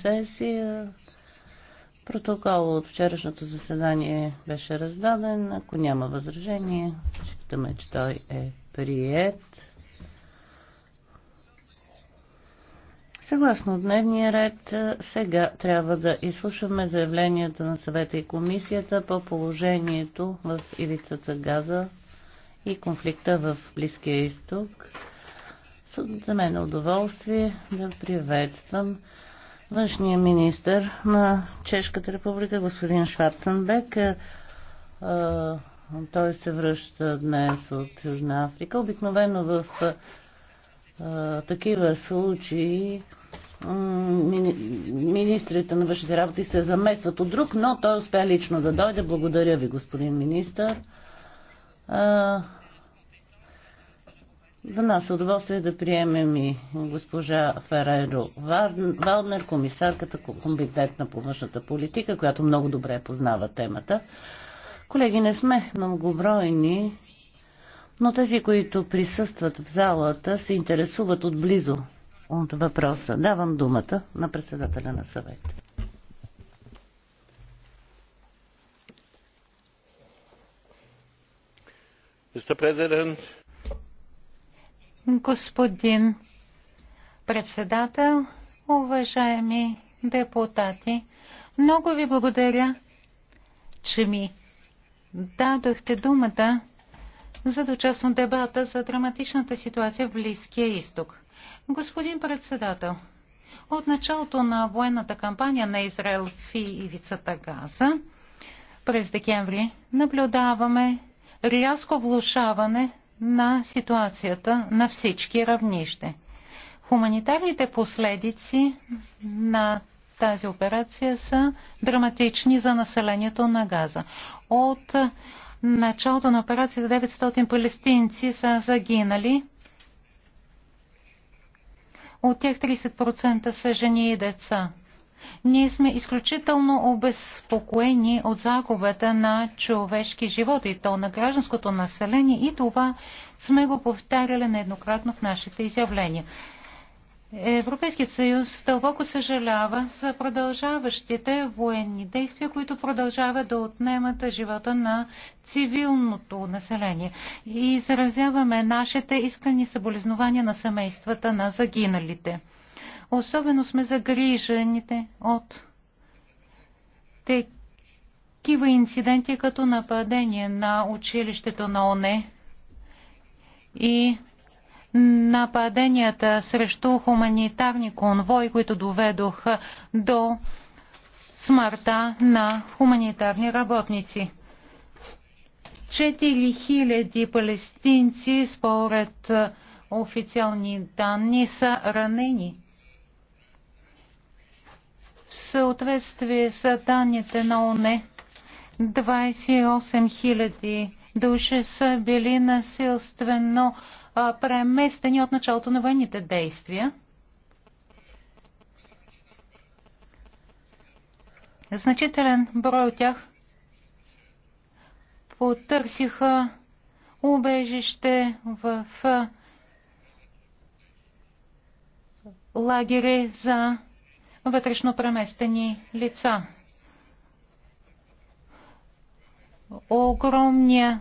сесия. Протокол от вчерашното заседание беше раздаден. Ако няма възражение, считаме, че той е прият. Съгласно дневния ред, сега трябва да изслушаме заявленията на съвета и комисията по положението в ивицата Газа и конфликта в Близкия изток. За мен е удоволствие да приветствам външния министр на Чешката република, господин Шварценбек. Е, е, той се връща днес от Южна Африка. Обикновено в е, такива случаи министрите на външните работи се заместват от друг, но той успя лично да дойде. Благодаря ви, господин министр. За нас е удоволствие да приемем и госпожа Ферайро Валнер, комисарката компетентна по външната политика, която много добре познава темата. Колеги, не сме многобройни, но тези, които присъстват в залата, се интересуват отблизо от въпроса. Давам думата на председателя на съвет. Mr. President, Господин председател, уважаеми депутати, много ви благодаря, че ми дадохте думата за да участвам в дебата за драматичната ситуация в Близкия изток. Господин председател, от началото на военната кампания на Израел в ивицата Газа през декември наблюдаваме рязко влушаване на ситуацията на всички равнище. Хуманитарните последици на тази операция са драматични за населението на Газа. От началото на операцията 900 палестинци са загинали. От тях 30% са жени и деца. Ние сме изключително обезпокоени от загубата на човешки живот и то на гражданското население и това сме го повтаряли нееднократно в нашите изявления. Европейският съюз дълбоко съжалява за продължаващите военни действия, които продължават да отнемат живота на цивилното население. И изразяваме нашите искрени съболезнования на семействата на загиналите. Особено сме загрижените от такива инциденти, като нападение на училището на ОНЕ и нападенията срещу хуманитарни конвои, които доведоха до смъртта на хуманитарни работници. 4000 палестинци, според официални данни, са ранени в съответствие с данните на ОНЕ, 28 000 души са били насилствено преместени от началото на военните действия. Значителен брой от тях потърсиха убежище в лагери за вътрешно преместени лица. Огромния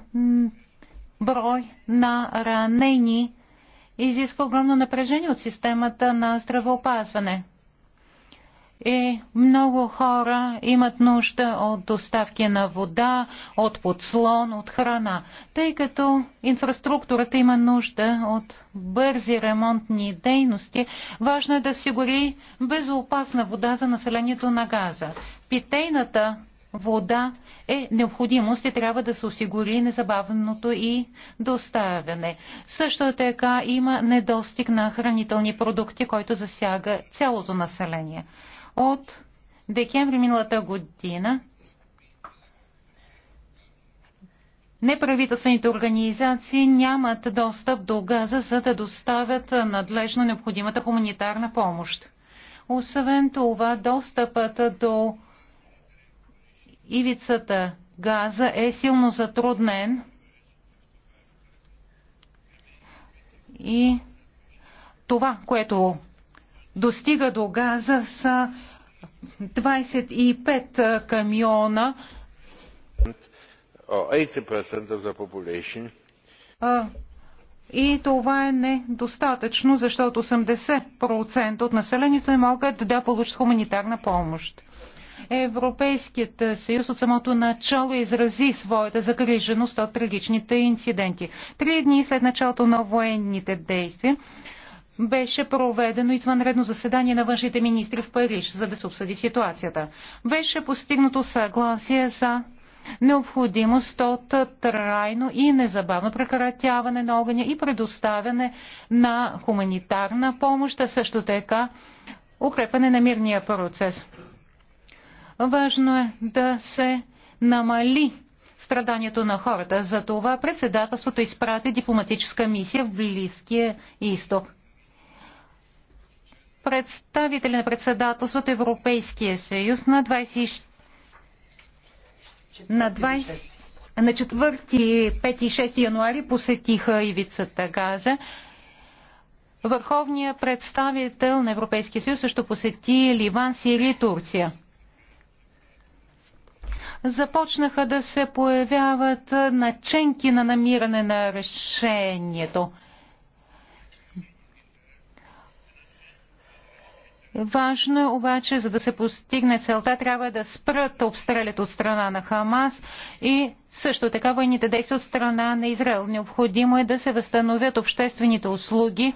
брой на ранени изисква огромно напрежение от системата на здравеопазване. И много хора имат нужда от доставки на вода, от подслон, от храна, тъй като инфраструктурата има нужда от бързи ремонтни дейности. Важно е да гори безопасна вода за населението на Газа. Питейната вода е необходимост и трябва да се осигури незабавното и доставяне. Също така има недостиг на хранителни продукти, който засяга цялото население. От декември миналата година неправителствените организации нямат достъп до газа, за да доставят надлежно необходимата хуманитарна помощ. Освен това, достъпът до ивицата газа е силно затруднен и това, което достига до газа, са 25 камиона и това е недостатъчно, защото 80% от населението не могат да получат хуманитарна помощ. Европейският съюз от самото начало изрази своята загриженост от трагичните инциденти. Три дни след началото на военните действия беше проведено извънредно заседание на външните министри в Париж, за да се обсъди ситуацията. Беше постигнато съгласие за необходимост от трайно и незабавно прекратяване на огъня и предоставяне на хуманитарна помощ, а също така укрепване на мирния процес. Важно е да се намали страданието на хората. За това председателството изпрати дипломатическа мисия в Близкия изток представители на председателството Европейския съюз на 20... На 20... На 4, 5 и 6 януари посетиха ивицата Газа. Върховният представител на Европейския съюз също посети Ливан, Сирия и Турция. Започнаха да се появяват наченки на намиране на решението – Важно е обаче, за да се постигне целта, трябва да спрат обстрелят от страна на Хамас и също така войните действия от страна на Израел. Необходимо е да се възстановят обществените услуги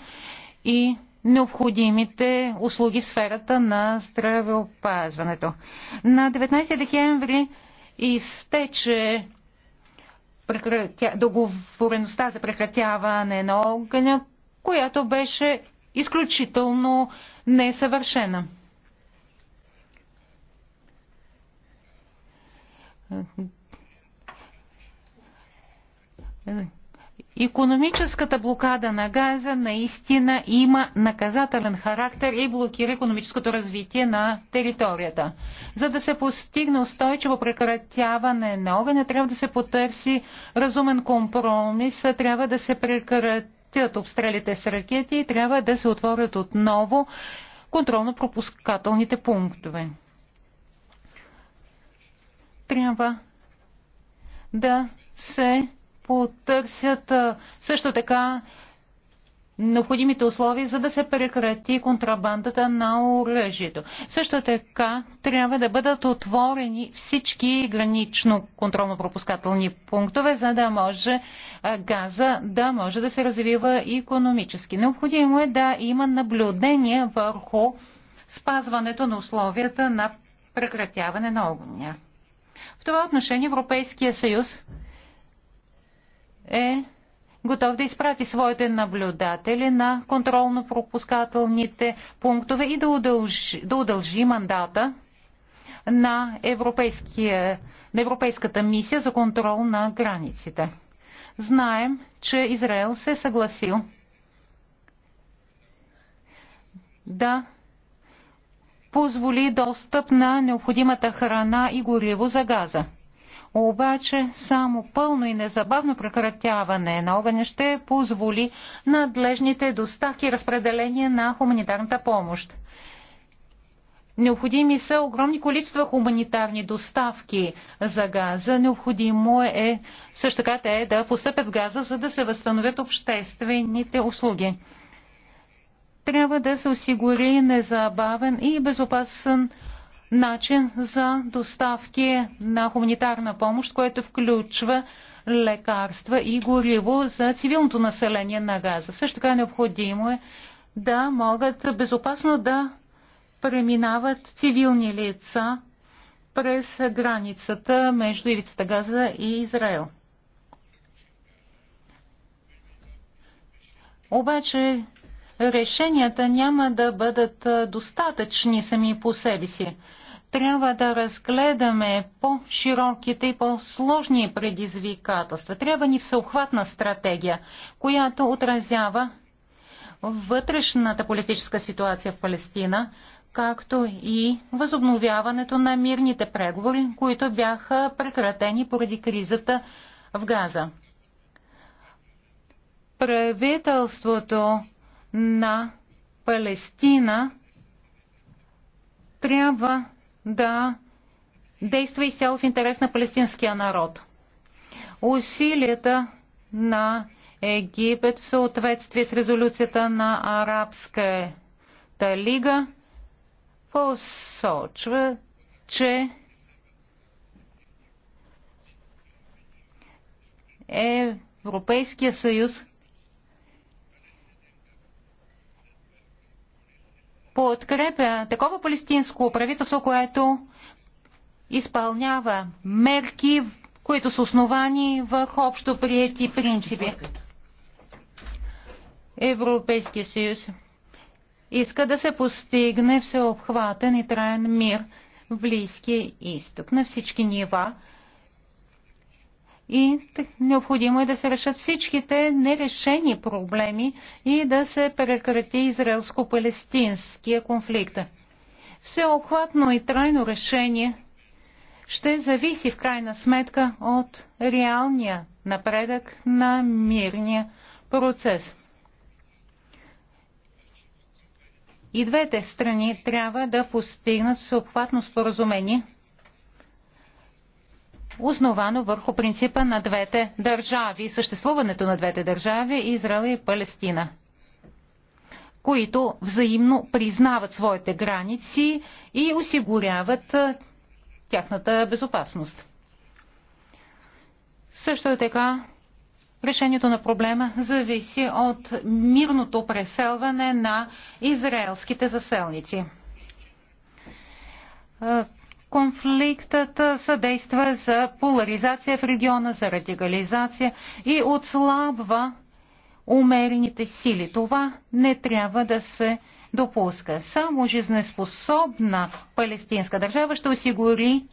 и необходимите услуги в сферата на здравеопазването. На 19 декември изтече прекратя... договореността за прекратяване на огъня, която беше изключително не е съвършена. Економическата блокада на газа наистина има наказателен характер и блокира економическото развитие на територията. За да се постигне устойчиво прекратяване на огъня, трябва да се потърси разумен компромис, трябва да се прекрати прекратят обстрелите с ракети и трябва да се отворят отново контролно-пропускателните пунктове. Трябва да се потърсят също така необходимите условия, за да се прекрати контрабандата на оръжието. Също така трябва да бъдат отворени всички гранично контролно-пропускателни пунктове, за да може газа да може да се развива економически. Необходимо е да има наблюдение върху спазването на условията на прекратяване на огъня. В това отношение Европейския съюз е готов да изпрати своите наблюдатели на контролно-пропускателните пунктове и да удължи, да удължи мандата на, на Европейската мисия за контрол на границите. Знаем, че Израел се е съгласил да позволи достъп на необходимата храна и гориво за газа. Обаче само пълно и незабавно прекратяване на огъня ще позволи надлежните доставки и разпределение на хуманитарната помощ. Необходими са огромни количества хуманитарни доставки за газа. Необходимо е също така те да постъпят в газа, за да се възстановят обществените услуги. Трябва да се осигури незабавен и безопасен начин за доставки на хуманитарна помощ, което включва лекарства и гориво за цивилното население на Газа. Също така е необходимо е да могат безопасно да преминават цивилни лица през границата между ивицата Газа и Израел. Обаче решенията няма да бъдат достатъчни сами по себе си трябва да разгледаме по-широките и по-сложни предизвикателства. Трябва ни всеобхватна стратегия, която отразява вътрешната политическа ситуация в Палестина, както и възобновяването на мирните преговори, които бяха прекратени поради кризата в Газа. Правителството на Палестина трябва да действа изцяло в интерес на палестинския народ. Усилията на Египет в съответствие с резолюцията на Арабската лига посочва, че Европейския съюз подкрепя такова палестинско правителство, което изпълнява мерки, които са основани в общо приети принципи. Европейския съюз иска да се постигне всеобхватен и траен мир в Близкия изток на всички нива, и необходимо е да се решат всичките нерешени проблеми и да се прекрати израелско-палестинския конфликт. Всеохватно и трайно решение ще зависи в крайна сметка от реалния напредък на мирния процес. И двете страни трябва да постигнат всеобхватно споразумение – основано върху принципа на двете държави, съществуването на двете държави Израел и Палестина, които взаимно признават своите граници и осигуряват тяхната безопасност. Също е така решението на проблема зависи от мирното преселване на израелските заселници конфликтът съдейства за поляризация в региона, за радикализация и отслабва умерените сили. Това не трябва да се допуска. Само жизнеспособна палестинска държава ще осигури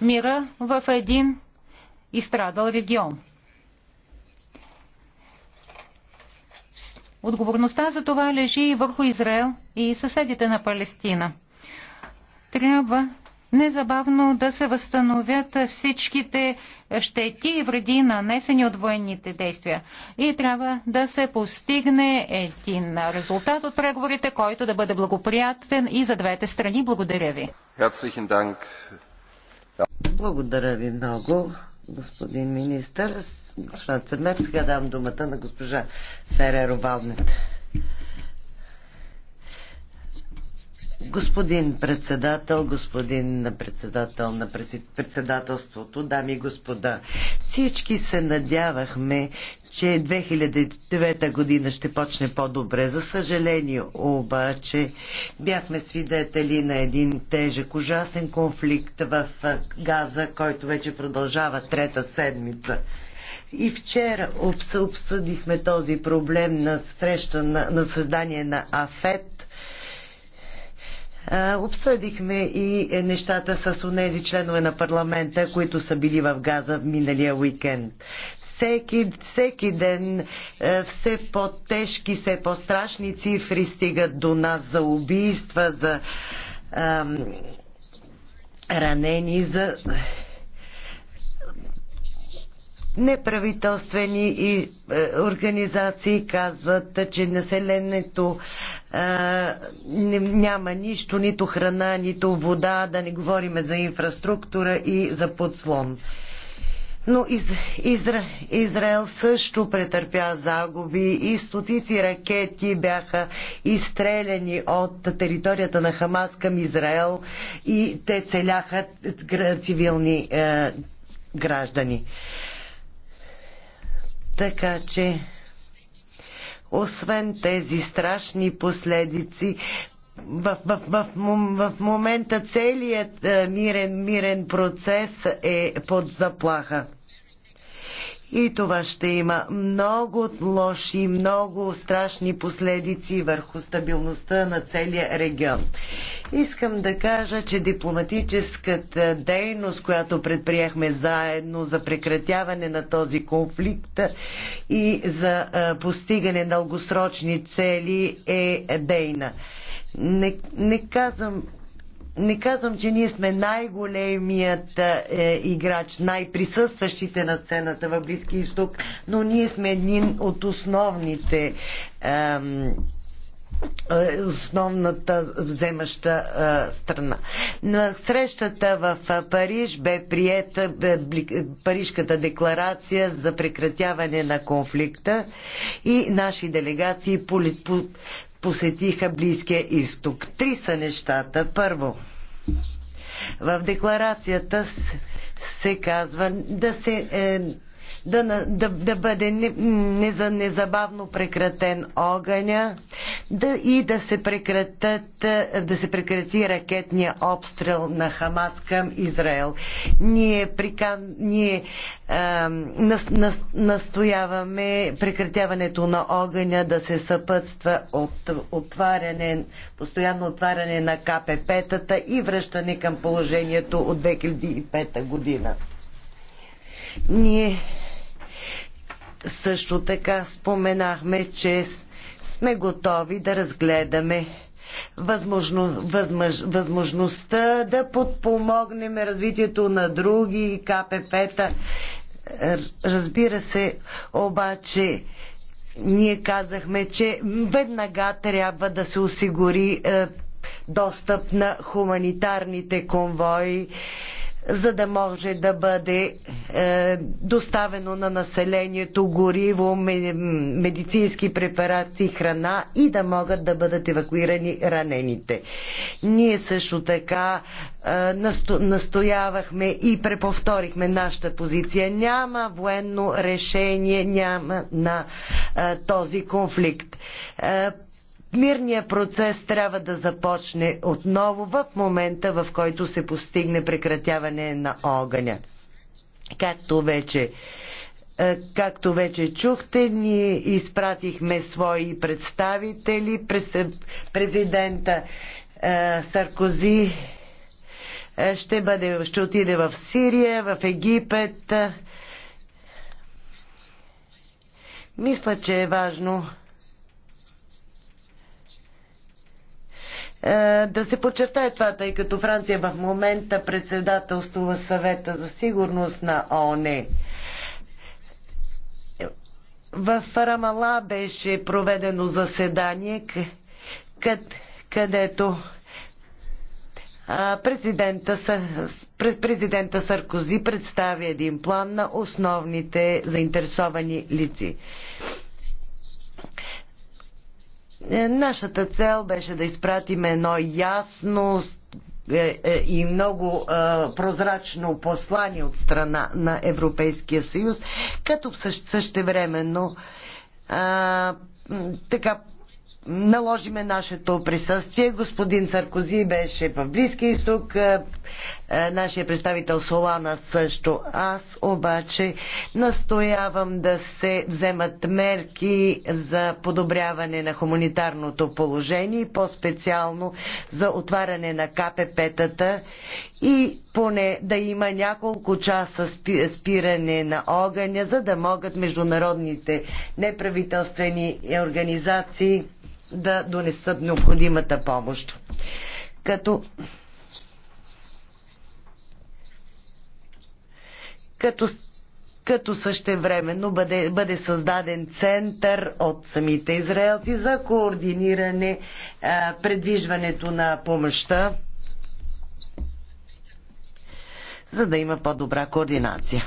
мира в един изстрадал регион. Отговорността за това лежи и върху Израел и съседите на Палестина трябва незабавно да се възстановят всичките щети и вреди, нанесени от военните действия. И трябва да се постигне един резултат от преговорите, който да бъде благоприятен и за двете страни. Благодаря ви. Благодаря ви много, господин министър. Господин Цемер, сега давам думата на госпожа Фереро Валнет. Господин председател, господин председател на председателството, дами и господа, всички се надявахме, че 2009 година ще почне по-добре. За съжаление обаче бяхме свидетели на един тежък, ужасен конфликт в Газа, който вече продължава трета седмица. И вчера обсъдихме този проблем на среща на, на създание на АФЕТ е, обсъдихме и нещата с онези членове на парламента, които са били в Газа миналия уикенд. Всеки, всеки ден е, все по-тежки, все по-страшни цифри стигат до нас за убийства, за ам, ранени, за неправителствени и, е, организации казват, че населенето няма нищо, нито храна, нито вода, да не говорим за инфраструктура и за подслон. Но из, Изра, Израел също претърпя загуби и стотици ракети бяха изстреляни от територията на Хамас към Израел и те целяха цивилни е, граждани. Така че освен тези страшни последици, в, в, в, в момента целият е, мирен, мирен процес е под заплаха. И това ще има много лоши, много страшни последици върху стабилността на целия регион. Искам да кажа, че дипломатическата дейност, която предприехме заедно за прекратяване на този конфликт и за постигане на дългосрочни цели е дейна. Не, не казвам не казвам, че ние сме най-големият е, играч, най-присъстващите на сцената в Близки изток, но ние сме един от основните. Е, основната вземаща е, страна. На срещата в е, Париж бе приета е, Парижката декларация за прекратяване на конфликта и наши делегации по посетиха Близкия изток. Три са нещата. Първо, в декларацията се казва да се е, да, да, да бъде незабавно прекратен огъня да, и да се, прекратат, да се прекрати ракетния обстрел на Хамас към Израел. Ние, прикан, ние а, нас, нас, настояваме прекратяването на огъня да се съпътства от отваряне, постоянно отваряне на КПП-тата и връщане към положението от 2005 година. Ние също така споменахме, че сме готови да разгледаме възможно, възмъж, възможността да подпомогнем развитието на други КПП-та. Разбира се, обаче, ние казахме, че веднага трябва да се осигури е, достъп на хуманитарните конвои. Е, за да може да бъде е, доставено на населението гориво, медицински препарати, храна и да могат да бъдат евакуирани ранените. Ние също така е, насто, настоявахме и преповторихме нашата позиция. Няма военно решение, няма на е, този конфликт. Е, Мирният процес трябва да започне отново в момента, в който се постигне прекратяване на огъня. Както вече е, Както вече чухте, ние изпратихме свои представители, президента е, Саркози е, ще, бъде, ще отиде в Сирия, в Египет. Мисля, че е важно Е, да се подчертае това, тъй като Франция в момента председателствува съвета за сигурност на ООН. В Рамала беше проведено заседание, където президента, президента Саркози представи един план на основните заинтересовани лици. Е, нашата цел беше да изпратим едно ясно е, е, и много прозрачно послание от страна на Европейския съюз, като същевременно така наложиме нашето присъствие. Господин Саркози беше в Близки изток, нашия представител Солана също. Аз обаче настоявам да се вземат мерки за подобряване на хуманитарното положение и по-специално за отваряне на КПП-тата и поне да има няколко часа спиране на огъня, за да могат международните неправителствени организации да донесат необходимата помощ. Като като, като същевременно бъде, бъде създаден център от самите израелци за координиране а, предвижването на помощта, за да има по-добра координация.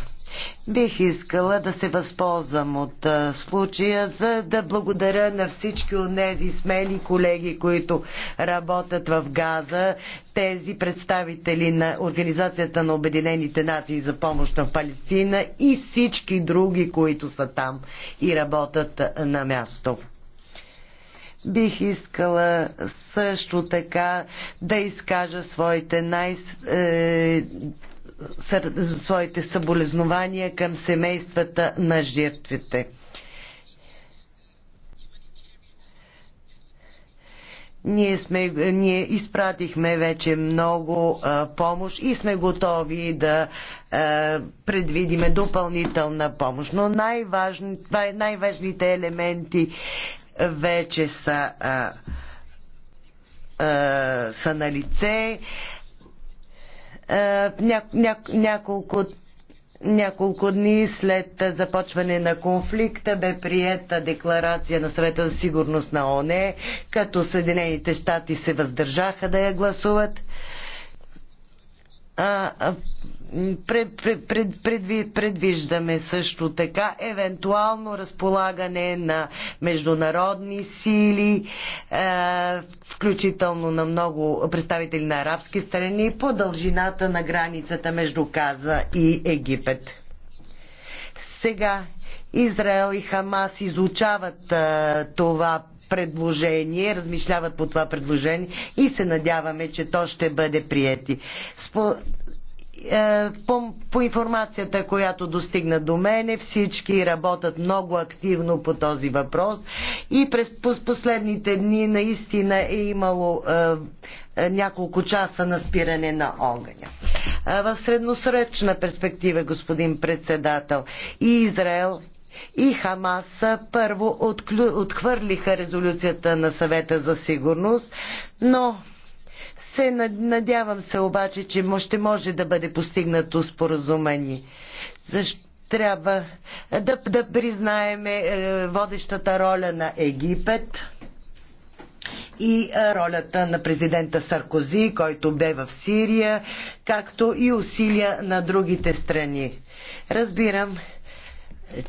Бих искала да се възползвам от а, случая, за да благодаря на всички от тези смели колеги, които работят в Газа, тези представители на Организацията на Обединените нации за помощ на Палестина и всички други, които са там и работят на място. Бих искала също така да изкажа своите най- е, своите съболезнования към семействата на жертвите. Ние, сме, ние изпратихме вече много а, помощ и сме готови да а, предвидиме допълнителна помощ. Но най-важни, най-важните елементи вече са, а, а, са на лице. А, ня, е, ня, няколко няколко дни след започване на конфликта бе приета декларация на съвета за сигурност на ОНЕ, като Съединените щати се въздържаха да я гласуват. А, пред, пред, пред, предвиждаме също така евентуално разполагане на международни сили, е, включително на много представители на арабски страни по дължината на границата между Каза и Египет. Сега Израел и Хамас изучават е, това предложение, размишляват по това предложение и се надяваме, че то ще бъде приети. Спо... Е, по, по информацията, която достигна до мене, всички работят много активно по този въпрос и през последните дни наистина е имало е, е, няколко часа на спиране на огъня. Е, в средносречна перспектива, господин председател, и Израел и Хамас първо отклю... отхвърлиха резолюцията на съвета за сигурност, но се надявам се обаче, че ще може да бъде постигнато споразумение. Защо? Трябва да, да признаеме е, водещата роля на Египет и е, ролята на президента Саркози, който бе в Сирия, както и усилия на другите страни. Разбирам, е,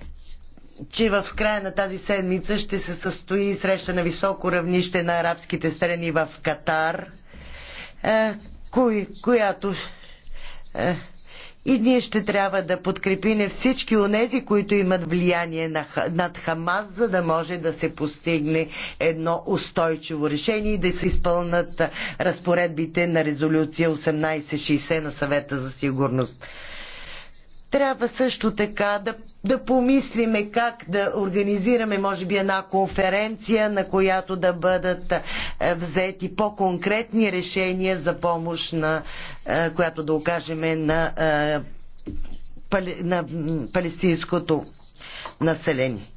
че в края на тази седмица ще се състои среща на високо равнище на арабските страни в Катар – е, кои, която е, и ние ще трябва да подкрепим всички онези, които имат влияние над Хамас, за да може да се постигне едно устойчиво решение и да се изпълнат разпоредбите на резолюция 1860 на съвета за сигурност. Трябва също така да, да помислиме как да организираме, може би, една конференция, на която да бъдат е, взети по-конкретни решения за помощ, на, е, която да окажеме на, е, на палестинското население.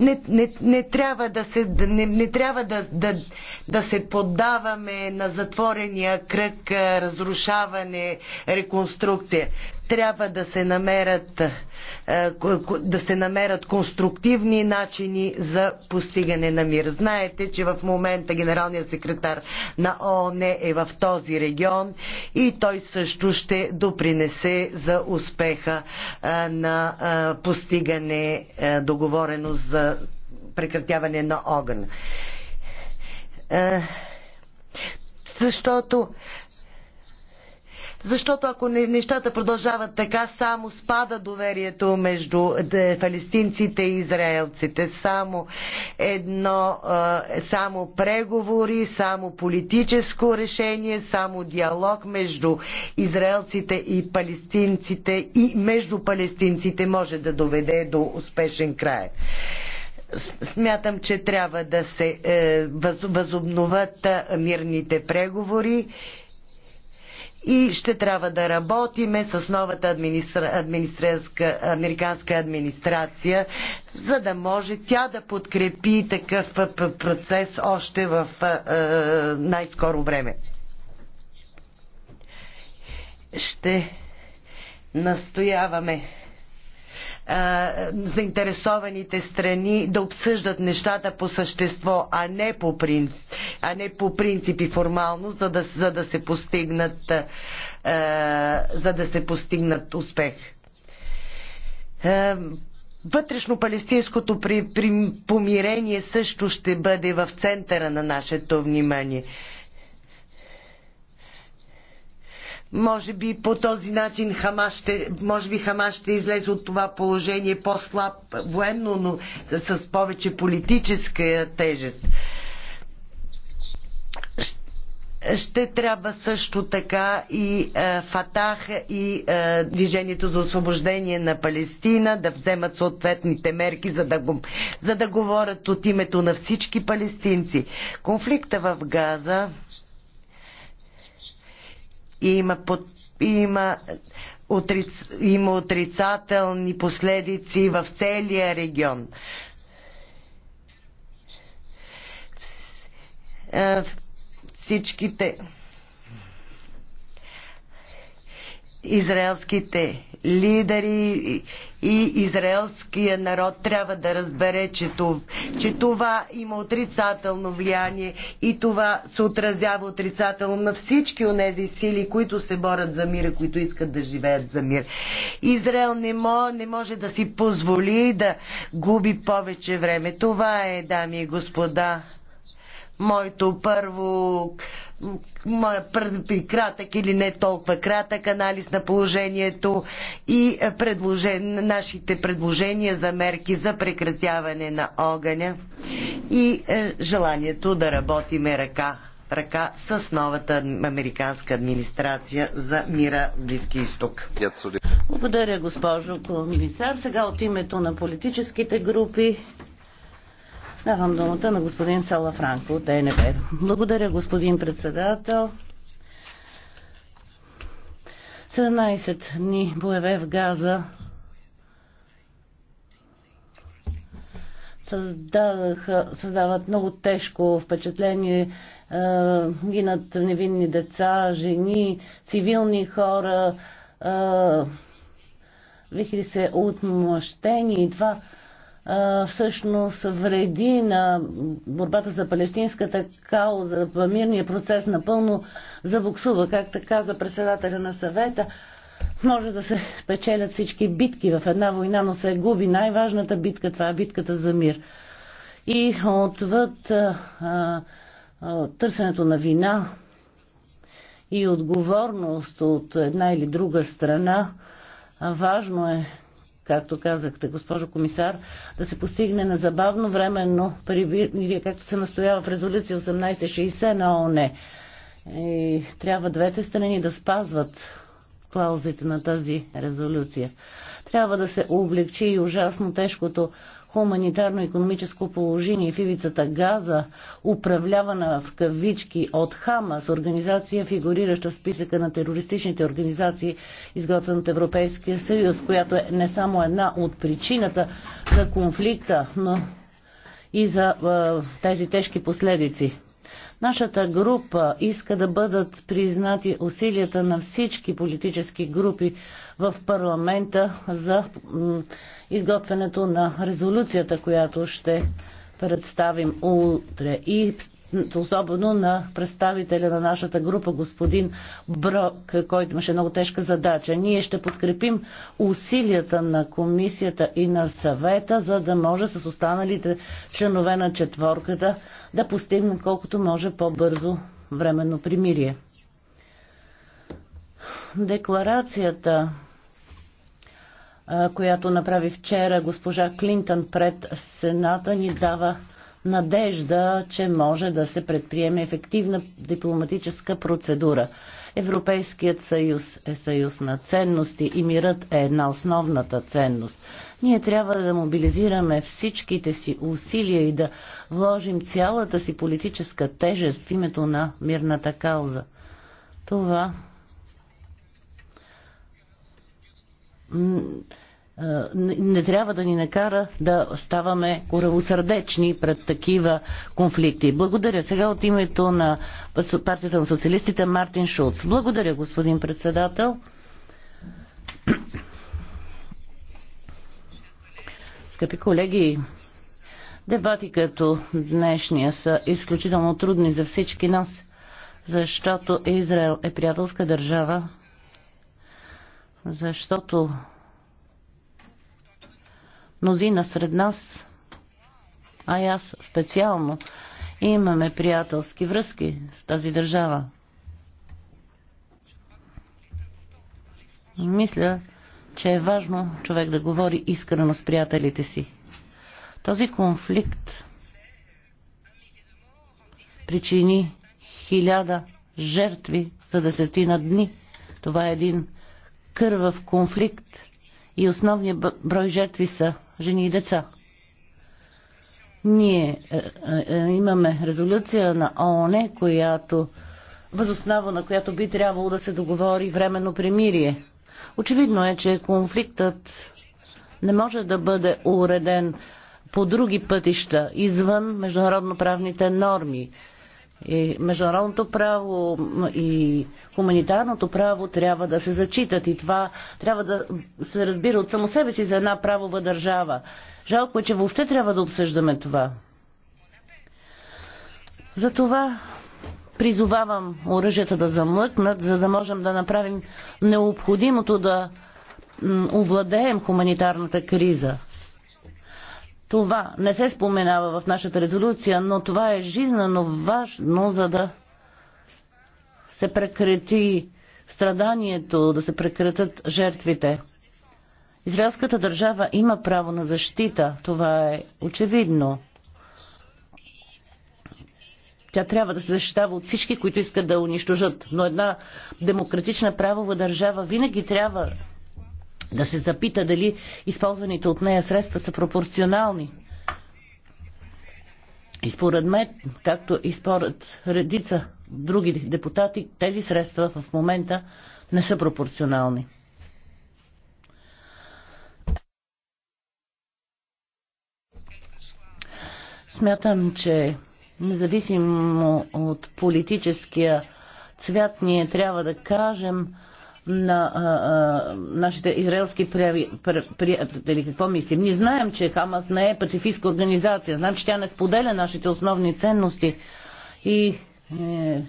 Не, не, не трябва да се, не, не трябва да, да, да се поддаваме на затворения кръг разрушаване, реконструкция. Трябва да се намерят, е, да се намерят конструктивни начини за постигане на мир. Знаете, че в момента генералният секретар на ООН е в този регион и той също ще допринесе за успеха е, на е, постигане договореност за прекратяване на огън. Защото защото ако нещата продължават така, само спада доверието между палестинците е, и израелците. Само едно, е, само преговори, само политическо решение, само диалог между израелците и палестинците и между палестинците може да доведе до успешен край смятам, че трябва да се е, възобновят мирните преговори и ще трябва да работиме с новата администра... администра... американска администрация, за да може тя да подкрепи такъв процес още в най-скоро време. Ще настояваме заинтересованите страни да обсъждат нещата по същество, а не по, принцип, а не по принцип и формално, за да, за да се постигнат за да се постигнат успех. Вътрешно-палестинското помирение също ще бъде в центъра на нашето внимание. Може би по този начин Хамас ще, може би Хамас ще излезе от това положение по-слаб военно, но с повече политическа тежест. Ще трябва също така и е, Фатах и е, Движението за освобождение на Палестина да вземат съответните мерки, за да, го, за да говорят от името на всички палестинци. Конфликта в Газа има, под, има, отриц, има отрицателни последици в целия регион. Всичките израелските лидери и израелския народ трябва да разбере, че това, че това има отрицателно влияние и това се отразява отрицателно на всички тези сили, които се борят за мир и които искат да живеят за мир. Израел не, мо, не може да си позволи да губи повече време. Това е, дами и господа, моето първо моя първи кратък или не толкова кратък анализ на положението и предложен, нашите предложения за мерки за прекратяване на огъня и е, желанието да работиме ръка ръка с новата американска администрация за мира в Близки изток. Благодаря, госпожо комисар. Сега от името на политическите групи Давам думата на господин Сала Франко от ЕНБ. Благодаря, господин председател. 17 дни боеве в Газа създават много тежко впечатление. Е, гинат невинни деца, жени, цивилни хора, е, вихри се отмъщени и това всъщност вреди на борбата за палестинската кауза, мирния процес напълно забуксува, както каза председателя на съвета. Може да се спечелят всички битки в една война, но се губи най-важната битка, това е битката за мир. И отвъд а, а, търсенето на вина и отговорност от една или друга страна, важно е както казахте, госпожо комисар, да се постигне незабавно временно както се настоява в резолюция 1860 на ООН. И трябва двете страни да спазват клаузите на тази резолюция. Трябва да се облегчи и ужасно тежкото хуманитарно-економическо положение в ивицата Газа, управлявана в кавички от Хамас, организация, фигурираща в списъка на терористичните организации, изготвен от Европейския съюз, която е не само една от причината за конфликта, но и за е, тези тежки последици. Нашата група иска да бъдат признати усилията на всички политически групи в парламента за изготвянето на резолюцията, която ще представим утре. И особено на представителя на нашата група, господин Брок, който имаше много тежка задача. Ние ще подкрепим усилията на комисията и на съвета, за да може с останалите членове на четворката да постигнем колкото може по-бързо временно примирие. Декларацията която направи вчера госпожа Клинтън пред Сената, ни дава надежда, че може да се предприеме ефективна дипломатическа процедура. Европейският съюз е съюз на ценности и мирът е една основната ценност. Ние трябва да мобилизираме всичките си усилия и да вложим цялата си политическа тежест в името на мирната кауза. Това не трябва да ни накара да ставаме коравосърдечни пред такива конфликти. Благодаря. Сега от името на партията на социалистите Мартин Шулц. Благодаря, господин председател. Скъпи колеги, дебати като днешния са изключително трудни за всички нас, защото Израел е приятелска държава защото мнозина сред нас, а и аз специално, имаме приятелски връзки с тази държава. Мисля, че е важно човек да говори искрено с приятелите си. Този конфликт причини хиляда жертви за десетина дни. Това е един кървав конфликт и основният брой жертви са жени и деца. Ние е, е, е имаме резолюция на ООН, която възоснава на която би трябвало да се договори временно премирие. Очевидно е, че конфликтът не може да бъде уреден по други пътища, извън международно-правните норми. И международното право и хуманитарното право трябва да се зачитат и това трябва да се разбира от само себе си за една правова държава. Жалко е, че въобще трябва да обсъждаме това. Затова призовавам оръжията да замлъкнат, за да можем да направим необходимото да овладеем хуманитарната криза. Това не се споменава в нашата резолюция, но това е жизненно важно, за да се прекрати страданието, да се прекратят жертвите. Израелската държава има право на защита, това е очевидно. Тя трябва да се защитава от всички, които искат да унищожат. Но една демократична правова държава винаги трябва да се запита дали използваните от нея средства са пропорционални. И според мен, както и според редица други депутати, тези средства в момента не са пропорционални. Смятам, че независимо от политическия цвят, ние трябва да кажем, на а, а, нашите израелски приятели какво мислим. Ние знаем, че Хамас не е пацифистска организация, знаем, че тя не споделя нашите основни ценности и е,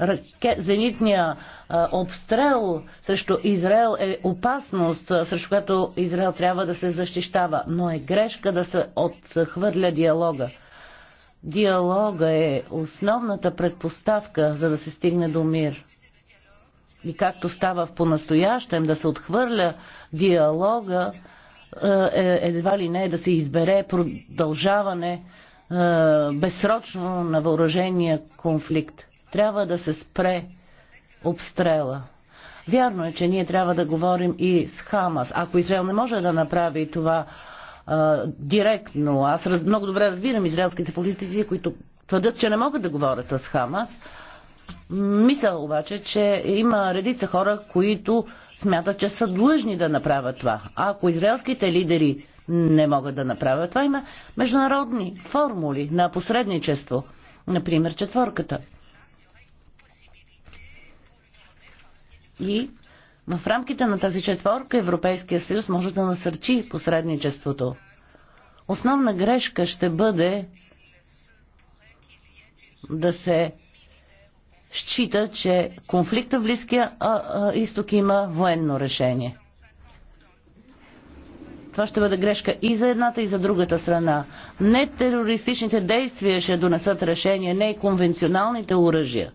ракет, зенитния а, обстрел срещу Израел е опасност, срещу която Израел трябва да се защищава, но е грешка да се отхвърля диалога. Диалога е основната предпоставка, за да се стигне до мир и както става в понастоящем, да се отхвърля диалога, е, е, едва ли не да се избере продължаване е, безсрочно на въоръжения конфликт. Трябва да се спре обстрела. Вярно е, че ние трябва да говорим и с Хамас. Ако Израел не може да направи това а, директно, аз раз, много добре разбирам израелските политици, които твърдят, че не могат да говорят с Хамас, мисля обаче, че има редица хора, които смятат, че са длъжни да направят това. А ако израелските лидери не могат да направят това, има международни формули на посредничество. Например, четворката. И в рамките на тази четворка Европейския съюз може да насърчи посредничеството. Основна грешка ще бъде да се счита, че конфликта в Близкия изток има военно решение. Това ще бъде грешка и за едната, и за другата страна. Не терористичните действия ще донесат решение, не и конвенционалните оръжия.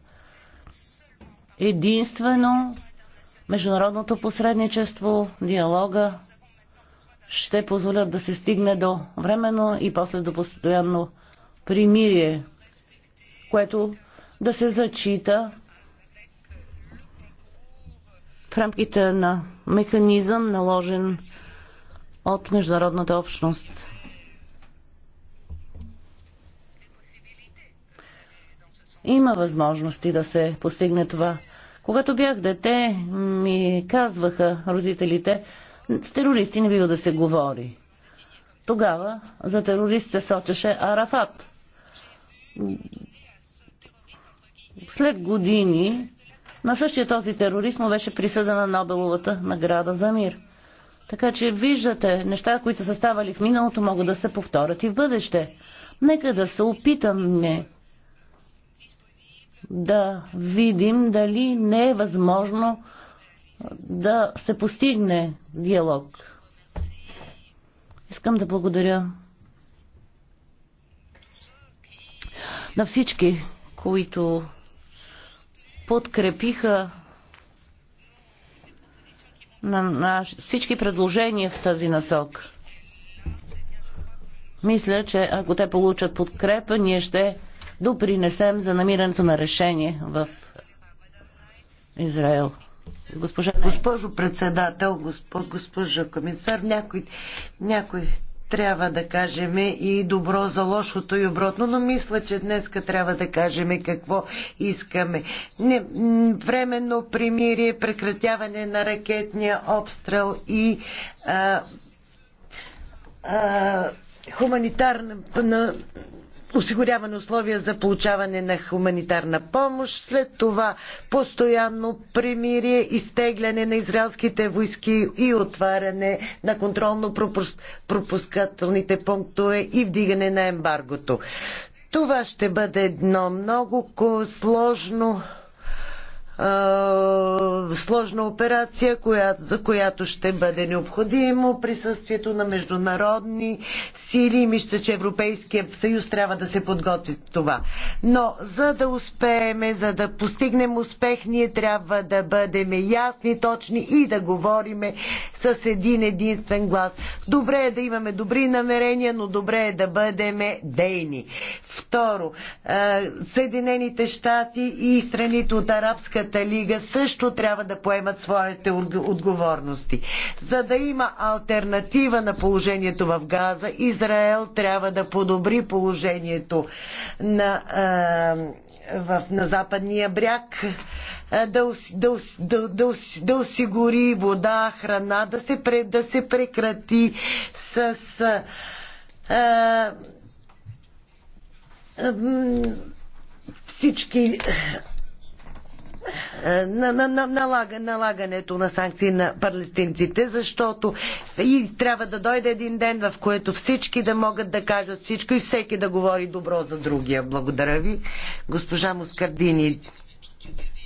Единствено международното посредничество, диалога ще позволят да се стигне до временно и после до постоянно примирие, което да се зачита в рамките на механизъм, наложен от международната общност. Има възможности да се постигне това. Когато бях дете, ми казваха родителите, с терористи не бива да се говори. Тогава за терорист се сочеше Арафат след години на същия този терорист му беше присъдена Нобеловата награда за мир. Така че виждате, неща, които са ставали в миналото, могат да се повторят и в бъдеще. Нека да се опитаме да видим дали не е възможно да се постигне диалог. Искам да благодаря на всички, които подкрепиха на, на всички предложения в тази насок. Мисля, че ако те получат подкрепа, ние ще допринесем за намирането на решение в Израел. Госпожа... Госпожо председател, госпожо комисар, някой, някой трябва да кажем и добро за лошото и обратно, но мисля, че днеска трябва да кажем какво искаме. Не, временно примирие, прекратяване на ракетния обстрел и а, а, хуманитарна осигуряване условия за получаване на хуманитарна помощ, след това постоянно примирие, изтегляне на израелските войски и отваряне на контролно-пропускателните пунктове и вдигане на ембаргото. Това ще бъде едно много сложно сложна операция, която, за която ще бъде необходимо присъствието на международни сили и мисля, че Европейския съюз трябва да се подготви това. Но за да успеем, за да постигнем успех, ние трябва да бъдем ясни, точни и да говорим с един единствен глас. Добре е да имаме добри намерения, но добре е да бъдем дейни. Второ, Съединените щати и страните от арабската Европейската лига също трябва да поемат своите отговорности. За да има альтернатива на положението в Газа, Израел трябва да подобри положението на, а, в, на западния бряг, да, да, да, да, осигури вода, храна, да се, да се прекрати с. а, всички е, на, на, на, налага, налагането на санкции на палестинците, защото и трябва да дойде един ден, в който всички да могат да кажат всичко и всеки да говори добро за другия. Благодаря ви. Госпожа Москардини.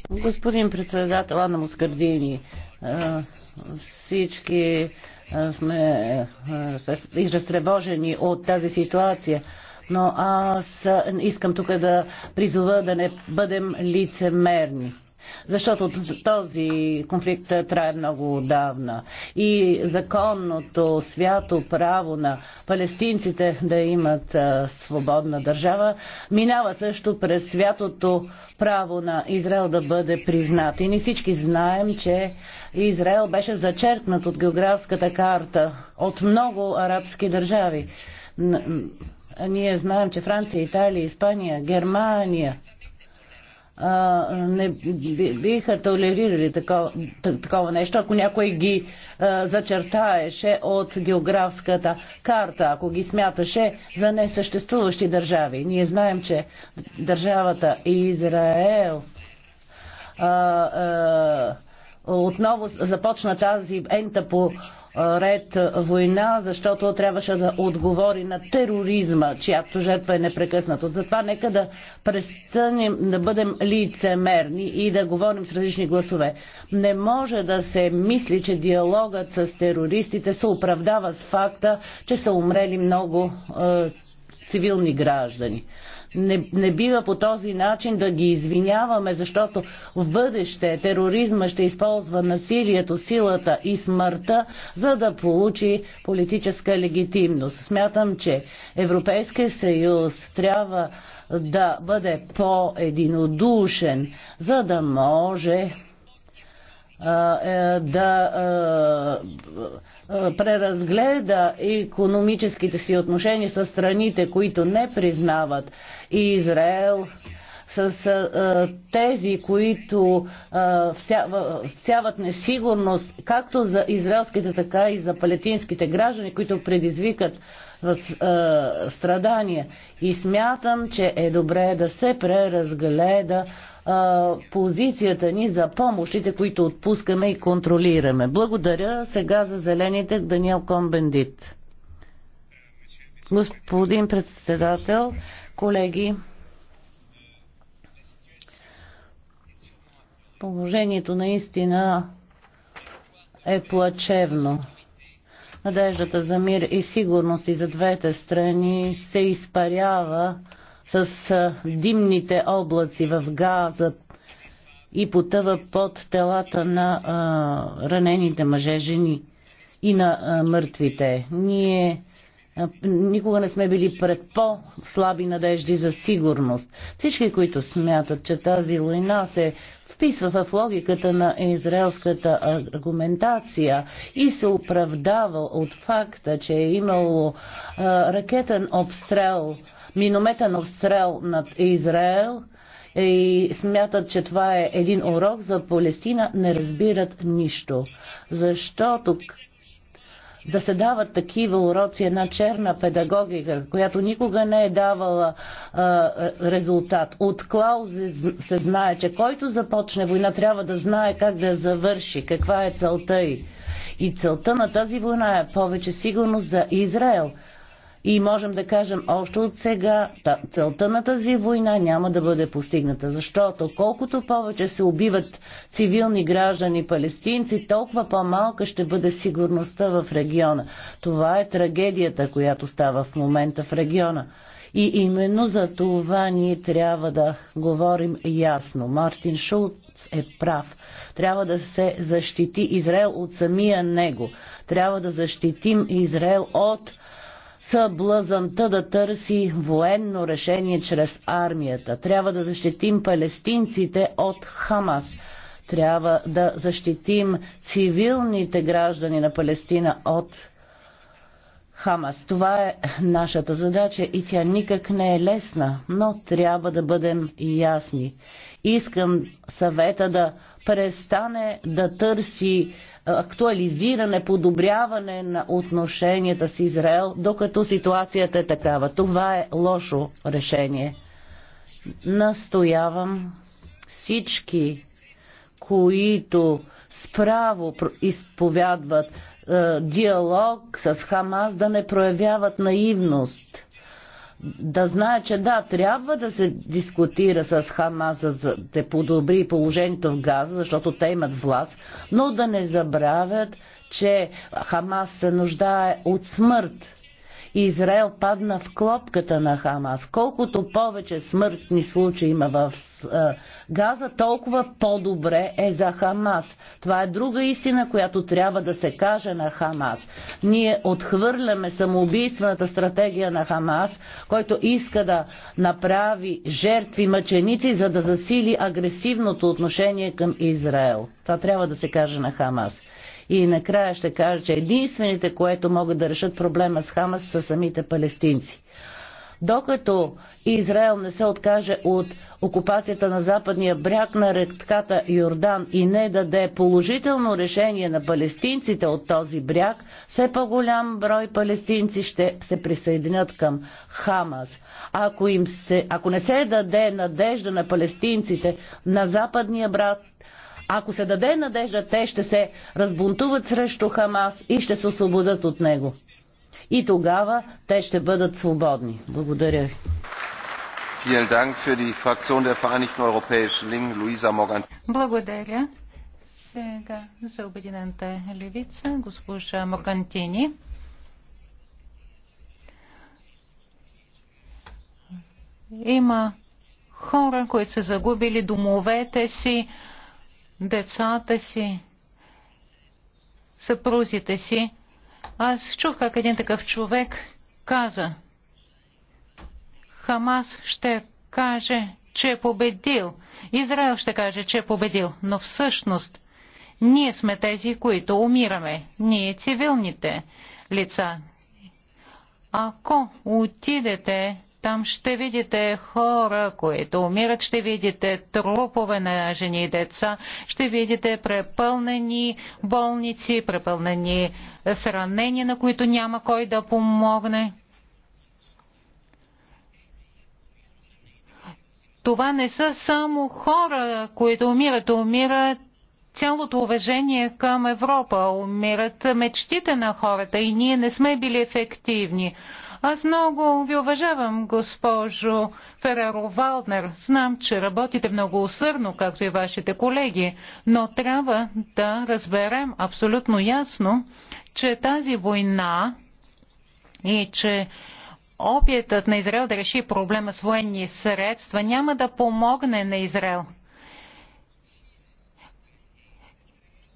Господин председател Анна Москардини, е, всички е, сме изразтревожени от тази ситуация но аз искам тук да призова да не бъдем лицемерни. Защото този конфликт трае много отдавна. И законното свято право на палестинците да имат свободна държава минава също през святото право на Израел да бъде признат. И ни всички знаем, че Израел беше зачеркнат от географската карта от много арабски държави. Ние знаем, че Франция, Италия, Испания, Германия не биха толерирали такова, такова нещо, ако някой ги а, зачертаеше от географската карта, ако ги смяташе за несъществуващи държави. Ние знаем, че държавата Израел а, а, отново започна тази ента по ред война, защото трябваше да отговори на тероризма, чиято жертва е непрекъснато. Затова нека да престанем да бъдем лицемерни и да говорим с различни гласове. Не може да се мисли, че диалогът с терористите се оправдава с факта, че са умрели много е, цивилни граждани. Не, не бива по този начин да ги извиняваме, защото в бъдеще тероризма ще използва насилието, силата и смъртта, за да получи политическа легитимност. Смятам, че Европейския съюз трябва да бъде по-единодушен, за да може е, да преразгледа економическите си отношения с страните, които не признават Израел, с тези, които всяват несигурност както за израелските, така и за палетинските граждани, които предизвикат страдания. И смятам, че е добре да се преразгледа а, позицията ни за помощите, които отпускаме и контролираме. Благодаря сега за зелените Даниел Комбендит. Господин председател, колеги, положението наистина е плачевно. Надеждата за мир и сигурност и за двете страни се изпарява с димните облаци в Газа и потъва под телата на а, ранените мъже, жени и на а, мъртвите. Ние а, никога не сме били пред по-слаби надежди за сигурност. Всички, които смятат, че тази война се вписва в логиката на израелската аргументация и се оправдава от факта, че е имало а, ракетен обстрел а, минометен обстрел над Израел и смятат, че това е един урок за Палестина, не разбират нищо. Защо тук да се дават такива уроци, една черна педагогика, която никога не е давала а, резултат. От Клаузи се знае, че който започне война, трябва да знае как да я завърши, каква е целта й. И целта на тази война е повече сигурност за Израел – и можем да кажем още от сега, целта на тази война няма да бъде постигната, защото колкото повече се убиват цивилни граждани палестинци, толкова по-малка ще бъде сигурността в региона. Това е трагедията, която става в момента в региона. И именно за това ние трябва да говорим ясно. Мартин Шулт е прав. Трябва да се защити Израел от самия него. Трябва да защитим Израел от съблазанта да търси военно решение чрез армията. Трябва да защитим палестинците от Хамас. Трябва да защитим цивилните граждани на Палестина от Хамас. Това е нашата задача и тя никак не е лесна, но трябва да бъдем ясни. Искам съвета да престане да търси актуализиране, подобряване на отношенията с Израел, докато ситуацията е такава. Това е лошо решение. Настоявам всички, които справо изповядват е, диалог с Хамас, да не проявяват наивност да знае, че да, трябва да се дискутира с Хамаса за да подобри положението в Газа, защото те имат власт, но да не забравят, че Хамас се нуждае от смърт Израел падна в клопката на Хамас. Колкото повече смъртни случаи има в Газа, толкова по-добре е за Хамас. Това е друга истина, която трябва да се каже на Хамас. Ние отхвърляме самоубийствената стратегия на Хамас, който иска да направи жертви мъченици, за да засили агресивното отношение към Израел. Това трябва да се каже на Хамас. И накрая ще кажа, че единствените, което могат да решат проблема с Хамас, са самите палестинци. Докато Израел не се откаже от окупацията на западния бряг на ректката Йордан и не даде положително решение на палестинците от този бряг, все по-голям брой палестинци ще се присъединят към Хамас. Ако, им се, ако не се даде надежда на палестинците на западния бряг ако се даде надежда, те ще се разбунтуват срещу Хамас и ще се освободят от него. И тогава те ще бъдат свободни. Благодаря ви. Благодаря. Сега за Обединената левица госпожа Мокантини. Има хора, които са загубили домовете си, децата си, съпрузите си. Аз чух как един такъв човек каза, Хамас ще каже, че е победил. Израел ще каже, че е победил. Но всъщност ние сме тези, които умираме. Ние цивилните лица. Ако отидете там ще видите хора, които умират, ще видите трупове на жени и деца, ще видите препълнени болници, препълнени сранения, на които няма кой да помогне. Това не са само хора, които умират, умират цялото уважение към Европа, умират мечтите на хората и ние не сме били ефективни. Аз много ви уважавам, госпожо Фереро Валднер. Знам, че работите много усърдно, както и вашите колеги, но трябва да разберем абсолютно ясно, че тази война и че опитът на Израел да реши проблема с военни средства няма да помогне на Израел.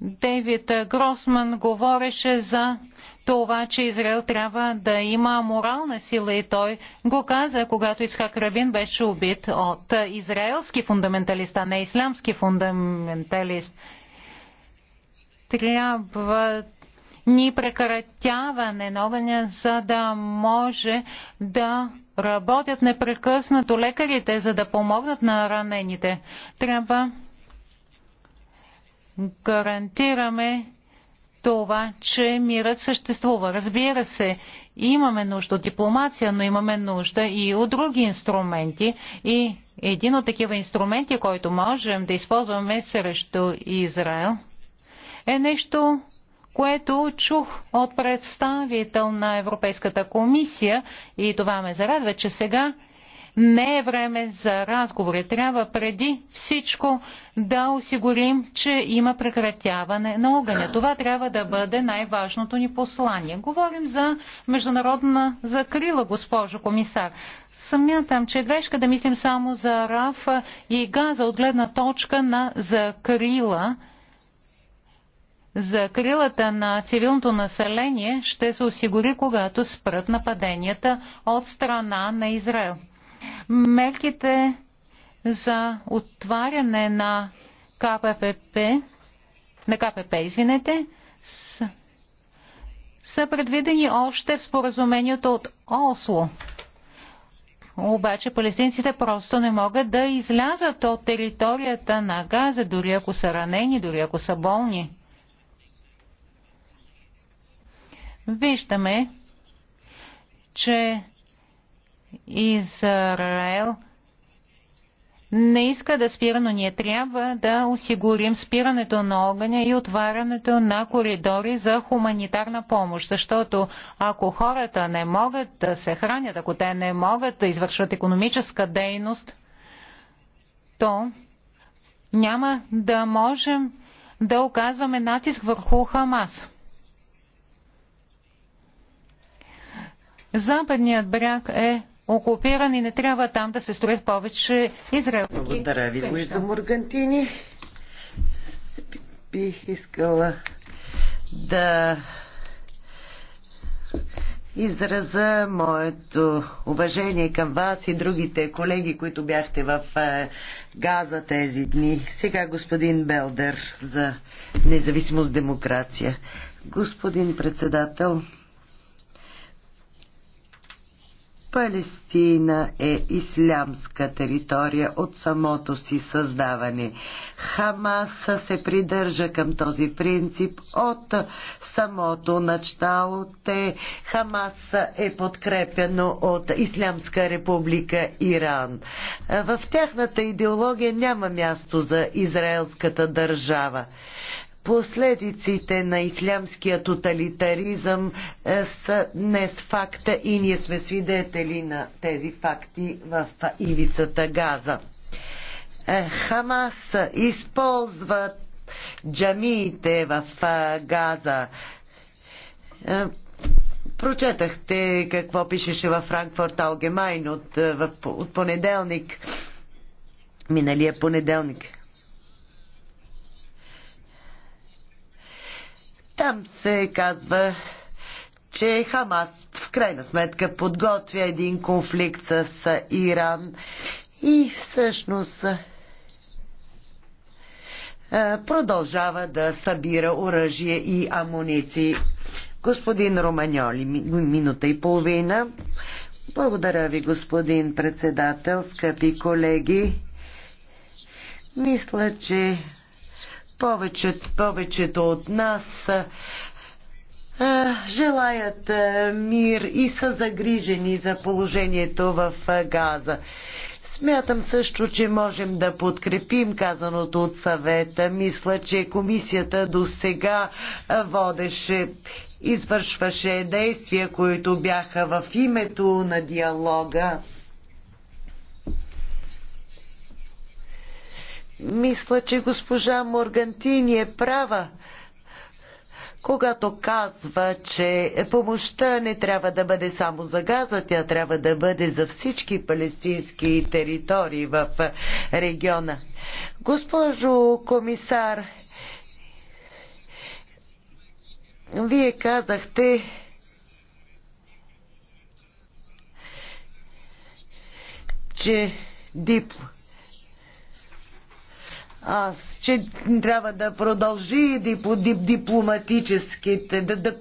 Дейвид Гросман говореше за това, че Израел трябва да има морална сила и той го каза, когато Исхак Рабин беше убит от израелски фундаменталист, а не ислямски фундаменталист. Трябва ни прекратяване на огъня, за да може да работят непрекъснато лекарите, за да помогнат на ранените. Трябва гарантираме това, че мирът съществува. Разбира се, имаме нужда от дипломация, но имаме нужда и от други инструменти. И един от такива инструменти, който можем да използваме срещу Израел, е нещо, което чух от представител на Европейската комисия и това ме зарадва, че сега не е време за разговори. Трябва преди всичко да осигурим, че има прекратяване на огъня. Това трябва да бъде най-важното ни послание. Говорим за международна закрила, госпожо комисар. Съмятам, че е грешка да мислим само за РАФ и газа от гледна точка на закрила Закрилата на цивилното население ще се осигури, когато спрат нападенията от страна на Израел. Мерките за отваряне на КПП, на КПП, извинете, са предвидени още в споразумението от Осло. Обаче палестинците просто не могат да излязат от територията на Газа, дори ако са ранени, дори ако са болни. Виждаме, че Израел не иска да спира, но ние трябва да осигурим спирането на огъня и отварянето на коридори за хуманитарна помощ, защото ако хората не могат да се хранят, ако те не могат да извършват економическа дейност, то няма да можем да оказваме натиск върху Хамас. Западният бряг е окупиран и не трябва там да се строят повече израелски. Благодаря ви, Луиза Моргантини. Бих искала да израза моето уважение към вас и другите колеги, които бяхте в е, Газа тези дни. Сега господин Белдер за независимост демокрация. Господин председател, Палестина е ислямска територия от самото си създаване. Хамас се придържа към този принцип от самото начало. Те Хамас е подкрепено от Ислямска република Иран. В тяхната идеология няма място за израелската държава. Последиците на ислямския тоталитаризъм е, са днес факта и ние сме свидетели на тези факти в ивицата Газа. Е, Хамас използват джамиите в е, Газа. Прочетахте какво пишеше във Франкфурт Алгемайн от, от понеделник, миналия понеделник. Там се казва, че Хамас в крайна сметка подготвя един конфликт с Иран и всъщност продължава да събира оръжие и амуниции. Господин Романьоли, минута и половина. Благодаря ви, господин председател, скъпи колеги. Мисля, че повече, повечето от нас желаят мир и са загрижени за положението в Газа. Смятам също, че можем да подкрепим казаното от съвета. Мисля, че комисията до сега водеше, извършваше действия, които бяха в името на диалога Мисля, че госпожа Моргантини е права, когато казва, че помощта не трябва да бъде само за Газа, тя трябва да бъде за всички палестински територии в региона. Госпожо комисар, вие казахте, че дипло аз, че трябва да продължи дипломатическите, да, да,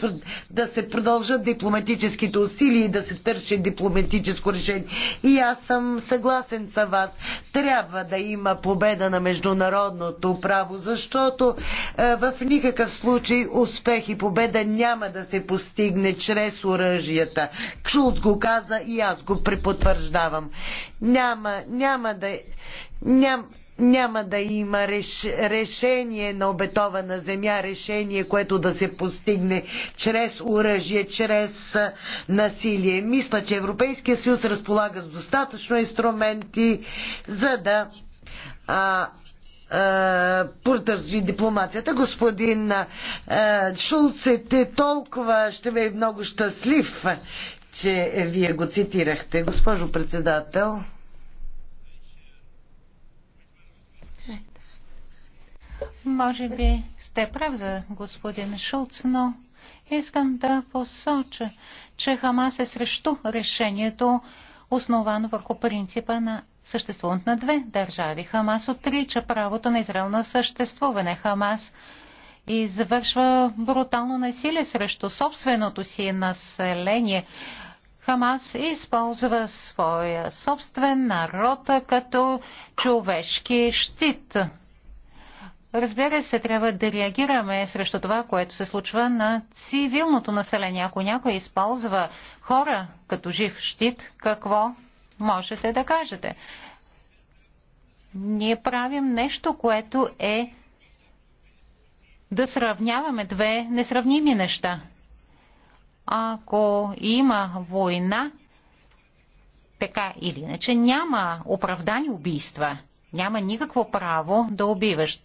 да се продължат дипломатическите усилия и да се търши дипломатическо решение. И аз съм съгласен с вас. Трябва да има победа на международното право, защото е, в никакъв случай успех и победа няма да се постигне чрез оръжията. Шулц го каза и аз го препотвърждавам. Няма, няма да. Няма, няма да има реш, решение на обетована земя, решение, което да се постигне чрез оръжие, чрез насилие. Мисля, че Европейския съюз разполага с достатъчно инструменти, за да а, а, потържи дипломацията. Господин а, Шулц, е толкова ще ви е много щастлив, че вие го цитирахте. Госпожо председател. Може би сте прав за господин Шулц, но искам да посоча, че Хамас е срещу решението, основано върху принципа на съществуването на две държави. Хамас отрича правото на Израел на съществуване. Хамас извършва брутално насилие срещу собственото си население. Хамас използва своя собствен народ като човешки щит. Разбира се, трябва да реагираме срещу това, което се случва на цивилното население. Ако някой използва хора като жив щит, какво можете да кажете? Ние правим нещо, което е да сравняваме две несравними неща. Ако има война, така или иначе няма оправдани убийства – няма никакво право да убиваш.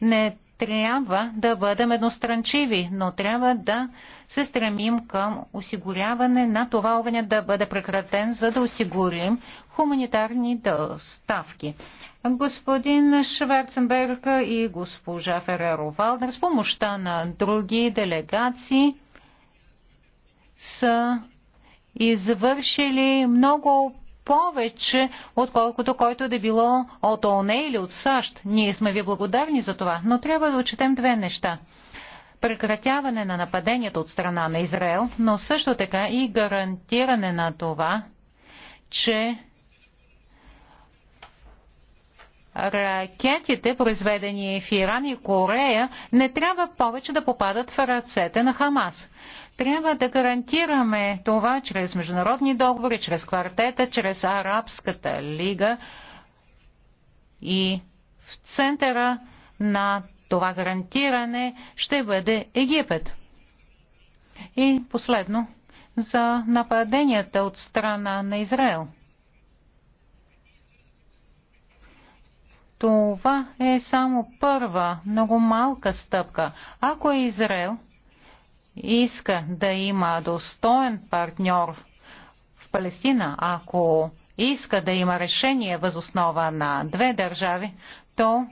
Не трябва да бъдем едностранчиви, но трябва да се стремим към осигуряване на това огъня да бъде прекратен, за да осигурим хуманитарни доставки. Господин Шварценберг и госпожа Фереро Валдер с помощта на други делегации са извършили много повече, отколкото който да било от ООН или от САЩ. Ние сме ви благодарни за това, но трябва да отчетем две неща. Прекратяване на нападенията от страна на Израел, но също така и гарантиране на това, че ракетите, произведени в Иран и Корея, не трябва повече да попадат в ръцете на Хамас. Трябва да гарантираме това чрез международни договори, чрез квартета, чрез Арабската лига и в центъра на това гарантиране ще бъде Египет. И последно, за нападенията от страна на Израел. Това е само първа, много малка стъпка. Ако е Израел иска да има достоен партньор в Палестина, ако иска да има решение възоснова на две държави, то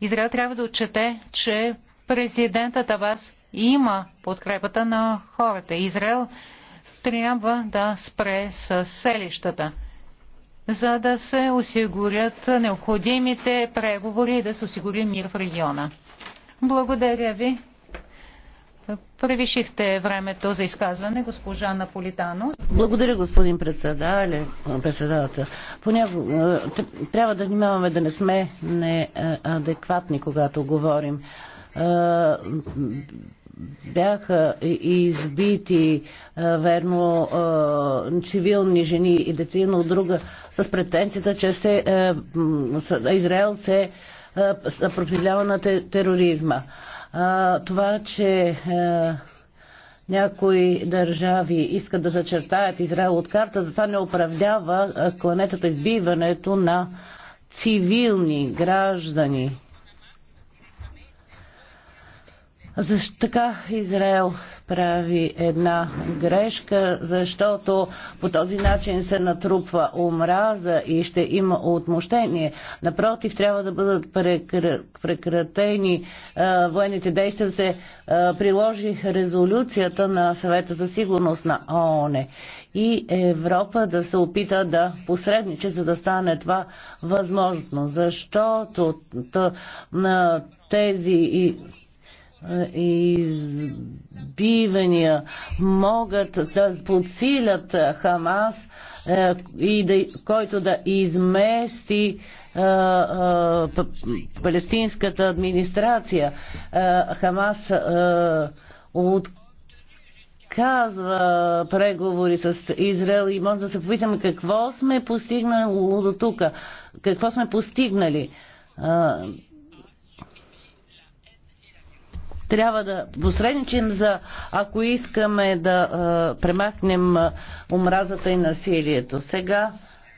Израел трябва да отчете, че президентът Абас има подкрепата на хората. Израел трябва да спре с селищата, за да се осигурят необходимите преговори и да се осигури мир в региона. Благодаря ви. Превишихте времето за изказване, госпожа Наполитано. Благодаря, господин председател. председател. Понякога, е, трябва да внимаваме да не сме неадекватни, когато говорим. Е, бяха избити, е, верно, цивилни жени и деца, но от друга с претенцията, че се, Израел се съпротивлява на тероризма. Това, че някои държави искат да зачертаят Израел от картата, това не оправдява кланетата избиването на цивилни граждани. Защо така Израел прави една грешка, защото по този начин се натрупва омраза и ще има отмощение. Напротив, трябва да бъдат прекратени военните действия, да се приложи резолюцията на съвета за сигурност на ООН и Европа да се опита да посредниче, за да стане това възможно. Защото тези е, избивания могат да подсилят Хамас е, и да, който да измести а, е, а, палестинската администрация. А, Хамас а, отказва преговори с Израел и може да се попитаме какво сме постигнали до тук. Какво сме постигнали? А, трябва да посредничим за, ако искаме да а, премахнем омразата и насилието. Сега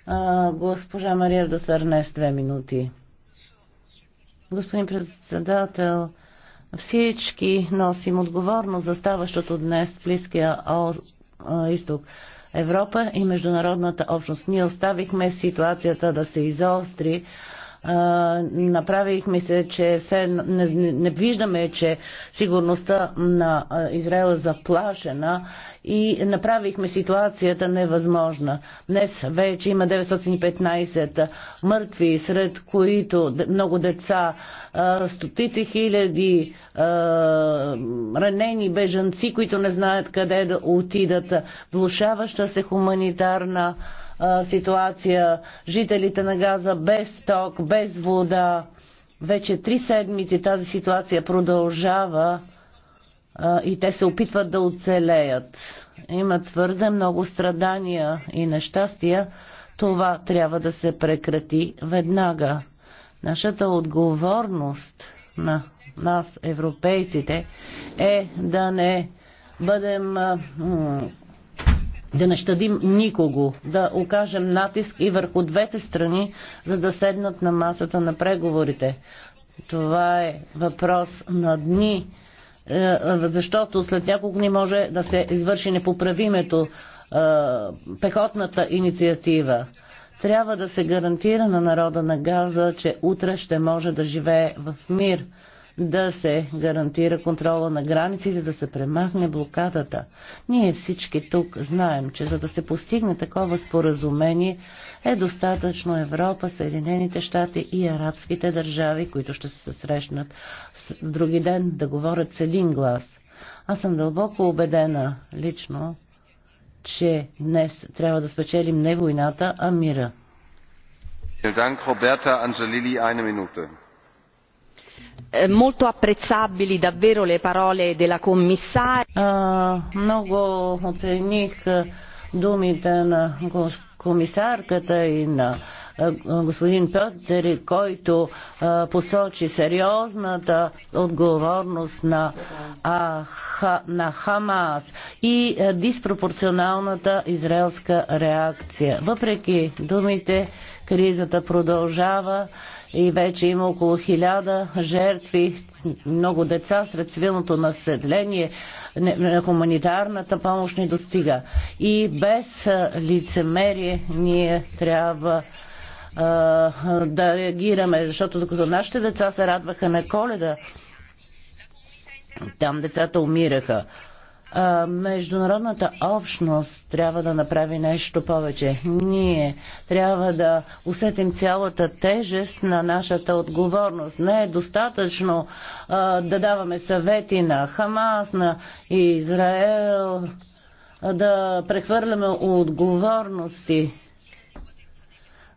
а, госпожа Мария да сърне с две минути. Господин председател, всички носим отговорност за ставащото днес в Близкия изток. Европа и международната общност. Ние оставихме ситуацията да се изостри, направихме се, че се, не, не, не виждаме, че сигурността на Израел е заплашена и направихме ситуацията невъзможна. Днес вече има 915 мъртви, сред които много деца, стотици хиляди ранени бежанци, които не знаят къде да отидат, влушаваща се хуманитарна ситуация. Жителите на Газа без ток, без вода. Вече три седмици тази ситуация продължава а, и те се опитват да оцелеят. Има твърде много страдания и нещастия. Това трябва да се прекрати веднага. Нашата отговорност на нас, европейците, е да не бъдем да не щадим никого, да окажем натиск и върху двете страни, за да седнат на масата на преговорите. Това е въпрос на дни, е, е, защото след няколко дни може да се извърши непоправимето е, пехотната инициатива. Трябва да се гарантира на народа на Газа, че утре ще може да живее в мир да се гарантира контрола на границите, да се премахне блокадата. Ние всички тук знаем, че за да се постигне такова споразумение е достатъчно Европа, Съединените щати и арабските държави, които ще се срещнат в други ден да говорят с един глас. Аз съм дълбоко убедена лично, че днес трябва да спечелим не войната, а мира. Благодаря, Роберта Анжелили, една минута. Много apprezzabili davvero le parole della commissaria. оцених думите на комисарката и на господин Пьотери, който посочи сериозната отговорност на, а, ха, на Хамас и диспропорционалната израелска реакция. Въпреки думите, кризата продължава и вече има около хиляда жертви, много деца сред цивилното население. Хуманитарната помощ не достига. И без лицемерие ние трябва а, да реагираме, защото докато нашите деца се радваха на коледа, там децата умираха а, международната общност трябва да направи нещо повече. Ние трябва да усетим цялата тежест на нашата отговорност. Не е достатъчно а, да даваме съвети на Хамас, на Израел, да прехвърляме отговорности.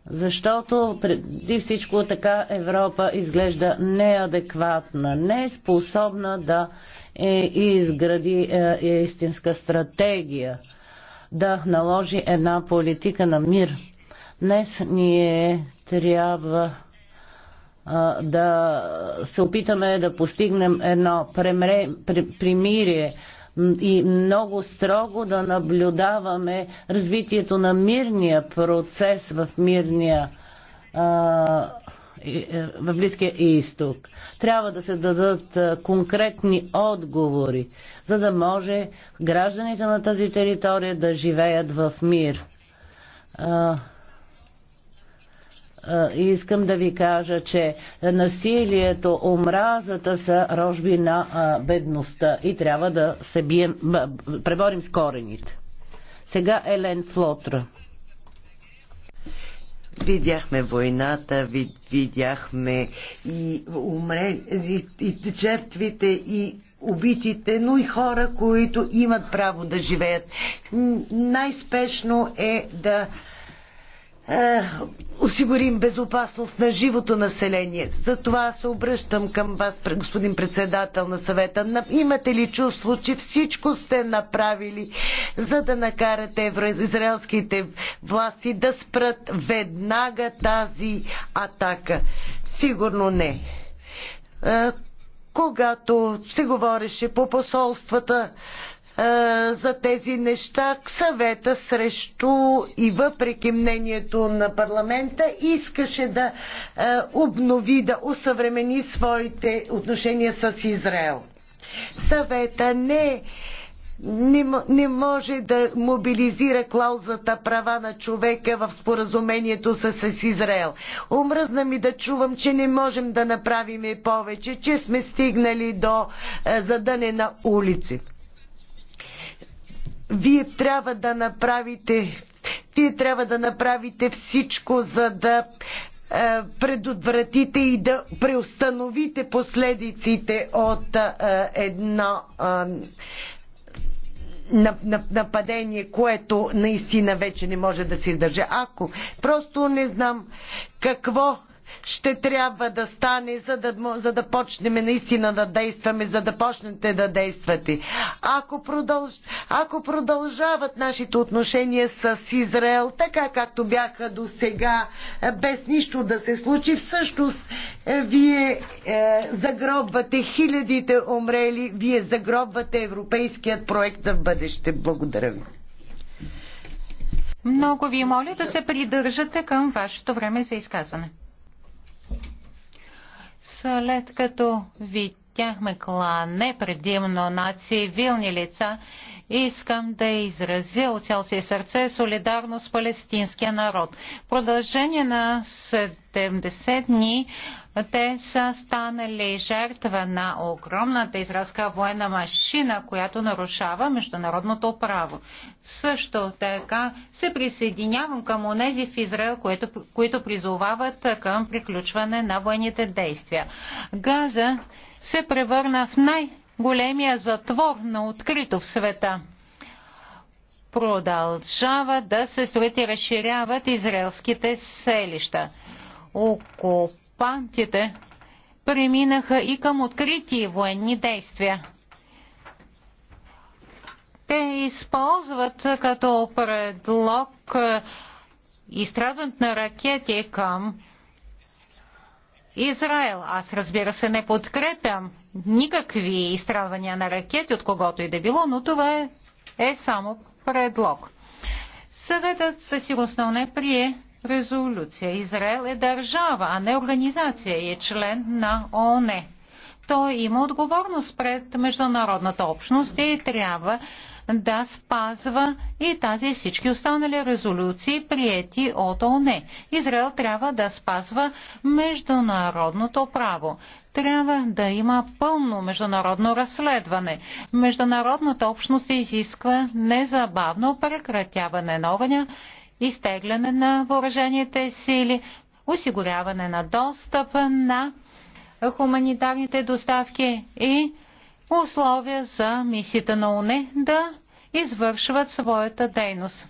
Защото преди всичко така Европа изглежда неадекватна, не е способна да е, изгради е, е, истинска стратегия да наложи една политика на мир. Днес ние трябва а, да се опитаме да постигнем едно премре, примирие и много строго да наблюдаваме развитието на мирния процес в мирния е, в Близкия изток. Трябва да се дадат е, конкретни отговори, за да може гражданите на тази територия да живеят в мир. И искам да ви кажа, че насилието, омразата са рожби на бедността и трябва да се бием, преборим с корените. Сега Елен Флотра. Видяхме войната, вид, видяхме и, умрели, и, и жертвите, и убитите, но и хора, които имат право да живеят. Най-спешно е да е, осигурим безопасност на живото население. За това се обръщам към вас, господин председател на съвета. Имате ли чувство, че всичко сте направили, за да накарате израелските власти да спрат веднага тази атака? Сигурно не. Е, когато се говореше по посолствата, е, за тези неща. Съвета срещу и въпреки мнението на парламента искаше да е, обнови, да усъвремени своите отношения с Израел. Съвета не не, не може да мобилизира клаузата права на човека в споразумението с, с Израел. Омръзна ми да чувам, че не можем да направим повече, че сме стигнали до е, на улици. Вие трябва да направите, вие трябва да направите всичко, за да е, предотвратите и да преустановите последиците от е, едно е, нападение, което наистина вече не може да се издържа. Ако просто не знам какво ще трябва да стане, за да, за да почнем наистина да действаме, за да почнете да действате. Ако, продълж, ако продължават нашите отношения с Израел, така както бяха до сега, е, без нищо да се случи, всъщност е, вие е, загробвате хилядите умрели, вие загробвате европейският проект за бъдеще. Благодаря ви. Много ви моля да се придържате към вашето време за изказване. След като видяхме клане предимно на цивилни лица, искам да изразя от цялото си сърце солидарност с палестинския народ. В продължение на 70 дни те са станали жертва на огромната израелска военна машина, която нарушава международното право. Също така се присъединявам към онези в Израел, които, които призовават към приключване на военните действия. Газа се превърна в най-големия затвор на открито в света Продължава да се строят и разширяват израелските селища. Около окупантите преминаха и към открити военни действия. Те използват като предлог е, изстрадването на ракети към Израел. Аз разбира се не подкрепям никакви изстрадвания на ракети от когото и да било, но това е, е само предлог. Съветът със сигурност не прие резолюция. Израел е държава, а не организация и е член на ООН. Той има отговорност пред международната общност и трябва да спазва и тази всички останали резолюции, приети от ООН. Израел трябва да спазва международното право. Трябва да има пълно международно разследване. Международната общност изисква незабавно прекратяване на огъня изтегляне на въоръжените сили, осигуряване на достъп на хуманитарните доставки и условия за мисията на ОНЕ да извършват своята дейност.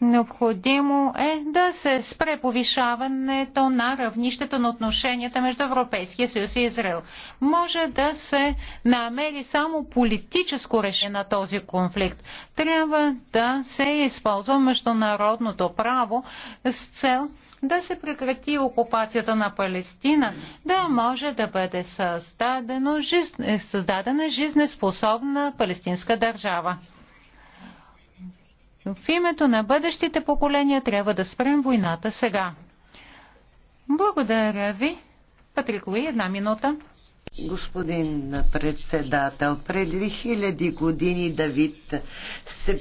Необходимо е да се спре повишаването на равнището на отношенията между Европейския съюз и Израел. Може да се намери само политическо решение на този конфликт. Трябва да се използва международното право с цел да се прекрати окупацията на Палестина, да може да бъде създадена жизнеспособна палестинска държава. Но в името на бъдещите поколения трябва да спрем войната сега. Благодаря ви. Патрик Луи, една минута. Господин председател, преди хиляди години Давид се,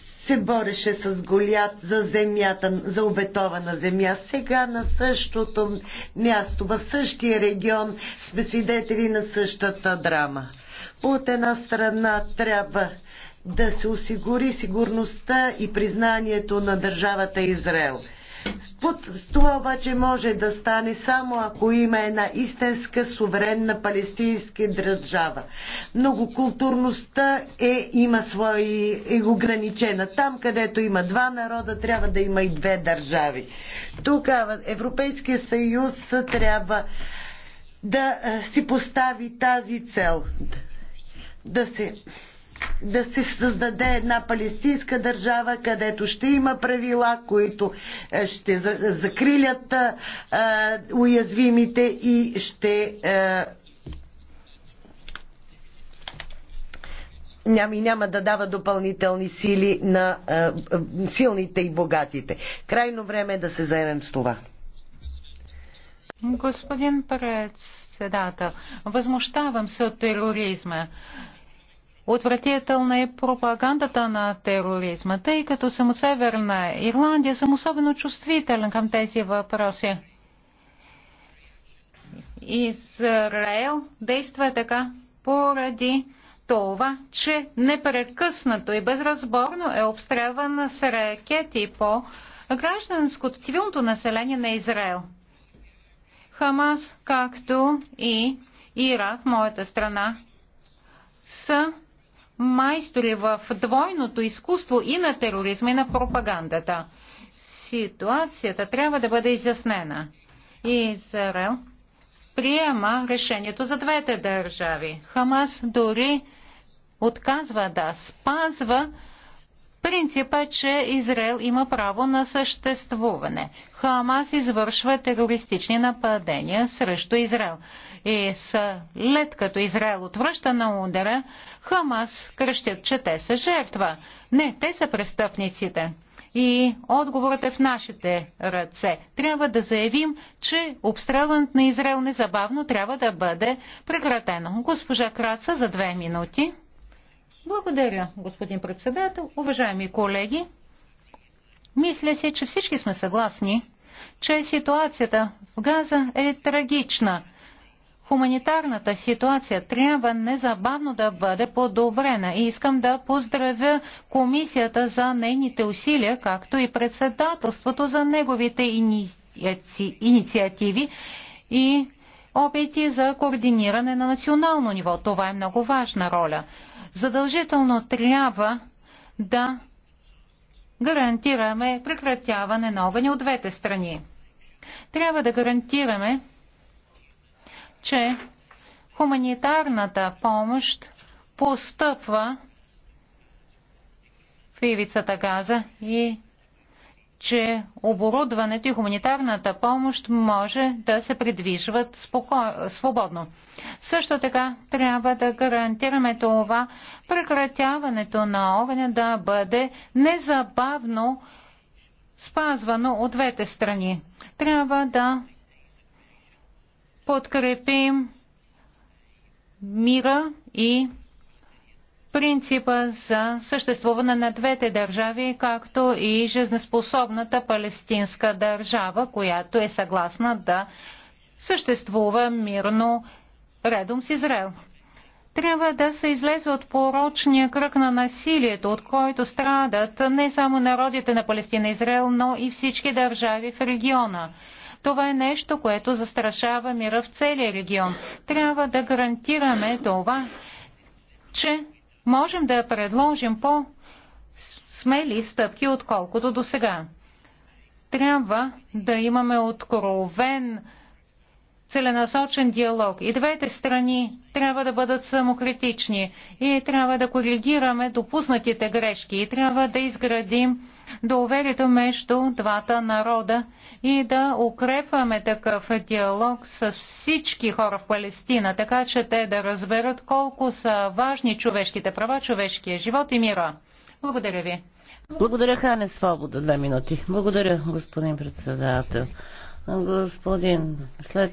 се бореше с Голят за земята, за обетована земя. Сега на същото място, в същия регион сме свидетели на същата драма. От една страна трябва да се осигури сигурността и признанието на държавата Израел. С това обаче може да стане само ако има една истинска суверенна палестинска държава. Многокултурността е, има свои е ограничена. Там, където има два народа, трябва да има и две държави. Тук Европейския съюз трябва да е, си постави тази цел. Да се да се създаде една палестинска държава, където ще има правила, които е, ще закрилят а, е, уязвимите и ще. А, е, няма и няма да дава допълнителни сили на а, силните и богатите. Крайно време е да се заемем с това. Господин председател, възмущавам се от тероризма. Отвратителна е пропагандата на тероризма, тъй като съм от Северна Ирландия, съм особено чувствителен към тези въпроси. Израел действа така поради това, че непрекъснато и безразборно е обстрелван с ракети по гражданското, цивилното население на Израел. Хамас, както и Ирак, моята страна, са майстори в двойното изкуство и на тероризма, и на пропагандата. Ситуацията трябва да бъде изяснена. И Израел приема решението за двете държави. Хамас дори отказва да спазва принципа, че Израел има право на съществуване. Хамас извършва терористични нападения срещу Израел. И след като Израел отвръща на удара, Хамас крещят, че те са жертва. Не, те са престъпниците. И отговорът е в нашите ръце. Трябва да заявим, че обстрелването на Израел незабавно трябва да бъде прекратено. Госпожа Краца за две минути. Благодаря, господин председател. Уважаеми колеги, мисля си, че всички сме съгласни, че ситуацията в Газа е трагична Хуманитарната ситуация трябва незабавно да бъде подобрена и искам да поздравя комисията за нейните усилия, както и председателството за неговите иници... инициативи и опити за координиране на национално ниво. Това е много важна роля. Задължително трябва да гарантираме прекратяване на огъня от двете страни. Трябва да гарантираме че хуманитарната помощ постъпва в ивицата Газа и че оборудването и хуманитарната помощ може да се придвижват споко... свободно. Също така трябва да гарантираме това прекратяването на огъня да бъде незабавно спазвано от двете страни. Трябва да подкрепим мира и принципа за съществуване на двете държави, както и жизнеспособната палестинска държава, която е съгласна да съществува мирно редом с Израел. Трябва да се излезе от порочния кръг на насилието, от който страдат не само народите на Палестина и Израел, но и всички държави в региона. Това е нещо, което застрашава мира в целия регион. Трябва да гарантираме това, че можем да предложим по смели стъпки, отколкото до сега. Трябва да имаме откровен, целенасочен диалог. И двете страни трябва да бъдат самокритични и трябва да коригираме допуснатите грешки и трябва да изградим доверието между двата народа и да укрепваме такъв диалог с всички хора в Палестина, така че те да разберат колко са важни човешките права, човешкия живот и мира. Благодаря ви. Благодаря, Хане Свобода. Две минути. Благодаря, господин председател. Господин, след,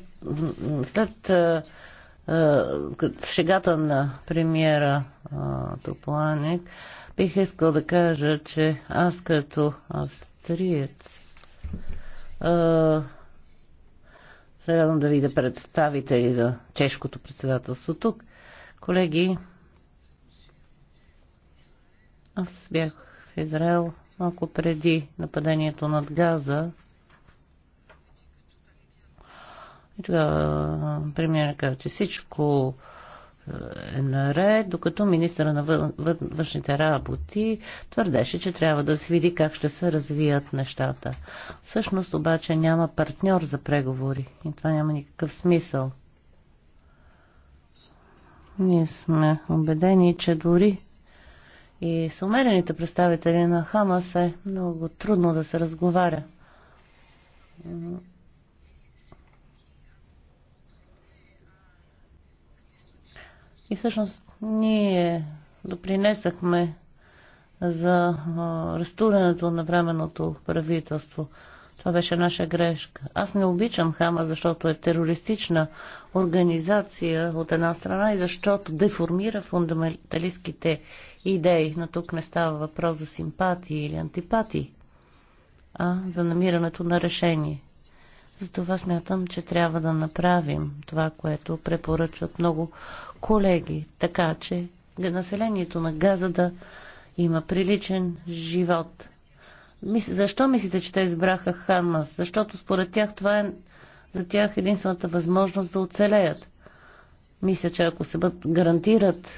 след шегата на премиера Топланик, Бих искал да кажа, че аз като австриец а, се радвам да видя да представители за чешкото председателство тук. Колеги, аз бях в Израел малко преди нападението над Газа. И тогава премиера каза, че всичко е наред, докато министра на външните работи твърдеше, че трябва да се види как ще се развият нещата. Всъщност обаче няма партньор за преговори и това няма никакъв смисъл. Ние сме убедени, че дори и с умерените представители на Хамас е много трудно да се разговаря. И всъщност ние допринесахме за разтурянето на временното правителство. Това беше наша грешка. Аз не обичам Хама, защото е терористична организация от една страна и защото деформира фундаменталистските идеи. Но тук не става въпрос за симпатии или антипатии, а за намирането на решение. Затова смятам, че трябва да направим това, което препоръчват много колеги, така че населението на Газа да има приличен живот. Защо мислите, че те избраха Хамас? Защото според тях това е за тях единствената възможност да оцелеят. Мисля, че ако се бъдат гарантират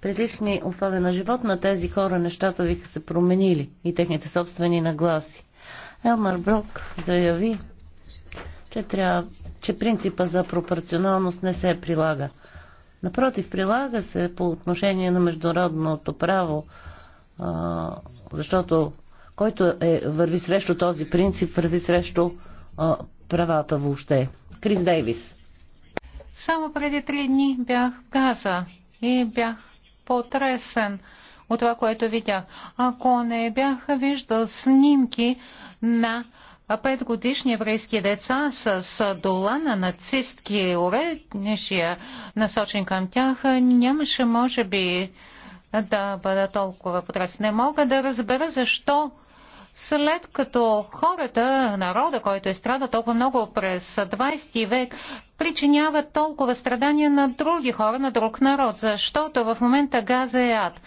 прилични условия на живот на тези хора, нещата биха се променили и техните собствени нагласи. Елмар Брок заяви, че, трябва, че принципа за пропорционалност не се прилага. Напротив, прилага се по отношение на международното право, защото който е, върви срещу този принцип, върви срещу правата въобще. Крис Дейвис. Само преди три дни бях в Газа и бях потресен от това, което видях. Ако не бях виждал снимки на а петгодишни еврейски деца с дола на нацистки уреднишия, насочен към тях, нямаше, може би, да бъда толкова потресен. Не мога да разбера защо след като хората, народа, който е страда толкова много през 20 век, причиняват толкова страдания на други хора, на друг народ, защото в момента газа е ад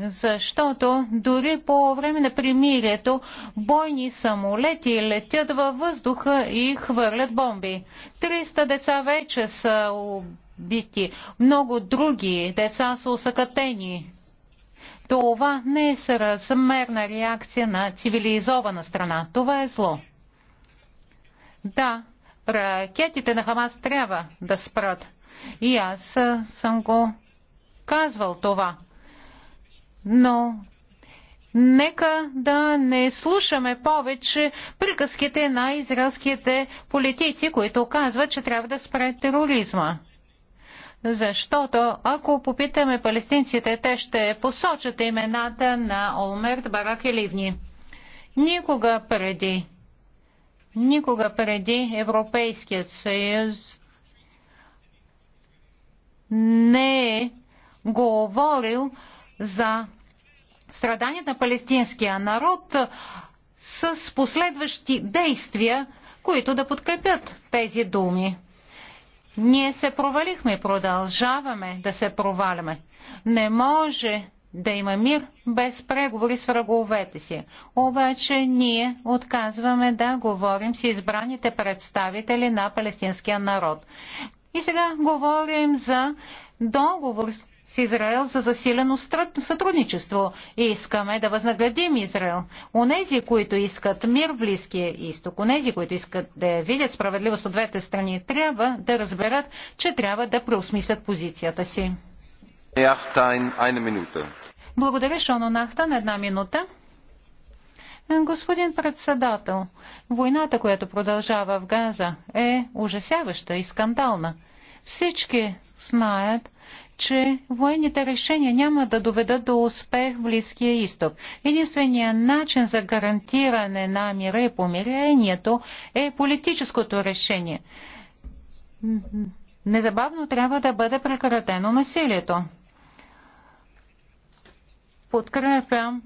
защото дори по време на примирието бойни самолети летят във въздуха и хвърлят бомби. 300 деца вече са убити, много други деца са усъкътени. Това не е съразмерна реакция на цивилизована страна. Това е зло. Да, ракетите на Хамас трябва да спрат. И аз съм го казвал това но нека да не слушаме повече приказките на израелските политици, които казват, че трябва да спре тероризма. Защото ако попитаме палестинците, те ще посочат имената на Олмерт, Барак и Ливни. Никога преди, никога преди Европейският съюз не е говорил за страданията на палестинския народ с последващи действия, които да подкрепят тези думи. Ние се провалихме и продължаваме да се проваляме. Не може да има мир без преговори с враговете си. Обаче ние отказваме да говорим с избраните представители на палестинския народ. И сега говорим за договор с Израел за засилено сътрудничество и искаме да възнаградим Израел. Онези, които искат мир в Близкия изток, онези, които искат да видят справедливост от двете страни, трябва да разберат, че трябва да преосмислят позицията си. Благодаря, Шоно на Една минута. Господин председател, войната, която продължава в Газа, е ужасяваща и скандална. Всички знаят, че военните решения няма да доведат до успех в Близкия изток. Единственият начин за гарантиране на мира и помирението е политическото решение. Незабавно трябва да бъде прекратено насилието. Подкрепям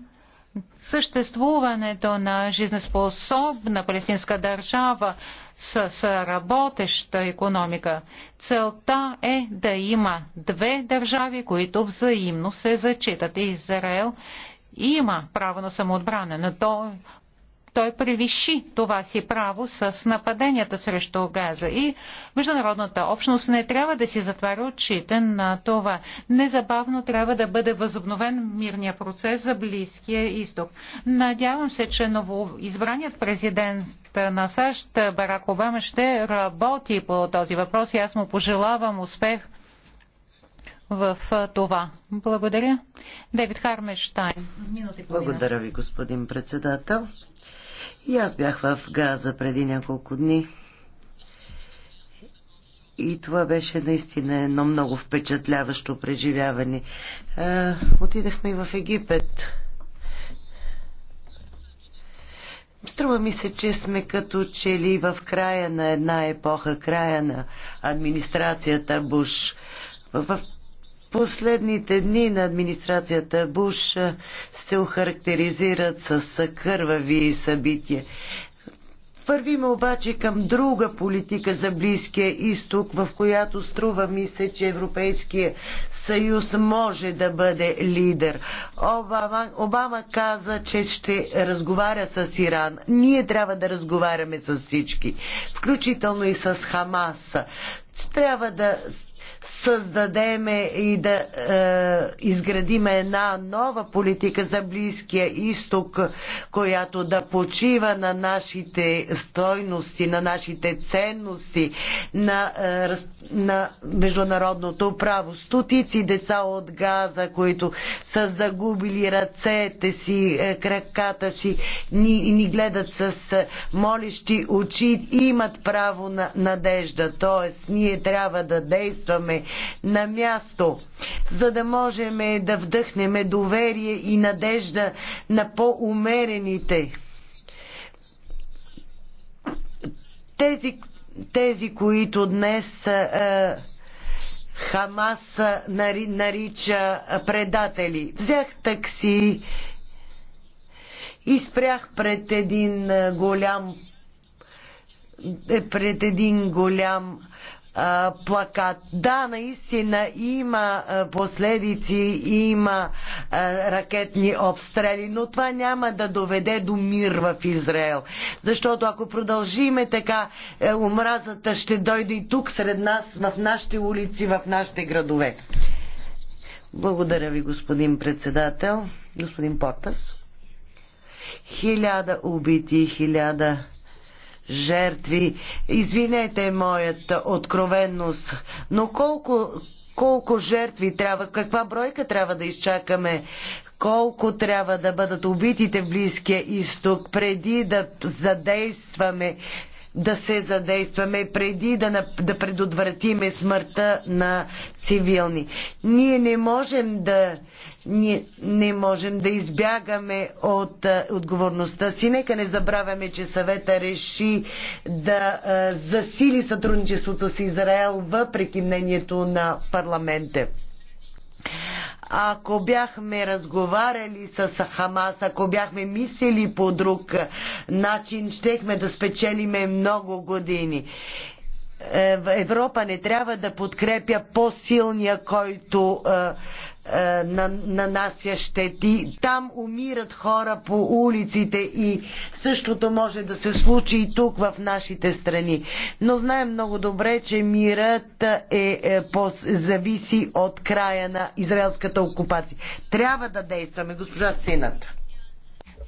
съществуването на жизнеспособна палестинска държава с, с работеща економика. Целта е да има две държави, които взаимно се зачитат. Израел има право на самоотбрана, но то той превиши това си право с нападенията срещу Газа. И международната общност не трябва да си затваря очите на това. Незабавно трябва да бъде възобновен мирния процес за Близкия изток. Надявам се, че новоизбраният президент на САЩ Барак Обама ще работи по този въпрос и аз му пожелавам успех в това. Благодаря. Девид Хармештайн. Благодаря ви, господин председател. И аз бях в Газа преди няколко дни. И това беше наистина едно много впечатляващо преживяване. А, отидахме и в Египет. Струва ми се, че сме като че ли в края на една епоха, края на администрацията Буш. В, в Последните дни на администрацията Буш се охарактеризират с кървави събития. Вървим обаче към друга политика за Близкия изток, в която струва ми се, че Европейския съюз може да бъде лидер. Обама, Обама каза, че ще разговаря с Иран. Ние трябва да разговаряме с всички, включително и с Хамаса. Трябва да създадеме и да е, изградиме една нова политика за Близкия изток, която да почива на нашите стойности, на нашите ценности, на, е, на международното право. Стотици деца от Газа, които са загубили ръцете си, е, краката си, ни, ни гледат с е, молещи очи имат право на надежда. Тоест, ние трябва да действаме на място, за да можем да вдъхнем доверие и надежда на по-умерените. Тези, тези, които днес а, Хамас нари, нарича предатели. Взех такси и спрях пред един голям е, пред един голям плакат. Да, наистина има последици, има ракетни обстрели, но това няма да доведе до мир в Израел. Защото ако продължиме така, е, омразата ще дойде и тук сред нас, в нашите улици, в нашите градове. Благодаря ви, господин председател. Господин Портас. Хиляда убити, хиляда жертви. Извинете моята откровенност, но колко, колко жертви трябва, каква бройка трябва да изчакаме, колко трябва да бъдат убитите в Близкия изток, преди да задействаме да се задействаме преди да, да предотвратиме смъртта на цивилни. Ние не можем да ние не можем да избягаме от отговорността си. Нека не забравяме, че съвета реши да засили сътрудничеството с Израел въпреки мнението на парламента ако бяхме разговаряли с Хамас, ако бяхме мислили по друг начин, щехме да спечелиме много години. Е, Европа не трябва да подкрепя по-силния, който е, е, нанася щети. Там умират хора по улиците и същото може да се случи и тук в нашите страни. Но знаем много добре, че мирът е, е по, зависи от края на израелската окупация. Трябва да действаме, госпожа Сината.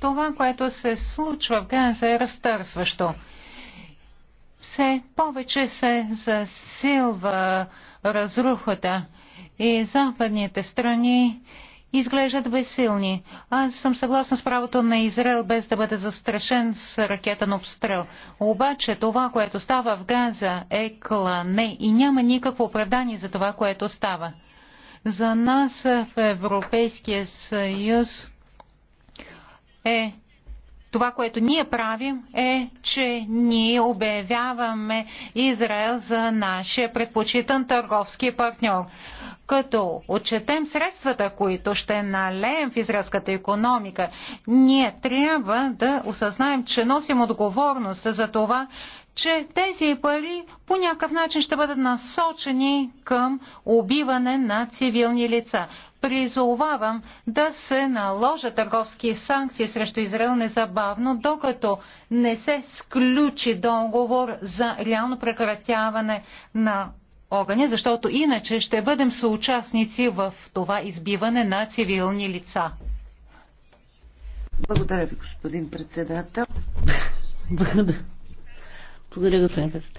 Това, което се случва в Газа е разтърсващо все повече се засилва разрухата и западните страни изглеждат безсилни. Аз съм съгласна с правото на Израел без да бъде застрашен с ракетен обстрел. Обаче това, което става в Газа е клане и няма никакво оправдание за това, което става. За нас в Европейския съюз е това, което ние правим е, че ние обявяваме Израел за нашия предпочитан търговски партньор. Като отчетем средствата, които ще налеем в израелската економика, ние трябва да осъзнаем, че носим отговорност за това, че тези пари по някакъв начин ще бъдат насочени към убиване на цивилни лица призовавам да се наложат търговски санкции срещу Израел незабавно, докато не се сключи договор за реално прекратяване на огъня, защото иначе ще бъдем съучастници в това избиване на цивилни лица. Благодаря ви, господин председател. Благодаря, господин председател.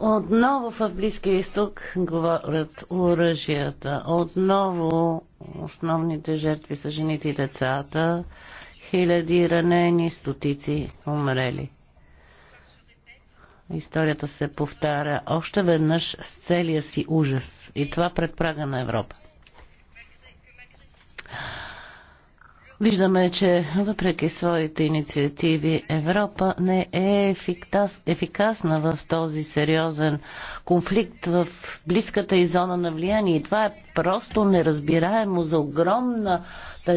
Отново в Близкия изток говорят оръжията. Отново основните жертви са жените и децата. Хиляди ранени, стотици умрели. Историята се повтаря още веднъж с целия си ужас. И това пред прага на Европа. Виждаме, че въпреки своите инициативи Европа не е ефикасна в този сериозен конфликт в близката и зона на влияние. И това е просто неразбираемо за огромна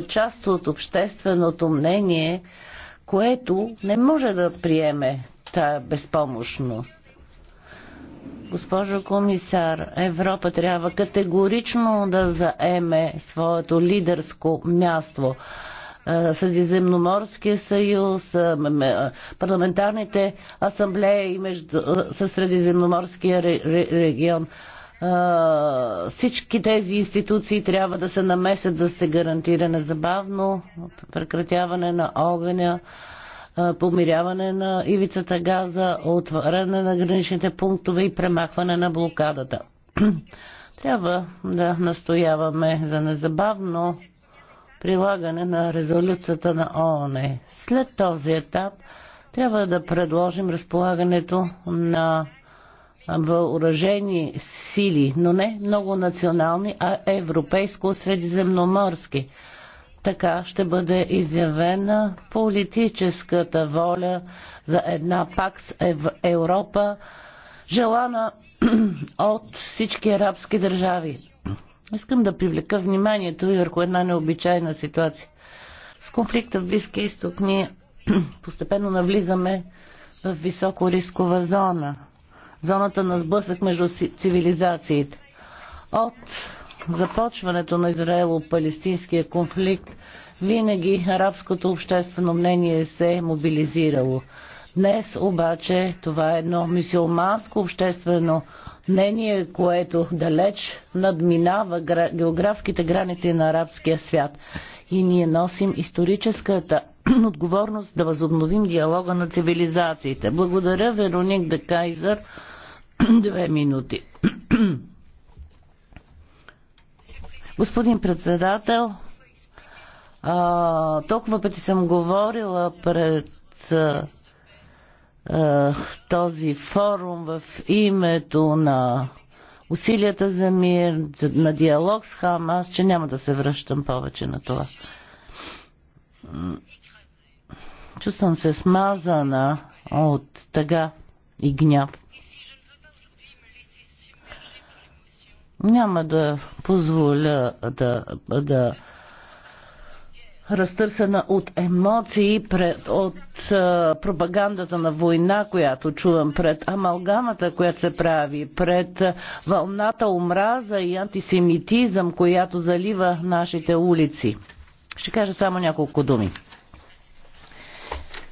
част от общественото мнение, което не може да приеме тая безпомощност. Госпожо комисар, Европа трябва категорично да заеме своето лидерско място. Е, Средиземноморския съюз, е, е, парламентарните асамблеи между, със Средиземноморския регион. Всички тези институции трябва да се намесят за да се гарантира незабавно прекратяване на огъня, помиряване на ивицата газа, отваряне на граничните пунктове и премахване на блокадата. Трябва да настояваме за незабавно прилагане на резолюцията на ООН. След този етап трябва да предложим разполагането на въоръжени сили, но не много национални, а европейско-средиземноморски. Така ще бъде изявена политическата воля за една пакс Ев- Европа, желана от всички арабски държави. Искам да привлека вниманието и върху една необичайна ситуация. С конфликта в Близкия изток ние постепенно навлизаме в високо рискова зона. Зоната на сблъсък между цивилизациите. От започването на Израело-палестинския конфликт винаги арабското обществено мнение се е мобилизирало. Днес обаче това е едно мисиоманско обществено мнение, което далеч надминава географските граници на арабския свят. И ние носим историческата отговорност да възобновим диалога на цивилизациите. Благодаря Вероник де Кайзер. Две минути. Господин председател, а, толкова пъти съм говорила пред а, е, този форум в името на усилията за мир, на диалог с Хамас, че няма да се връщам повече на това. Чувствам се смазана от тъга и гняв. Няма да позволя да, да разтърсена от емоции, пред, от а, пропагандата на война, която чувам, пред амалгамата, която се прави, пред а, вълната омраза и антисемитизъм, която залива нашите улици. Ще кажа само няколко думи.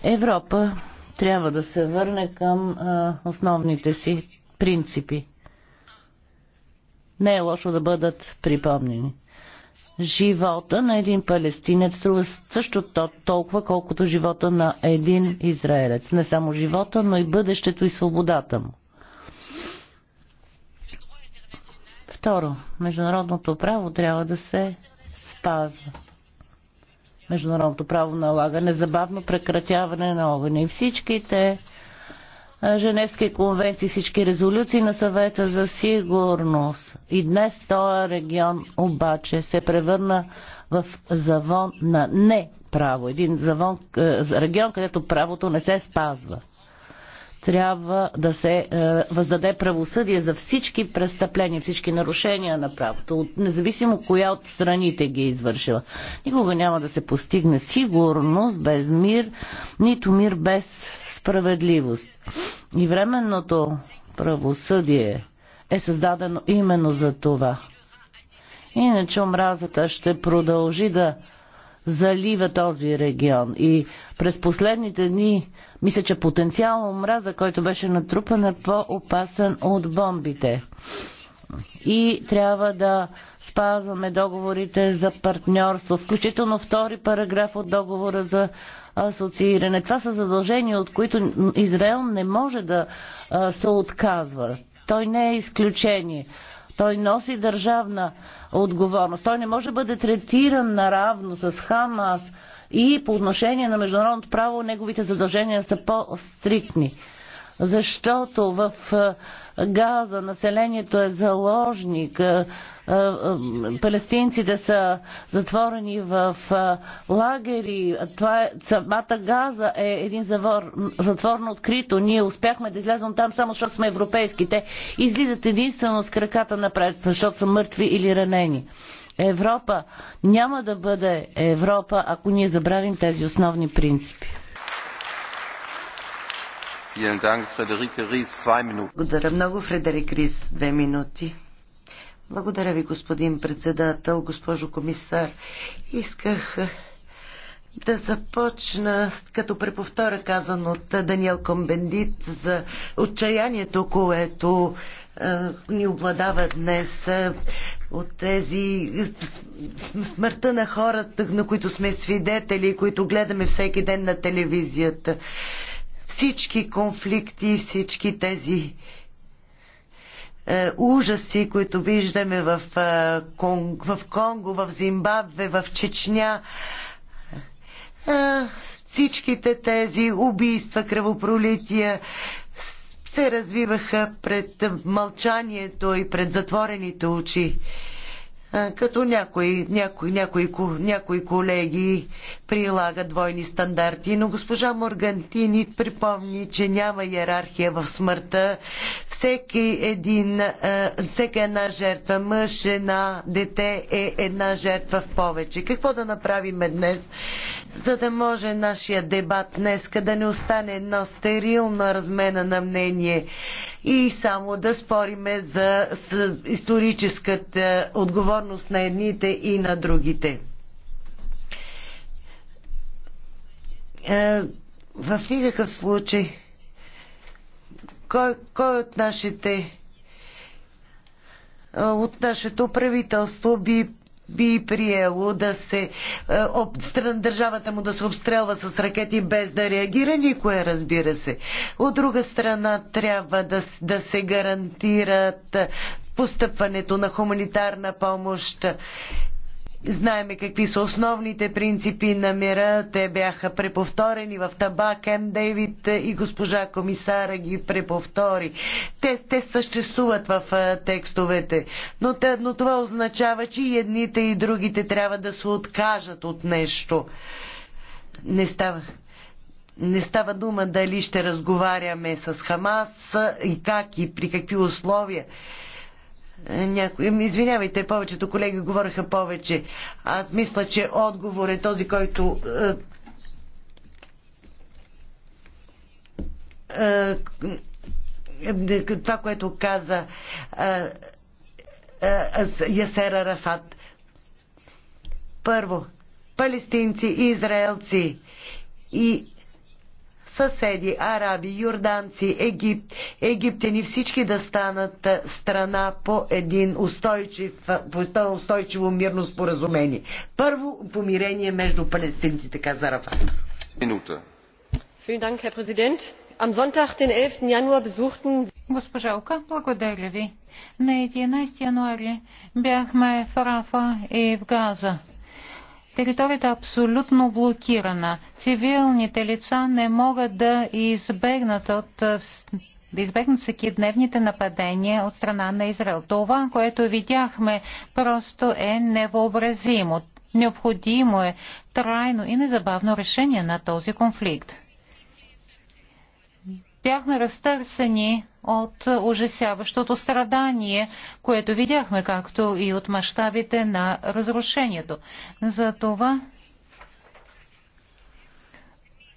Европа трябва да се върне към а, основните си принципи. Не е лошо да бъдат припомнени живота на един палестинец струва също толкова, колкото живота на един израелец. Не само живота, но и бъдещето и свободата му. Второ, международното право трябва да се спазва. Международното право налага незабавно прекратяване на огъня и всичките Женевски конвенции, всички резолюции на съвета за сигурност. И днес този регион обаче се превърна в завон на неправо. Един завон, е, регион, където правото не се спазва трябва да се е, въздаде правосъдие за всички престъпления, всички нарушения на правото, независимо коя от страните ги е извършила. Никога няма да се постигне сигурност без мир, нито мир без справедливост. И временното правосъдие е създадено именно за това. Иначе омразата ще продължи да залива този регион. И през последните дни мисля, че потенциално омраза, който беше натрупан е по-опасен от бомбите. И трябва да спазваме договорите за партньорство, включително втори параграф от договора за асоцииране. Това са задължения, от които Израел не може да се отказва. Той не е изключение. Той носи държавна отговорност. Той не може да бъде третиран наравно с Хамас, и по отношение на международното право, неговите задължения са по-стриктни. Защото в Газа населението е заложник, палестинците са затворени в лагери, това е, самата Газа е един завор, затворно открито. Ние успяхме да излезем там само защото сме европейски. Те излизат единствено с краката напред, защото са мъртви или ранени. Европа няма да бъде Европа, ако ние забравим тези основни принципи. Благодаря много, Фредерик Рис. Две минути. Благодаря ви, господин председател, госпожо комисар. Исках е, да започна, като преповтора казан от Даниел Комбендит за отчаянието, което е, ни обладава днес е, от тези смъртта на хората, на които сме свидетели, които гледаме всеки ден на телевизията. Всички конфликти, всички тези е, ужаси, които виждаме в, в Конго, в Зимбабве, в Чечня. Всичките тези убийства, кръвопролития, се развиваха пред мълчанието и пред затворените очи. Като някои, някои, някои, някои колеги прилагат двойни стандарти, но госпожа Моргантини припомни, че няма иерархия в смъртта. Всеки един, всека една жертва, мъж, жена, дете е една жертва в повече. Какво да направим днес? за да може нашия дебат днес да не остане едно стерилно размена на мнение и само да спориме за историческата отговорност на едните и на другите. Е, в никакъв случай кой, кой от нашите от нашето правителство би би приело да се е, стран, държавата му да се обстрелва с ракети без да реагира никое, разбира се. От друга страна трябва да, да се гарантират е, постъпването на хуманитарна помощ Знаеме какви са основните принципи на мира. Те бяха преповторени в табак. М. Дейвид и госпожа комисара ги преповтори. Те, те съществуват в текстовете. Но, но това означава, че и едните и другите трябва да се откажат от нещо. Не става. Не става дума дали ще разговаряме с Хамас и как и при какви условия. Някой, ами, извинявайте, повечето колеги говореха повече. Аз мисля, че отговор е този, който е, е, това, което каза е, Ясера Рафат. Първо, палестинци и израелци и съседи, араби, юрданци, Егип, египтяни, всички да станат страна по един устойчив, по устойчиво мирно споразумение. Първо помирение между палестинците, каза Рафат. Минута. Госпожа Ока, благодаря ви. На 11 януари бяхме в Рафа и в Газа. Територията е абсолютно блокирана. Цивилните лица не могат да избегнат от да избегнат всеки дневните нападения от страна на Израел. Това, което видяхме, просто е невъобразимо. Необходимо е трайно и незабавно решение на този конфликт бяхме разтърсени от ужасяващото страдание, което видяхме, както и от мащабите на разрушението. Затова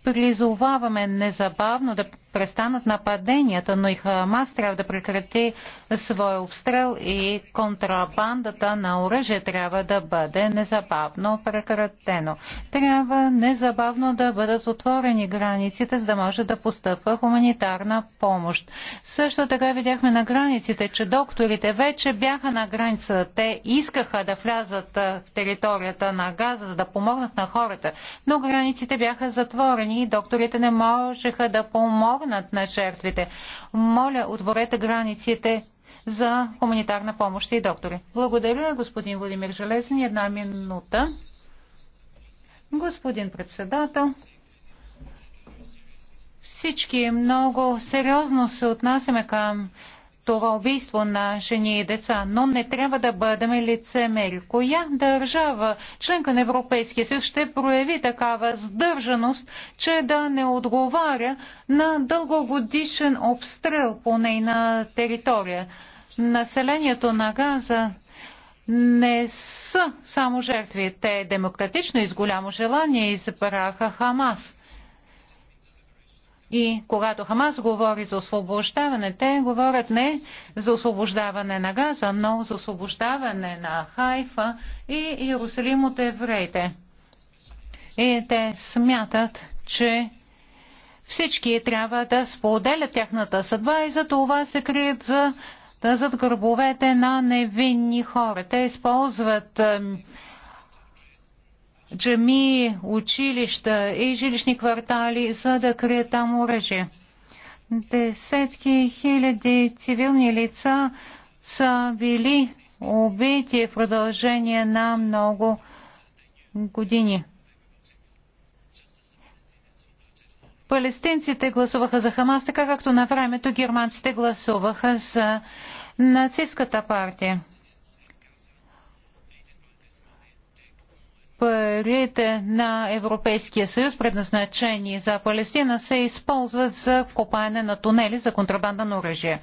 призоваваме незабавно да престанат нападенията, но и Хамас трябва да прекрати своя обстрел и контрабандата на оръжие трябва да бъде незабавно прекратено. Трябва незабавно да бъдат отворени границите, за да може да постъпва хуманитарна помощ. Също така видяхме на границите, че докторите вече бяха на границата. Те искаха да влязат в територията на Газа, за да помогнат на хората, но границите бяха затворени и докторите не можеха да помогнат помогнат на жертвите. Моля, отворете границите за хуманитарна помощ и доктори. Благодаря, господин Владимир Железни. Една минута. Господин председател, всички много сериозно се отнасяме към това убийство на жени и деца, но не трябва да бъдем лицемери. Коя държава, членка на Европейския съюз, ще прояви такава сдържаност, че да не отговаря на дългогодишен обстрел по нейна територия? Населението на Газа не са само жертви. Те демократично и с голямо желание избраха Хамас. И когато Хамас говори за освобождаване, те говорят не за освобождаване на Газа, но за освобождаване на Хайфа и Иерусалим от евреите. И те смятат, че всички трябва да споделят тяхната съдба и за това се крият за, зад гърбовете на невинни хора. Те използват джами, училища и жилищни квартали, за да крият там оръжие. Десетки хиляди цивилни лица са били убити в продължение на много години. Палестинците гласуваха за Хамас, така както на времето германците гласуваха за нацистската партия. парите на Европейския съюз, предназначени за Палестина, се използват за копаене на тунели за контрабанда на оръжие.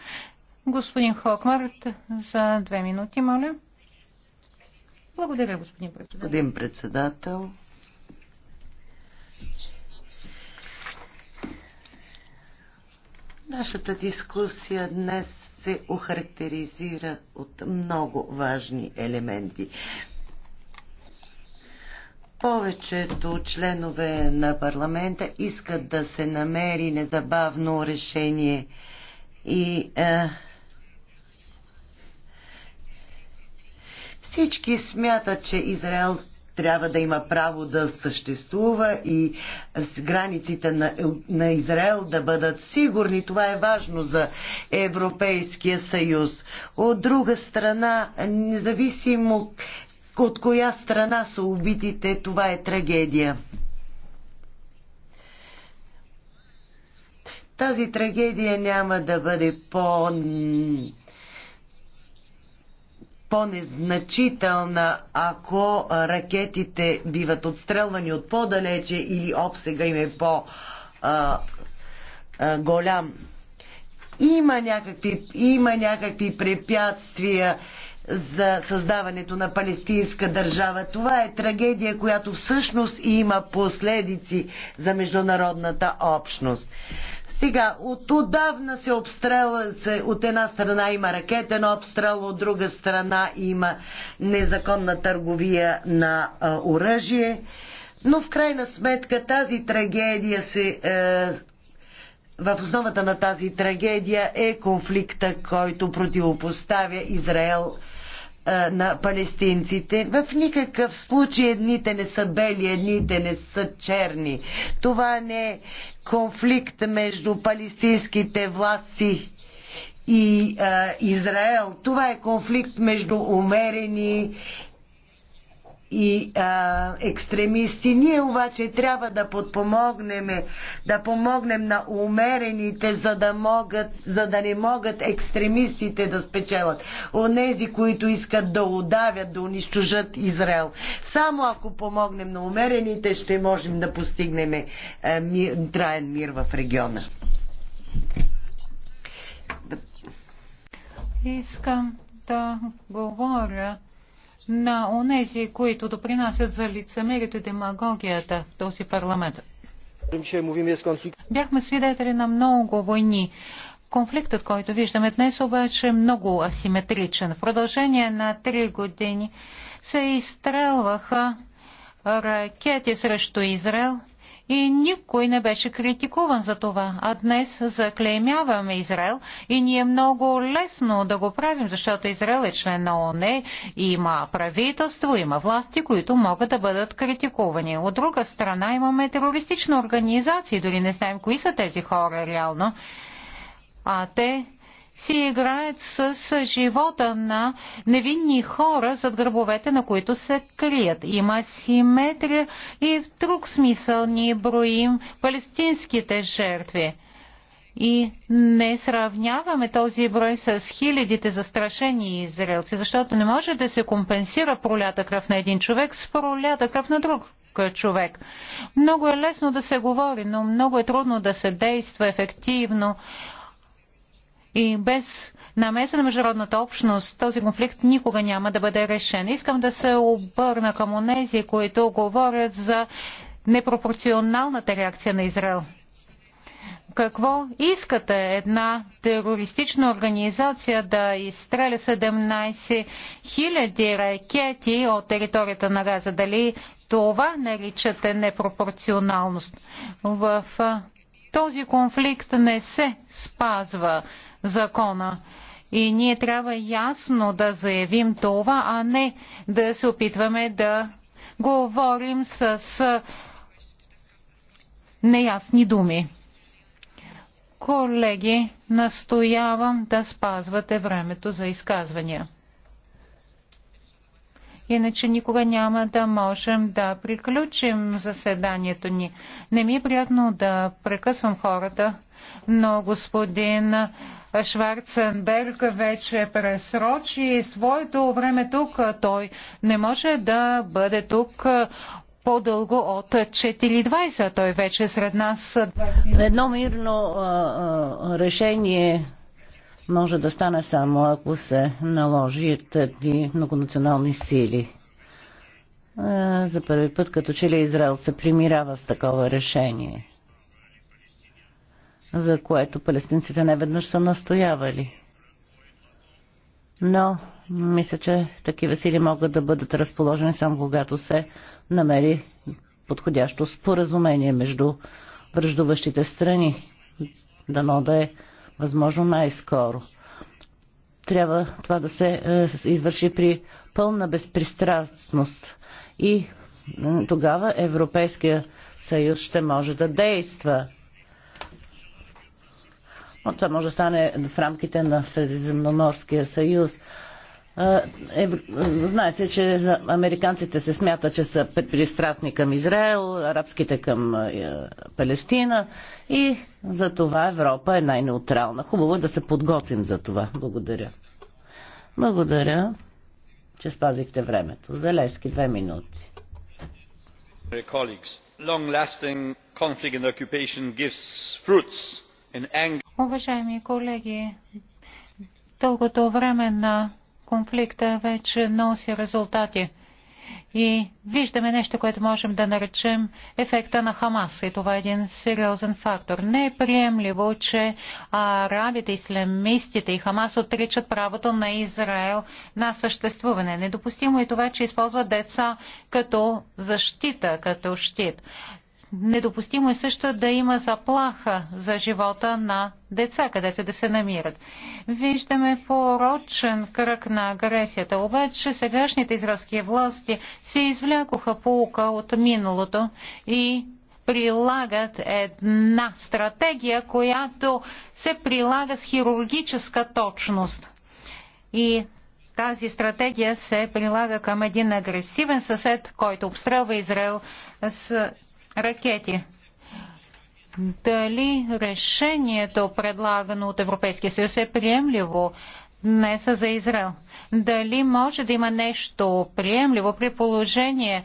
Господин Хокмарт, за две минути, моля. Благодаря, господин председател. Господин председател. Нашата дискусия днес се охарактеризира от много важни елементи. Повечето членове на парламента искат да се намери незабавно решение и е, всички смятат, че Израел трябва да има право да съществува и с границите на, на Израел да бъдат сигурни. Това е важно за Европейския съюз. От друга страна, независимо от коя страна са убитите, това е трагедия. Тази трагедия няма да бъде по по-незначителна, ако ракетите биват отстрелвани от по-далече или обсега им е по-голям. Има някакви, има някакви препятствия за създаването на палестинска държава. Това е трагедия, която всъщност има последици за международната общност. Сега, от отдавна се обстрела, от една страна има ракетен обстрел, от друга страна има незаконна търговия на а, оръжие, но в крайна сметка тази трагедия се е, в основата на тази трагедия е конфликта, който противопоставя Израел на палестинците. В никакъв случай едните не са бели, едните не са черни. Това не е конфликт между палестинските власти и а, Израел. Това е конфликт между умерени и а, екстремисти. Ние обаче трябва да подпомогнем, да помогнем на умерените, за да, могат, за да не могат екстремистите да спечелят. Онези, които искат да удавят, да унищожат Израел. Само ако помогнем на умерените, ще можем да постигнем а, е, мир, траен мир в региона. Искам да говоря на онези, които допринасят за лицемерието и демагогията в този парламент. Бяхме свидетели на много войни. Конфликтът, който виждаме днес, обаче е много асиметричен. В продължение на три години се изстрелваха ракети срещу Израел – и никой не беше критикуван за това. А днес заклеймяваме Израел и ни е много лесно да го правим, защото Израел е член на ООН, има правителство, има власти, които могат да бъдат критикувани. От друга страна имаме терористични организации, дори не знаем кои са тези хора реално. А те си играят с живота на невинни хора, зад гърбовете на които се крият. Има симетрия и в друг смисъл ние броим палестинските жертви. И не сравняваме този брой с хилядите застрашени израелци, защото не може да се компенсира пролята кръв на един човек с пролята кръв на друг човек. Много е лесно да се говори, но много е трудно да се действа ефективно. И без намеса на международната общност този конфликт никога няма да бъде решен. Искам да се обърна към онези, които говорят за непропорционалната реакция на Израел. Какво искате една терористична организация да изстреля 17 000 ракети от територията на Газа? Дали това наричате непропорционалност? В този конфликт не се спазва закона. И ние трябва ясно да заявим това, а не да се опитваме да говорим с неясни думи. Колеги, настоявам да спазвате времето за изказвания. Иначе никога няма да можем да приключим заседанието ни. Не ми е приятно да прекъсвам хората, но господин Шварценберг вече пресрочи своето време тук. Той не може да бъде тук по-дълго от 4.20. Той вече е сред нас. Едно мирно а, решение може да стане само ако се наложи тези многонационални сили. за първи път, като че ли Израел се примирава с такова решение за което палестинците не веднъж са настоявали. Но мисля, че такива сили могат да бъдат разположени само когато се намери подходящо споразумение между връждуващите страни. Дано да е възможно най-скоро. Трябва това да се е, извърши при пълна безпристрастност и е, тогава Европейския съюз ще може да действа това може да стане в рамките на Средиземноморския съюз. Е, знае се, че американците се смятат, че са пристрастни към Израел, арабските към е, Палестина и за това Европа е най-неутрална. Хубаво е да се подготвим за това. Благодаря. Благодаря, че спазихте времето. лески две минути. Long-lasting conflict and occupation gives fruits in anger. Уважаеми колеги, дългото време на конфликта вече носи резултати. И виждаме нещо, което можем да наречем ефекта на Хамас. И това е един сериозен фактор. Не е приемливо, че арабите, ислямистите и Хамас отричат правото на Израел на съществуване. Недопустимо е това, че използват деца като защита, като щит. Недопустимо е също да има заплаха за живота на деца, където да се намират. Виждаме порочен кръг на агресията, обаче сегашните израелски власти се извлякоха полука от миналото и прилагат една стратегия, която се прилага с хирургическа точност. И тази стратегия се прилага към един агресивен съсед, който обстрелва Израел с ракети. Дали решението, предлагано от Европейския съюз, е приемливо днес за Израел? Дали може да има нещо приемливо при положение,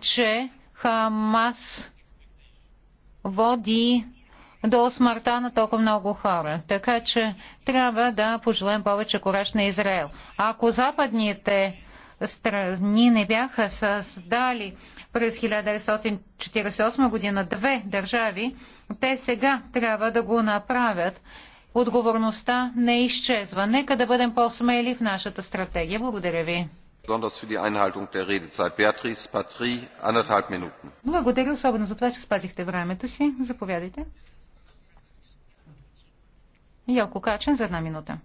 че Хамас води до смъртта на толкова много хора. Така че трябва да пожелаем повече кораж на Израел. Ако западните страни не бяха създали през 1948 година две държави, те сега трябва да го направят. Отговорността не изчезва. Нека да бъдем по-смели в нашата стратегия. Благодаря ви. Благодаря особено за това, че спазихте времето си. Заповядайте. Ялко Качен за една минута.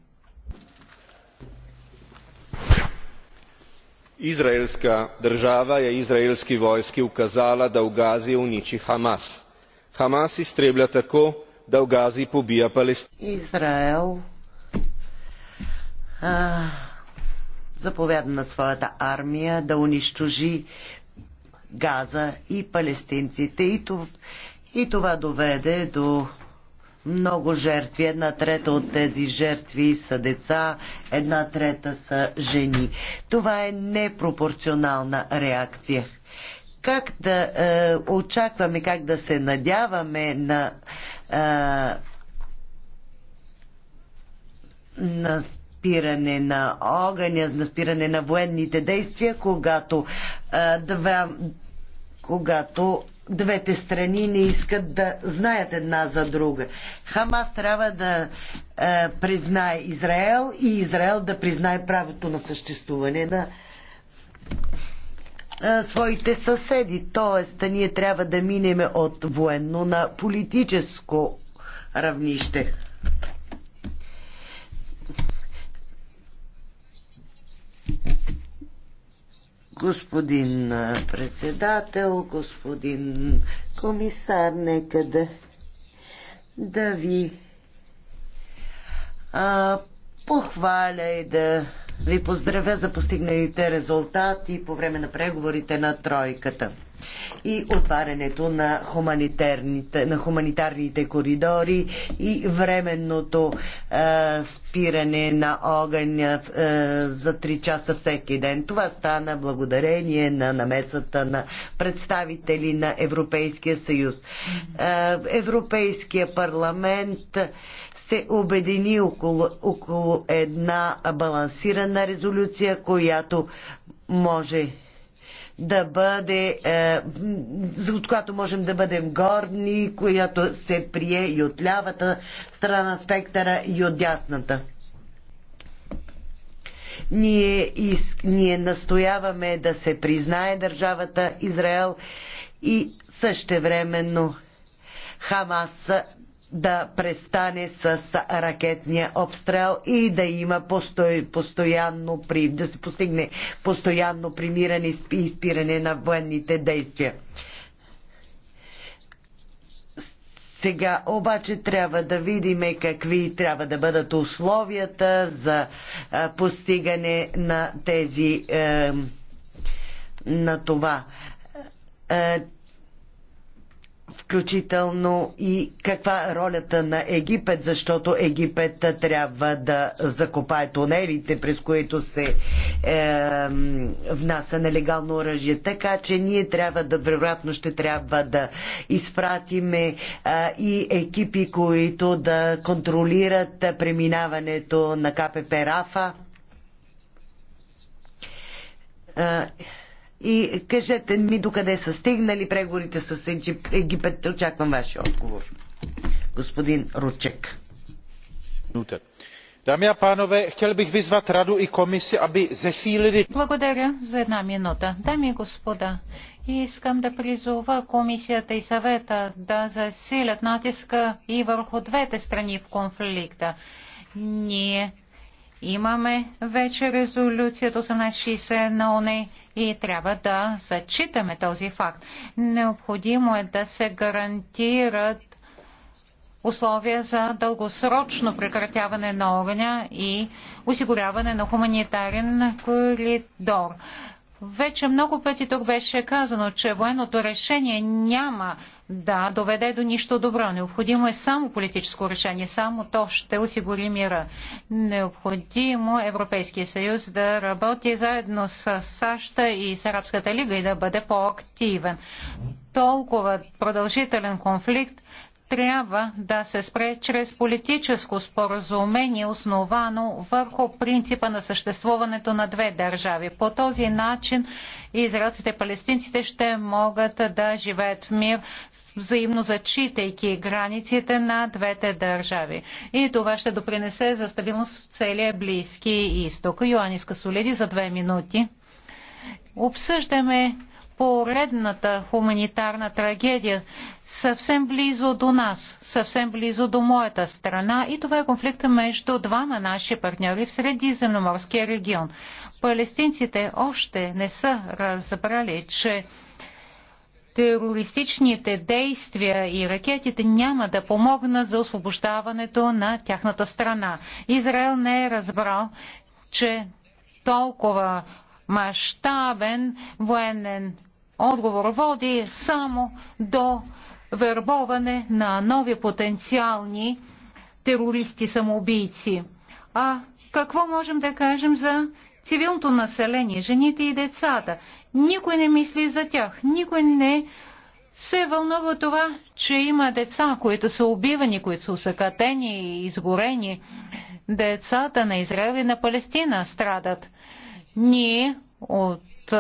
izraelska država je izraelski vojski ukazala da v gazi uniči hamas. hamas izstrelja tako da v gazi pobija palestince много жертви. Една трета от тези жертви са деца, една трета са жени. Това е непропорционална реакция. Как да е, очакваме, как да се надяваме на, е, на спиране на огъня, на спиране на военните действия, когато, е, два, когато двете страни не искат да знаят една за друга. Хамас трябва да е, признае Израел и Израел да признае правото на съществуване на е, своите съседи. Тоест, ние трябва да минеме от военно на политическо равнище. господин председател, господин комисар, нека да, да ви а, похваля и да ви поздравя за постигналите резултати по време на преговорите на тройката и отварянето на хуманитарните, на хуманитарните коридори и временното е, спиране на огъня е, за 3 часа всеки ден. Това стана благодарение на намесата на представители на Европейския съюз. Е, Европейския парламент се обедини около, около една балансирана резолюция, която може да бъде, за е, която можем да бъдем горни, която се прие и от лявата страна на спектъра, и от дясната. Ние, из, ние настояваме да се признае държавата Израел и същевременно Хамас да престане с ракетния обстрел и да има постоянно при... да се постигне постоянно примиране и спиране на военните действия. Сега обаче трябва да видим какви трябва да бъдат условията за постигане на тези на това е, включително и каква е ролята на Египет, защото Египет трябва да закопае тунелите, през които се е, внася нелегално оръжие. Така че ние трябва да, вероятно ще трябва да изпратиме е, и екипи, които да контролират преминаването на КПП Рафа. Е, и кажете ми докъде са стигнали преговорите с Египет. Очаквам вашия отговор. Господин Ручек. Дами и панове, хотел бих vyzvat Раду и комисия, аби засилили... Благодаря за една минута. Дами и господа, искам да призова комисията и съвета да засилят натиска и върху двете страни в конфликта. Ние имаме вече резолюцията 1860 на ОНЕ и трябва да зачитаме този факт. Необходимо е да се гарантират условия за дългосрочно прекратяване на огъня и осигуряване на хуманитарен коридор. Вече много пъти тук беше казано, че военното решение няма да доведе до нищо добро. Необходимо е само политическо решение, само то ще осигури мира. Необходимо Европейския съюз да работи заедно с САЩ и с Арабската лига и да бъде по-активен. Толкова продължителен конфликт трябва да се спре чрез политическо споразумение, основано върху принципа на съществуването на две държави. По този начин израелците и палестинците ще могат да живеят в мир, взаимно зачитайки границите на двете държави. И това ще допринесе за стабилност в целия Близки изток. Йоанис Касолиди за две минути. Обсъждаме поредната хуманитарна трагедия съвсем близо до нас, съвсем близо до моята страна и това е конфликта между двама наши партньори в Средиземноморския регион. Палестинците още не са разбрали, че терористичните действия и ракетите няма да помогнат за освобождаването на тяхната страна. Израел не е разбрал, че толкова мащабен военен отговор води само до вербоване на нови потенциални терористи-самоубийци. А какво можем да кажем за цивилното население, жените и децата? Никой не мисли за тях, никой не се вълнува това, че има деца, които са убивани, които са усъкатени и изгорени. Децата на Израел и на Палестина страдат ние от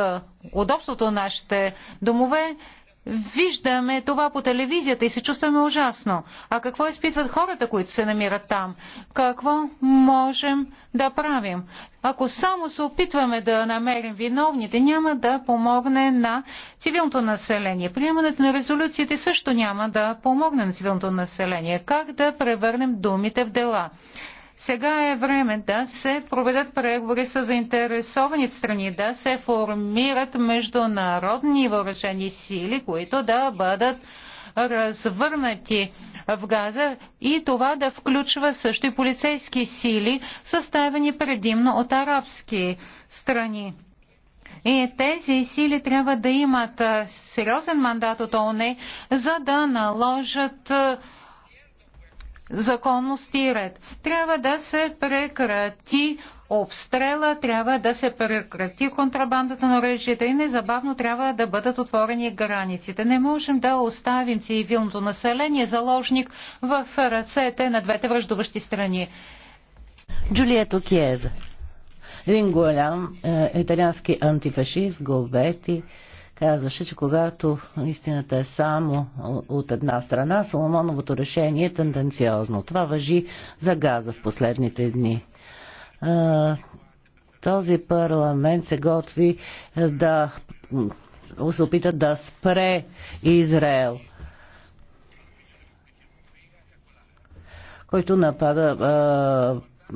удобството на нашите домове Виждаме това по телевизията и се чувстваме ужасно. А какво изпитват хората, които се намират там? Какво можем да правим? Ако само се опитваме да намерим виновните, няма да помогне на цивилното население. Приемането на резолюциите също няма да помогне на цивилното население. Как да превърнем думите в дела? Сега е време да се проведат преговори с заинтересованите страни, да се формират международни въоръжени сили, които да бъдат развърнати в Газа и това да включва също и полицейски сили, съставени предимно от арабски страни. И тези сили трябва да имат сериозен мандат от ОНЕ, за да наложат законност и ред. Трябва да се прекрати обстрела, трябва да се прекрати контрабандата на оръжията и незабавно трябва да бъдат отворени границите. Не можем да оставим цивилното население заложник в ръцете на двете връждуващи страни. Джулието Киеза. Един голям е, италиански антифашист, голбети, казваше, че когато истината е само от една страна, Соломоновото решение е тенденциозно. Това въжи за газа в последните дни. Този парламент се готви е, да се опита да спре Израел. който напада а,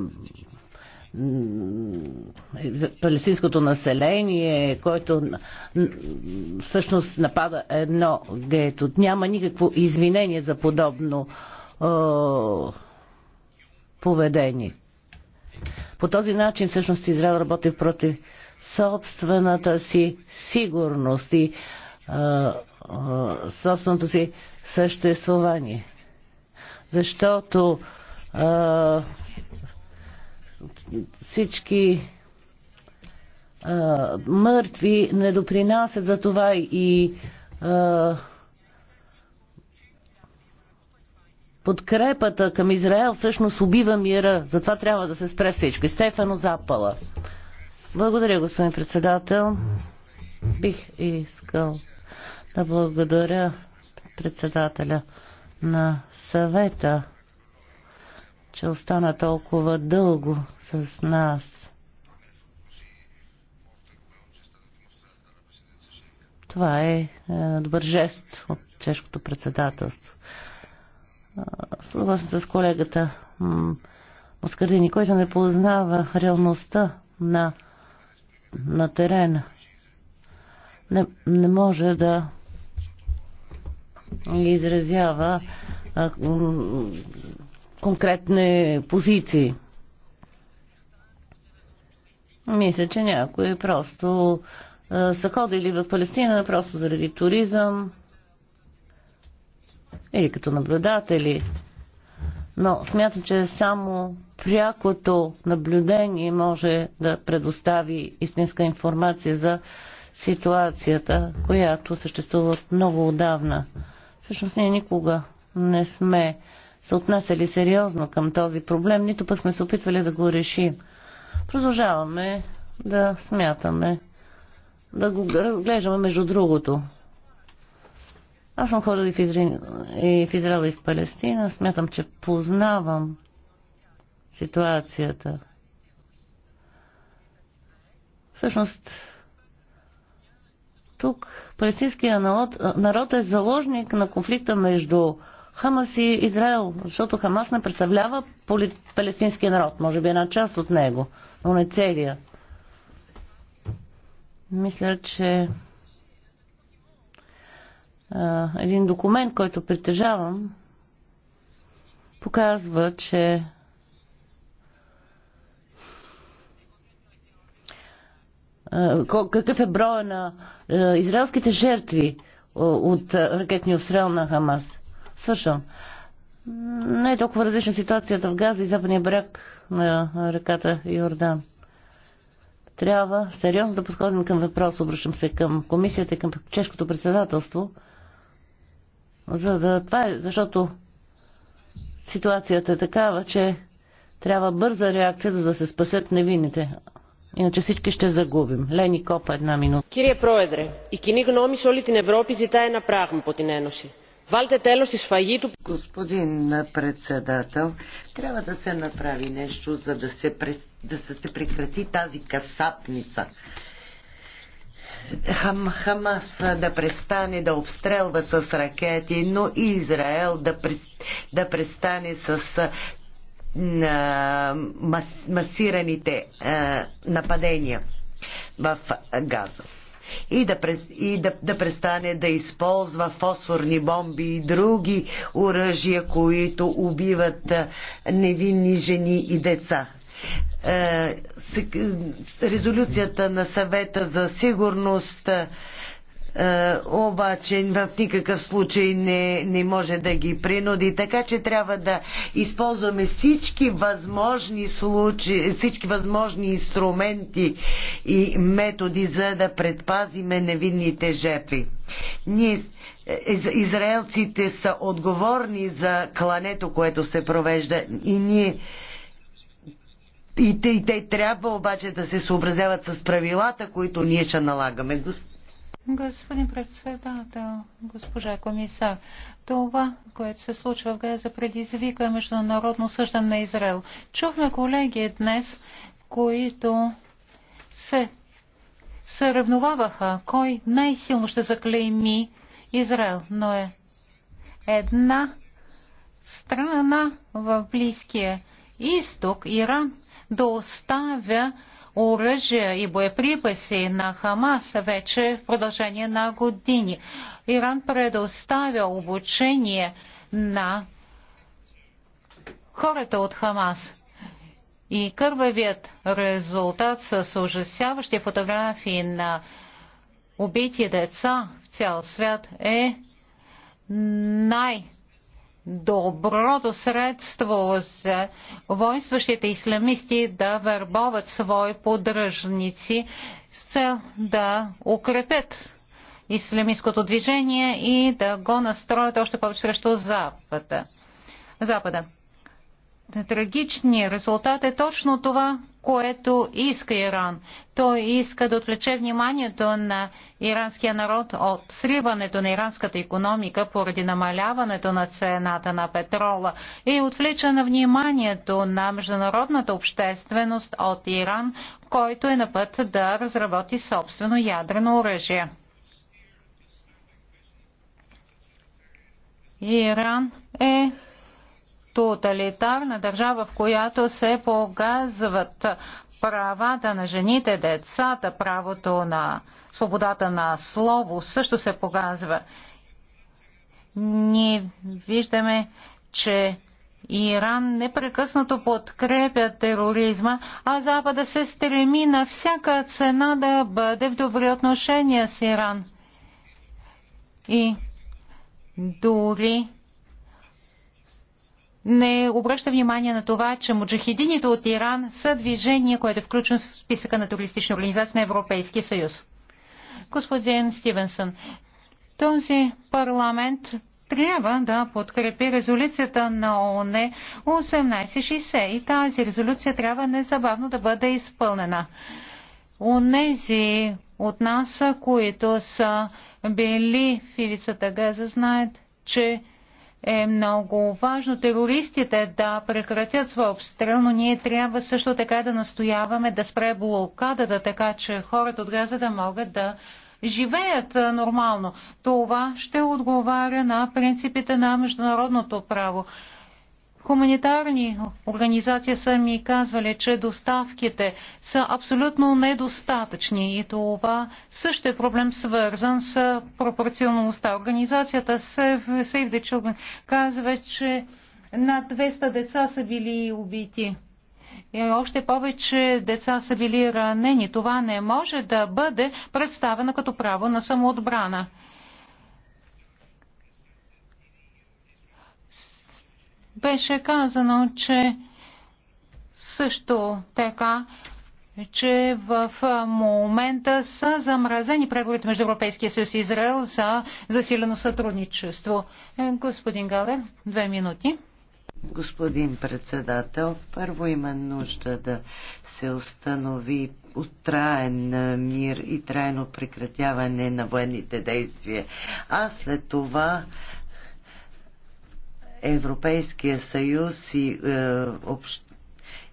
палестинското население, който всъщност напада едно гето. Няма никакво извинение за подобно поведение. По този начин всъщност Израел работи против собствената си сигурност и е, собственото си съществуване. Защото е, всички а, мъртви не допринасят за това и а, подкрепата към Израел всъщност убива мира. Затова трябва да се спре всичко. Стефано Запала. Благодаря, господин председател. Бих искал да благодаря председателя на съвета че остана толкова дълго с нас. Това е, е добър жест от чешкото председателство. Съгласна с колегата Москардини, който не познава реалността на, на терена. Не, не може да изразява конкретни позиции. Мисля, че някои просто са ходили в Палестина просто заради туризъм или като наблюдатели. Но смятам, че само прякото наблюдение може да предостави истинска информация за ситуацията, която съществува много отдавна. Всъщност ние никога не сме се отнесели сериозно към този проблем, нито пък сме се опитвали да го решим. Продължаваме да смятаме, да го разглеждаме между другото. Аз съм ходил и в, Изри... и в Израел и в Палестина. Смятам, че познавам ситуацията. Всъщност, тук палестинският народ, народ е заложник на конфликта между Хамас и Израел, защото Хамас не представлява палестинския народ, може би една част от него, но не целия. Мисля, че а, един документ, който притежавам, показва, че какъв е броя на израелските жертви от ракетния обстрел на Хамас също. Не е толкова различна ситуацията в Газа и западния бряг на реката Йордан. Трябва сериозно да подходим към въпрос. Обръщам се към комисията и към чешкото председателство. За да, това е, защото ситуацията е такава, че трябва бърза реакция, за да се спасят невинните. Иначе всички ще загубим. Лени Копа една минута. Кирия Проедре, и кини гноми с όλη την Ευρώπη ζητά ένα πράγμα από την Господин председател, трябва да се направи нещо, за да се, да се прекрати тази касапница. Хам, Хамас да престане да обстрелва с ракети, но и Израел да, да престане с на мас, масираните е, нападения в Газа и да, и да, да престане да използва фосфорни бомби и други оръжия, които убиват невинни жени и деца е, резолюцията на съвета за сигурност е, обаче в никакъв случай не, не може да ги принуди. Така че трябва да използваме всички възможни случаи, всички възможни инструменти и методи, за да предпазиме невинните жертви. Ние, е, израелците са отговорни за клането, което се провежда и ние и те, и те трябва обаче да се съобразяват с правилата, които ние ще налагаме. Госп... Господин председател, госпожа комисар, това, което се случва в Газа, предизвика международно съждане на Израел. Чухме колеги днес, които се съревноваваха кой най-силно ще заклейми Израел, но е една страна в Близкия изток, Иран, да оставя оръжия и боеприпаси на Хамас вече в продължение на години. Иран предоставя обучение на хората от Хамас. И кървавият резултат с ужасяващи фотографии на убити деца в цял свят е най- доброто средство за воинстващите исламисти да вербоват свои поддръжници с цел да укрепят исламистското движение и да го настроят още повече срещу Запада. Запада. Трагичният резултат е точно това, което иска Иран. Той иска да отвлече вниманието на иранския народ от сриването на иранската економика поради намаляването на цената на петрола и отвлича на вниманието на международната общественост от Иран, който е на път да разработи собствено ядрено оръжие. Иран е тоталитарна държава, в която се погазват правата на жените, децата, правото на свободата на слово също се погазва. Ние виждаме, че Иран непрекъснато подкрепя тероризма, а Запада се стреми на всяка цена да бъде в добри отношения с Иран. И дори не обръща внимание на това, че муджахидините от Иран са движение, което е включено в списъка на туристични организации на Европейския съюз. Господин Стивенсън, този парламент трябва да подкрепи резолюцията на ООН 1860 и тази резолюция трябва незабавно да бъде изпълнена. Онези от нас, които са били в ивицата Газа, знаят, че е много важно терористите да прекратят своя обстрел, но ние трябва също така да настояваме да спре блокадата, така че хората от Газа да могат да живеят нормално. Това ще отговаря на принципите на международното право. Хуманитарни организации са ми казвали, че доставките са абсолютно недостатъчни и това също е проблем свързан с пропорционалността. Организацията Save the Children казва, че над 200 деца са били убити. И още повече деца са били ранени. Това не може да бъде представено като право на самоотбрана. Беше казано, че също така че в момента са замразени преговорите между Европейския съюз и Израел за засилено сътрудничество. Е, господин Галер, две минути. Господин председател, първо има нужда да се установи траен мир и трайно прекратяване на военните действия, а след това Европейския съюз и, е, общ...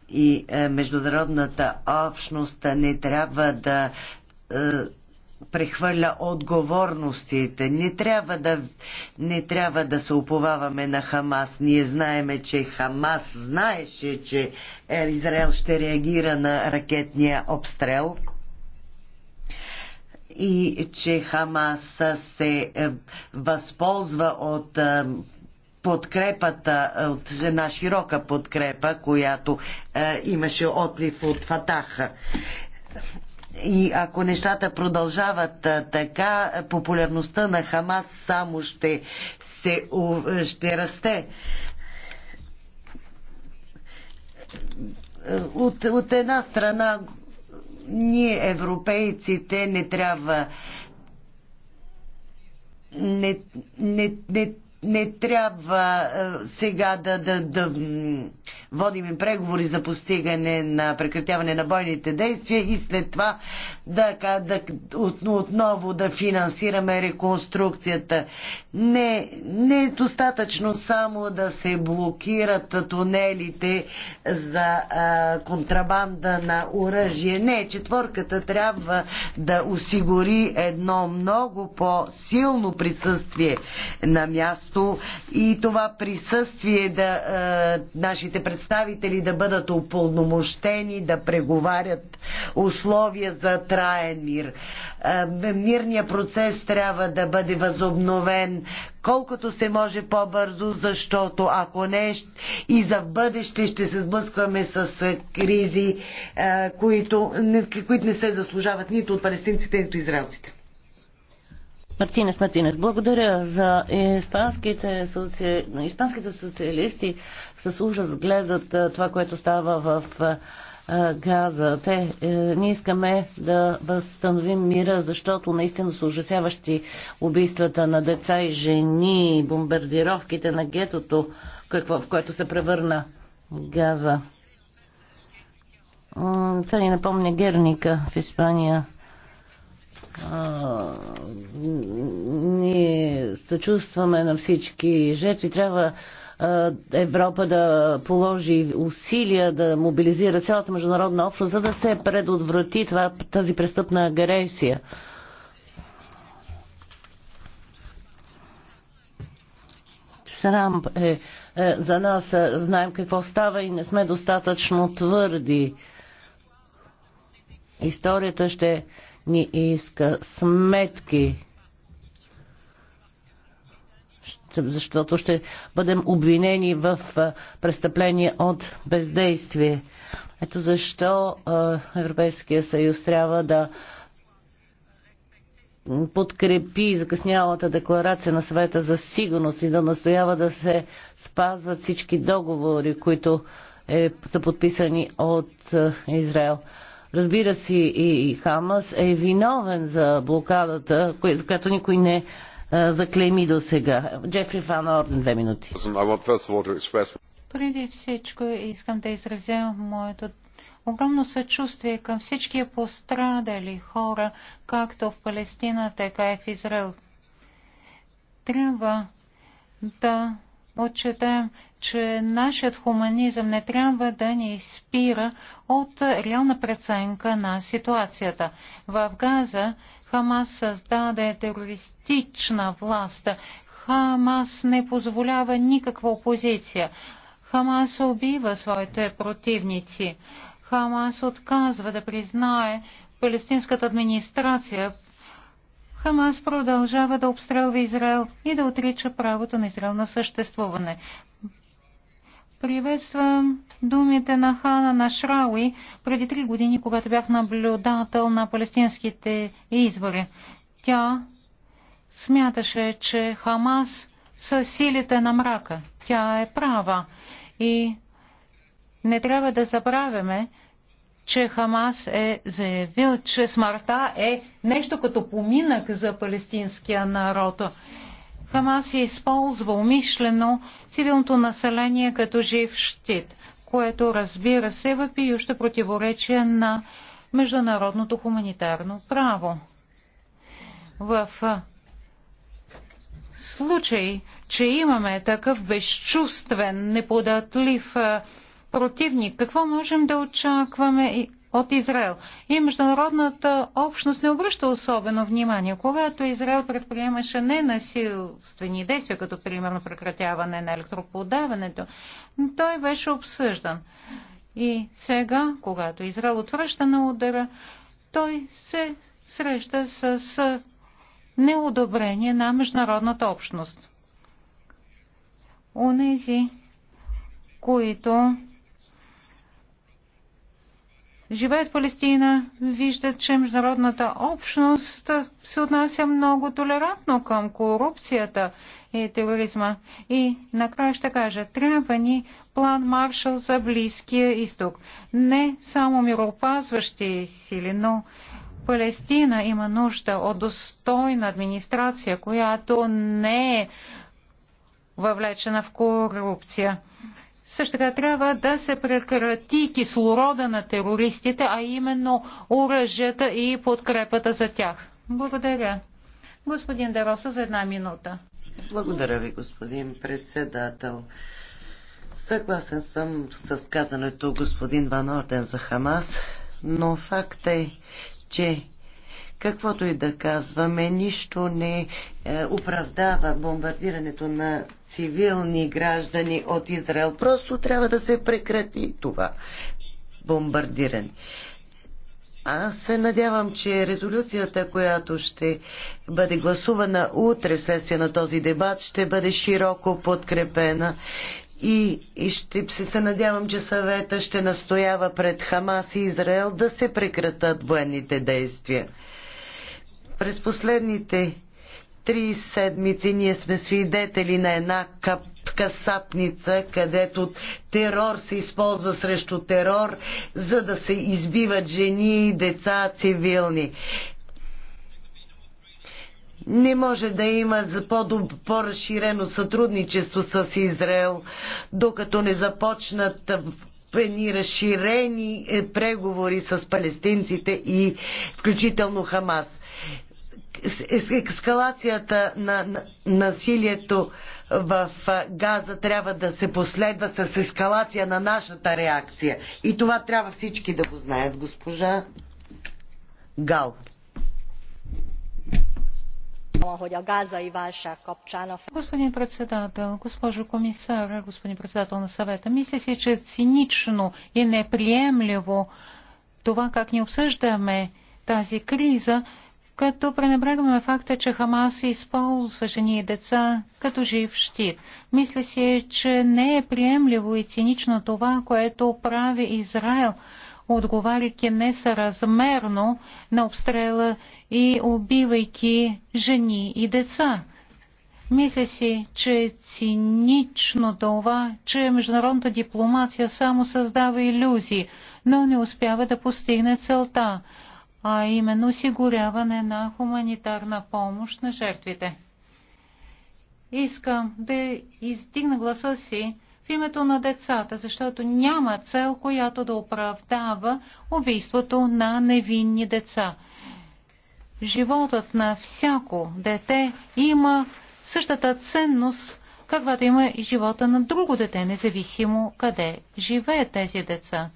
и е, международната общност не трябва да е, прехвърля отговорностите. Не трябва, да, не трябва да се уповаваме на Хамас. Ние знаеме, че Хамас знаеше, че Израел ще реагира на ракетния обстрел и че Хамас се е, възползва от е, подкрепата, е, от една широка подкрепа, която е, имаше отлив от Фатаха. И ако нещата продължават е, така, е, популярността на Хамас само ще, се, ще расте. От, от една страна, ние европейците не трябва. Не, не, не, не трябва е, сега да, да, да водим преговори за постигане на прекратяване на бойните действия и след това да, да, отново да финансираме реконструкцията. Не, не е достатъчно само да се блокират тунелите за а, контрабанда на оръжие. Не, четворката трябва да осигури едно много по-силно присъствие на място място и това присъствие да е, нашите представители да бъдат упълномощени, да преговарят условия за траен мир. Е, мирният процес трябва да бъде възобновен колкото се може по-бързо, защото ако не и за бъдеще ще се сблъскваме с е, кризи, е, които, които не се заслужават нито от палестинците, нито израелците. Мартинес, Мартинес, благодаря за испанските, соци... испанските социалисти с ужас гледат това, което става в Газа. Те, е, ние искаме да възстановим мира, защото наистина са ужасяващи убийствата на деца и жени, бомбардировките на гетото, какво, в което се превърна Газа. Това ни напомня Герника в Испания а, ние съчувстваме на всички жертви. Трябва а, Европа да положи усилия да мобилизира цялата международна общност, за да се предотврати това, тази престъпна агресия. Срам е, е за нас, е, знаем какво става и не сме достатъчно твърди. Историята ще ни иска сметки защото ще бъдем обвинени в престъпление от бездействие. Ето защо Европейския съюз трябва да подкрепи закъснялата декларация на съвета за сигурност и да настоява да се спазват всички договори, които е, са подписани от Израел. Разбира се, и Хамас е виновен за блокадата, за която никой не е, заклейми до сега. Джефри Фан Орден, две минути. Преди всичко искам да изразя моето огромно съчувствие към всички пострадали хора, както в Палестина, така и в Израел. Трябва да отчетем, че нашият хуманизъм не трябва да ни спира от реална преценка на ситуацията. В Газа Хамас създаде терористична власт. Хамас не позволява никаква опозиция. Хамас убива своите противници. Хамас отказва да признае палестинската администрация. Хамас продължава да обстрелва Израел и да отрича правото на Израел на съществуване. Приветствам думите на Хана Нашрауи преди три години, когато бях наблюдател на палестинските избори. Тя смяташе, че Хамас са силите на мрака. Тя е права. И не трябва да забравяме, че Хамас е заявил, че смъртта е нещо като поминък за палестинския народ. Хамас е използва умишлено цивилното население като жив щит, което разбира се въпиюще противоречие на международното хуманитарно право. В случай, че имаме такъв безчувствен, неподатлив противник, какво можем да очакваме от Израел. И международната общност не обръща особено внимание. Когато Израел предприемаше ненасилствени действия, като примерно прекратяване на електроподаването, той беше обсъждан. И сега, когато Израел отвръща на удара, той се среща с неодобрение на международната общност. Унези, които живеят в Палестина, виждат, че международната общност се отнася много толерантно към корупцията и тероризма. И накрая ще кажа, трябва ни план Маршал за Близкия изток. Не само мироопазващи сили, но Палестина има нужда от достойна администрация, която не е въвлечена в корупция. Също така трябва да се прекрати кислорода на терористите, а именно оръжията и подкрепата за тях. Благодаря. Господин Дароса за една минута. Благодаря ви, господин председател. Съгласен съм с казането господин Ван Орден за Хамас, но факт е, че Каквото и да казваме, нищо не е, оправдава бомбардирането на цивилни граждани от Израел. Просто трябва да се прекрати това бомбардиране. Аз се надявам, че резолюцията, която ще бъде гласувана утре вследствие на този дебат, ще бъде широко подкрепена и, и ще се, се надявам, че съвета ще настоява пред Хамас и Израел да се прекратат военните действия. През последните три седмици ние сме свидетели на една кап касапница, където терор се използва срещу терор, за да се избиват жени, и деца, цивилни. Не може да има за по-разширено по сътрудничество с Израел, докато не започнат ни разширени е, преговори с палестинците и включително Хамас ескалацията на насилието в Газа трябва да се последва с ескалация на нашата реакция. И това трябва всички да го знаят, госпожа Гал. Господин председател, госпожо комисар, господин председател на съвета, мисля си, че е цинично и неприемливо това как ни обсъждаме тази криза като пренебрегваме факта, че Хамас използва жени и деца като жив щит. Мисля си, че не е приемливо и цинично това, което прави Израел, отговаряйки несъразмерно на обстрела и убивайки жени и деца. Мисля си, че е цинично това, че международната дипломация само създава иллюзии, но не успява да постигне целта а именно осигуряване на хуманитарна помощ на жертвите. Искам да издигна гласа си в името на децата, защото няма цел, която да оправдава убийството на невинни деца. Животът на всяко дете има същата ценност, каквато има и живота на друго дете, независимо къде живеят тези деца.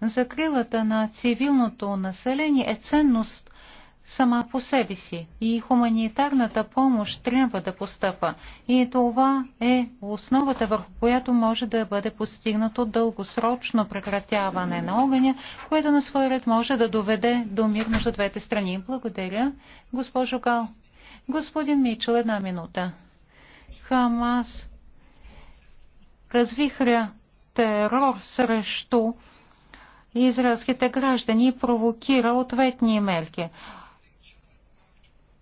Закрилата на цивилното население е ценност сама по себе си и хуманитарната помощ трябва да постъпа. И това е основата, върху която може да бъде постигнато дългосрочно прекратяване на огъня, което на свой ред може да доведе до мир между двете страни. Благодаря, госпожо Гал. Господин Мичел, една минута. Хамас развихря терор срещу израелските граждани и провокира ответни мерки.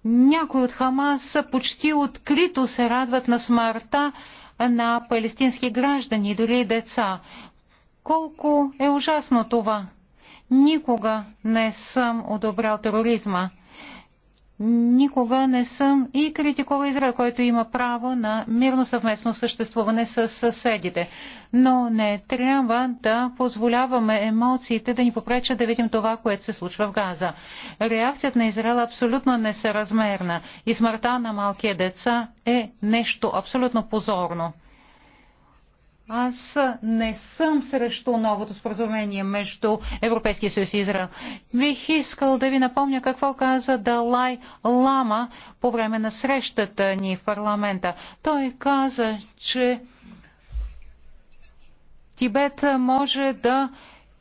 Някои от Хамас почти открито се радват на смъртта на палестински граждани, дори и деца. Колко е ужасно това! Никога не съм одобрял тероризма никога не съм и критикува Израел, който има право на мирно съвместно съществуване с съседите. Но не трябва да позволяваме емоциите да ни попречат да видим това, което се случва в Газа. Реакцията на Израел е абсолютно несъразмерна и смъртта на малкия деца е нещо абсолютно позорно. Аз не съм срещу новото споразумение между Европейския съюз и Израел. Бих искал да ви напомня какво каза Далай Лама по време на срещата ни в парламента. Той каза, че Тибет може да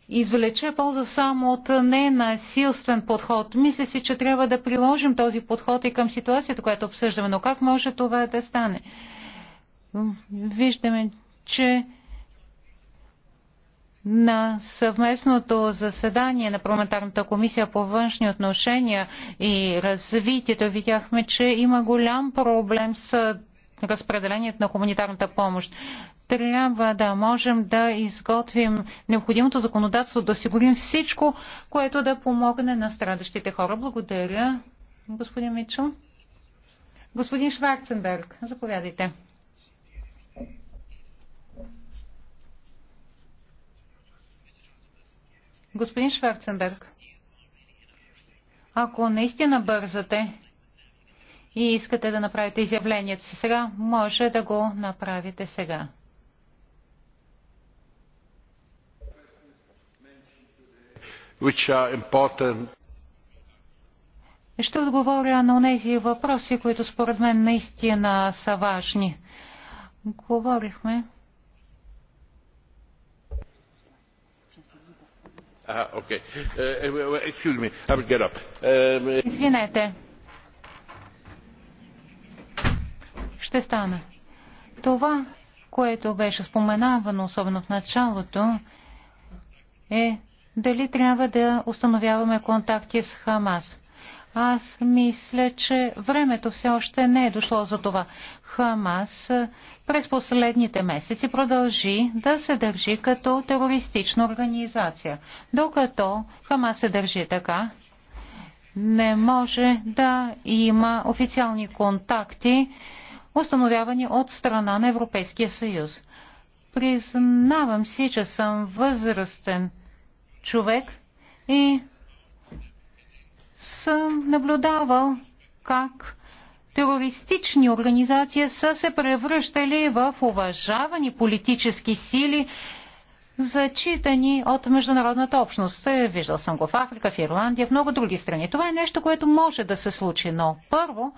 извлече полза само от ненасилствен подход. Мисля си, че трябва да приложим този подход и към ситуацията, която обсъждаме. Но как може това да стане? Виждаме, че на съвместното заседание на парламентарната комисия по външни отношения и развитието видяхме, че има голям проблем с разпределението на хуманитарната помощ. Трябва да можем да изготвим необходимото законодателство, да осигурим всичко, което да помогне на страдащите хора. Благодаря, господин Мичел. Господин Шварценберг, заповядайте. Господин Шварценберг, ако наистина бързате и искате да направите изявлението си сега, може да го направите сега. Which are important ще отговоря на тези въпроси, които според мен наистина са важни. Говорихме Ah, eh, eh, um, eh, Извинете. Ще стана. Това, което беше споменавано, особено в началото, е дали трябва да установяваме контакти с Хамас. Аз мисля, че времето все още не е дошло за това. Хамас през последните месеци продължи да се държи като терористична организация. Докато Хамас се държи така, не може да има официални контакти, установявани от страна на Европейския съюз. Признавам си, че съм възрастен човек и съм наблюдавал как терористични организации са се превръщали в уважавани политически сили, зачитани от международната общност. Е, виждал съм го в Африка, в Ирландия, в много други страни. Това е нещо, което може да се случи, но първо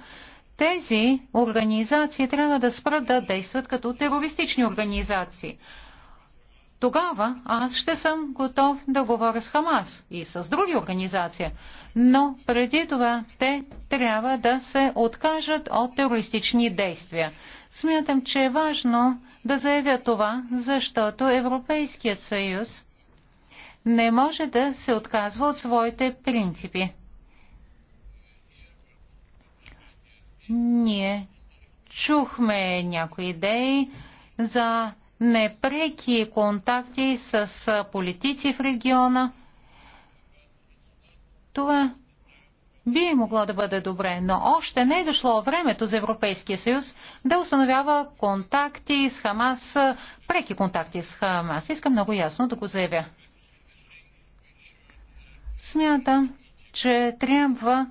тези организации трябва да спрат да действат като терористични организации тогава аз ще съм готов да говоря с Хамас и с други организации. Но преди това те трябва да се откажат от терористични действия. Смятам, че е важно да заявя това, защото Европейският съюз не може да се отказва от своите принципи. Ние чухме някои идеи за непреки контакти с политици в региона. Това би могло да бъде добре, но още не е дошло времето за Европейския съюз да установява контакти с Хамас, преки контакти с Хамас. Искам много ясно да го заявя. Смятам, че трябва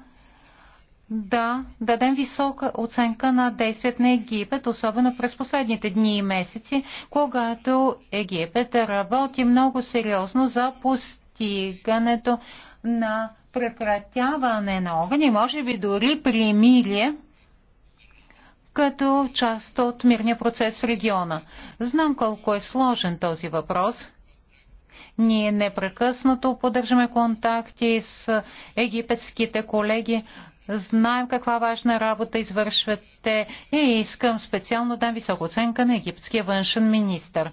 да дадем висока оценка на действият на Египет, особено през последните дни и месеци, когато Египет работи много сериозно за постигането на прекратяване на огън и може би дори примирие като част от мирния процес в региона. Знам колко е сложен този въпрос. Ние непрекъснато поддържаме контакти с египетските колеги, Знаем каква важна работа извършвате и искам специално да висока оценка на египетския външен министр.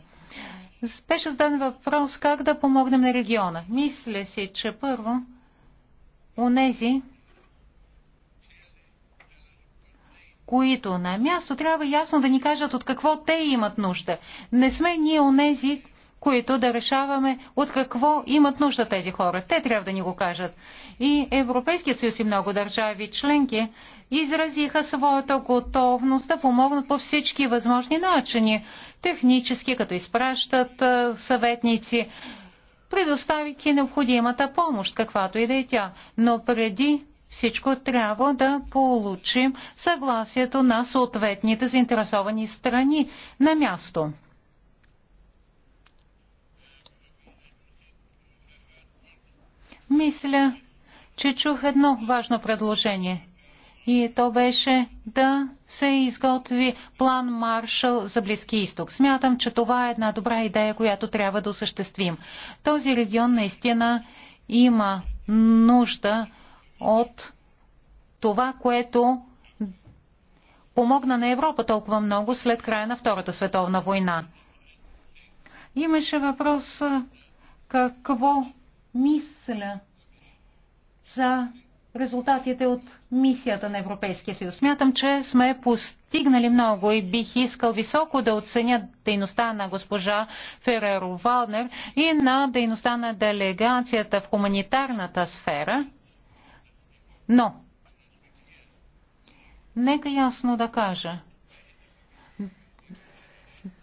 Беше зададен въпрос как да помогнем на региона. Мисля си, че първо нези, които на място трябва ясно да ни кажат от какво те имат нужда. Не сме ние нези, които да решаваме от какво имат нужда тези хора. Те трябва да ни го кажат. И Европейският съюз и много държави членки изразиха своята готовност да помогнат по всички възможни начини, технически, като изпращат съветници, предоставяйки необходимата помощ, каквато и да е тя. Но преди всичко трябва да получим съгласието на съответните заинтересовани страни на място. Мисля, че чух едно важно предложение. И то беше да се изготви план Маршал за Близки изток. Смятам, че това е една добра идея, която трябва да осъществим. Този регион наистина има нужда от това, което помогна на Европа толкова много след края на Втората световна война. Имаше въпрос какво мисля за резултатите от мисията на Европейския съюз. Смятам, че сме постигнали много и бих искал високо да оценя дейността на госпожа Фереро Валнер и на дейността на делегацията в хуманитарната сфера. Но, нека ясно да кажа,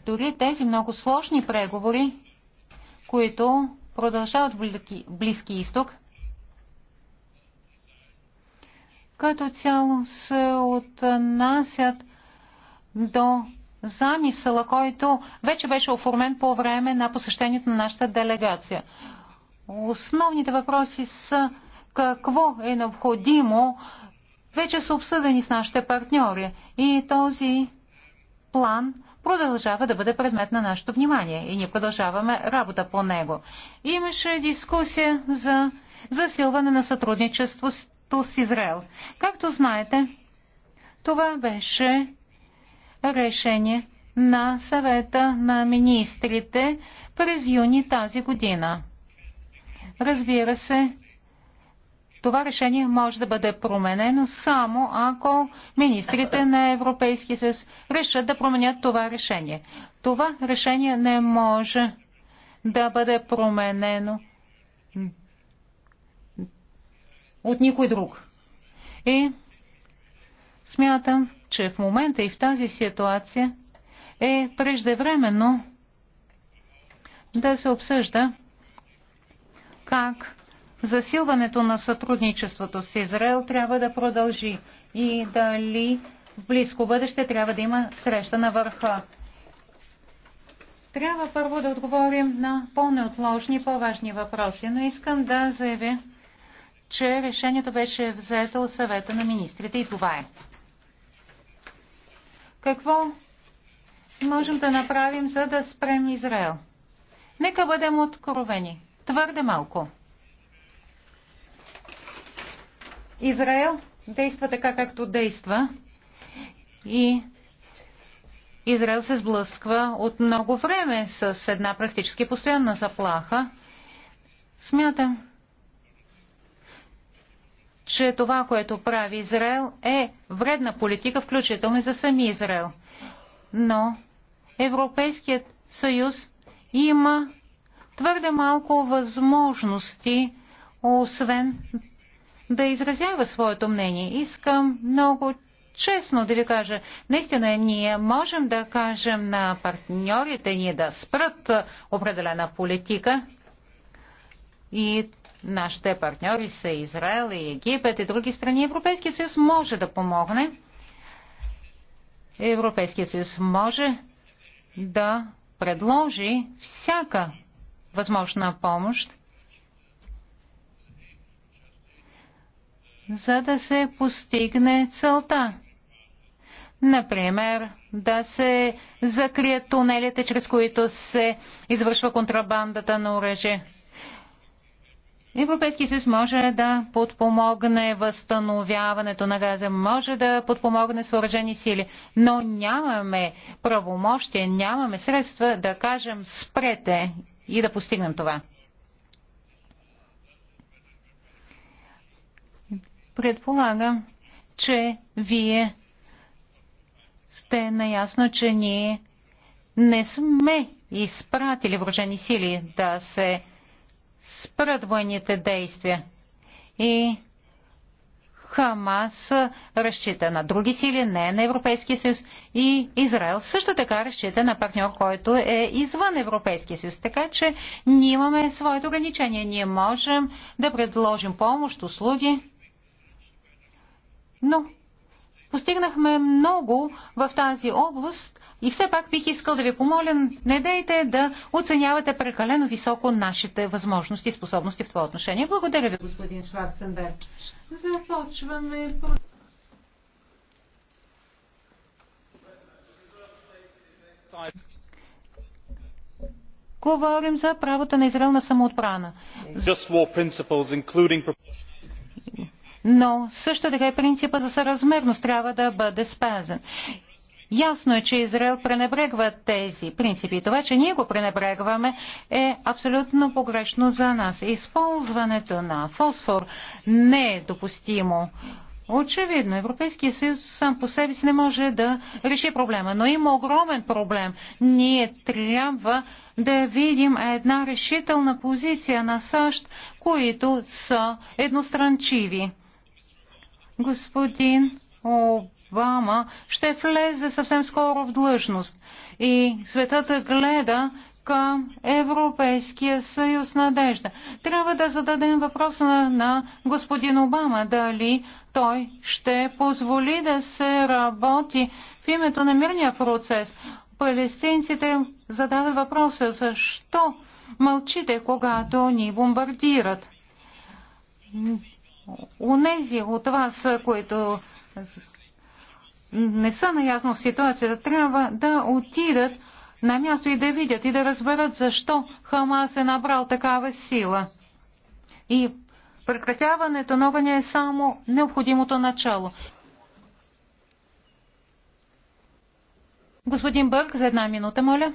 дори тези много сложни преговори, които продължават Близки изток, като цяло се отнасят до замисъла, който вече беше оформен по време на посещението на нашата делегация. Основните въпроси са какво е необходимо, вече са обсъдени с нашите партньори и този план – продължава да бъде предмет на нашето внимание и ние продължаваме работа по него. Имаше дискусия за засилване на сътрудничеството с Израел. Както знаете, това беше решение на съвета на министрите през юни тази година. Разбира се, това решение може да бъде променено само ако министрите на Европейския съюз решат да променят това решение. Това решение не може да бъде променено от никой друг. И смятам, че в момента и в тази ситуация е преждевременно да се обсъжда как засилването на сътрудничеството с Израел трябва да продължи и дали в близко бъдеще трябва да има среща на върха. Трябва първо да отговорим на по-неотложни, по-важни въпроси, но искам да заявя, че решението беше взето от съвета на министрите и това е. Какво можем да направим, за да спрем Израел? Нека бъдем откровени. Твърде малко. Израел действа така, както действа и Израел се сблъсква от много време с една практически постоянна заплаха. Смятам, че това, което прави Израел, е вредна политика, включително и за сами Израел. Но Европейският съюз има твърде малко възможности, освен да изразява своето мнение. Искам много честно да ви кажа, наистина ние можем да кажем на партньорите ни да спрат определена политика и нашите партньори са Израел и Египет и други страни. Европейския съюз може да помогне. Европейския съюз може да предложи всяка възможна помощ за да се постигне целта. Например, да се закрият тунелите, чрез които се извършва контрабандата на оръжие. Европейски съюз може да подпомогне възстановяването на газа, може да подпомогне съоръжени сили, но нямаме правомощие, нямаме средства да кажем спрете и да постигнем това. Предполагам, че вие сте наясно, че ние не сме изпратили въоръжени сили да се спрат военните действия. И Хамас разчита на други сили, не на Европейския съюз. И Израел също така разчита на партньор, който е извън Европейския съюз. Така че ние имаме своето ограничение. Ние можем да предложим помощ, услуги, но постигнахме много в тази област и все пак бих искал да ви помоля, не дейте да оценявате прекалено високо нашите възможности и способности в това отношение. Благодаря ви, господин Шварценберг. Започваме Говорим за правото на Израел на самоотбрана но също така и принципа за съразмерност трябва да бъде спазен. Ясно е, че Израел пренебрегва тези принципи. това, че ние го пренебрегваме, е абсолютно погрешно за нас. Използването на фосфор не е допустимо. Очевидно, Европейския съюз сам по себе си не може да реши проблема, но има огромен проблем. Ние трябва да видим една решителна позиция на САЩ, които са едностранчиви господин Обама ще влезе съвсем скоро в длъжност и светът гледа към Европейския съюз надежда. Трябва да зададем въпроса на, на господин Обама дали той ще позволи да се работи в името на мирния процес. Палестинците задават въпроса защо мълчите, когато ни бомбардират. Унези от вас, които не са наясно с ситуацията, трябва да отидат на място и да видят и да разберат защо Хамас е набрал такава сила. И прекратяването на огъня е само необходимото начало. Господин Бърк, за една минута, моля.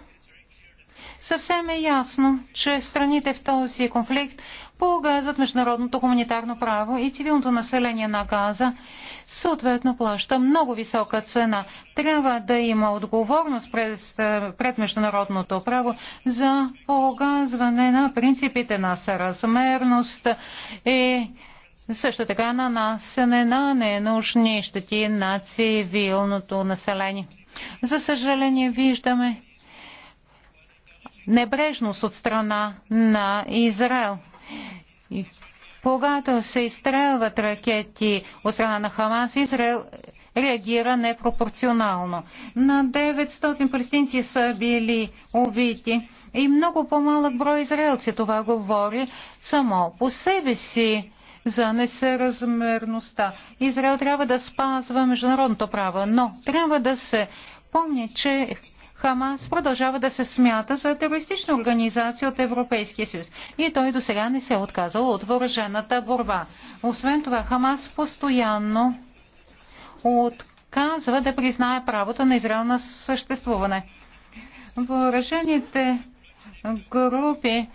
Съвсем е ясно, че страните в този конфликт погазват международното хуманитарно право и цивилното население на Газа съответно плаща много висока цена. Трябва да има отговорност пред, пред международното право за погазване на принципите на съразмерност и също така нанасене на ненужни щети на цивилното население. За съжаление виждаме небрежност от страна на Израел. Когато се изстрелват ракети от страна на Хамас, Израел реагира непропорционално. На 900 палестинци са били убити и много по-малък брой израелци. Това говори само по себе си за несъразмерността. Израел трябва да спазва международното право, но трябва да се помни, че Хамас продължава да се смята за терористична организация от Европейския съюз и той до сега не се е отказал от въоръжената борба. Освен това, Хамас постоянно отказва да признае правото на Израел на съществуване. Въоръжените групи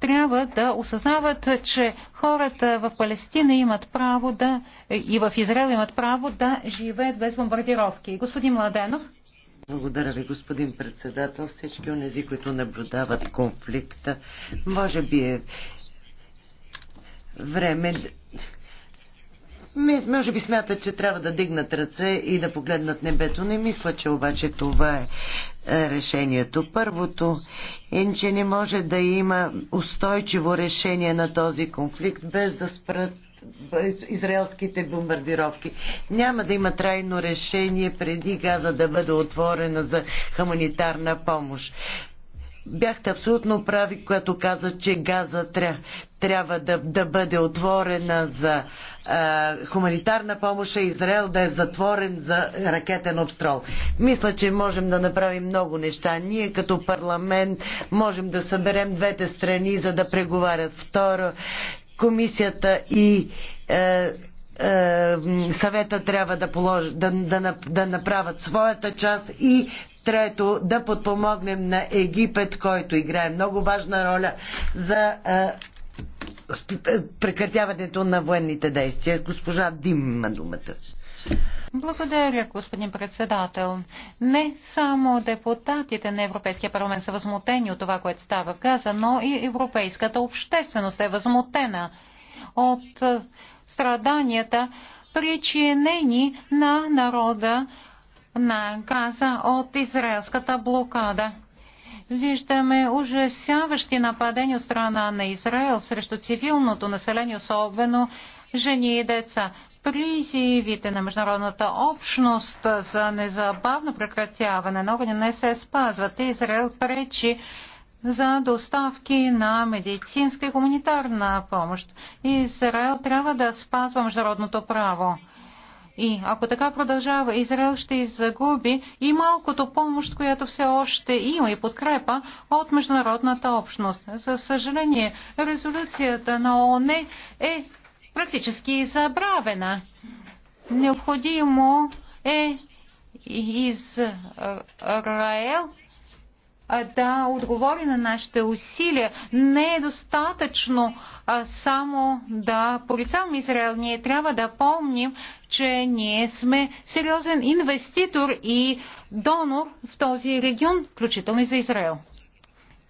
трябва да осъзнават, че хората в Палестина имат право да и в Израел имат право да живеят без бомбардировки. Господин Младенов. Благодаря ви, господин председател. Всички от тези, които наблюдават конфликта, може би е време може би смятат, че трябва да дигнат ръце и да погледнат небето. Не мисля, че обаче това е, е решението. Първото е, че не може да има устойчиво решение на този конфликт без да спрат израелските бомбардировки. Няма да има трайно решение преди газа да бъде отворена за хуманитарна помощ. Бяхте абсолютно прави, когато каза, че газа тря, трябва да, да бъде отворена за а, хуманитарна помощ, а Израел да е затворен за ракетен обстрол. Мисля, че можем да направим много неща. Ние като парламент можем да съберем двете страни, за да преговарят. Второ, комисията и е, е, съвета трябва да, полож, да, да, да направят своята част и трето да подпомогнем на Египет, който играе много важна роля за е, е прекратяването на военните действия. Госпожа Дим има думата. Благодаря, господин председател. Не само депутатите на Европейския парламент са възмутени от това, което става в Газа, но и европейската общественост е възмутена от е, страданията, причинени на народа на Газа от израелската блокада. Виждаме ужасяващи нападения от страна на Израел срещу цивилното население, особено жени и деца призивите на международната общност за незабавно прекратяване на огъня не се спазват. Израел пречи за доставки на медицинска и хуманитарна помощ. Израел трябва да спазва международното право. И ако така продължава, Израел ще загуби и малкото помощ, която все още има и подкрепа от международната общност. За съжаление, резолюцията на ООН е практически забравена. Необходимо е Израел да отговори на нашите усилия. Не е достатъчно само да порицаваме Израел. Ние трябва да помним, че ние сме сериозен инвеститор и донор в този регион, включително и за Израел.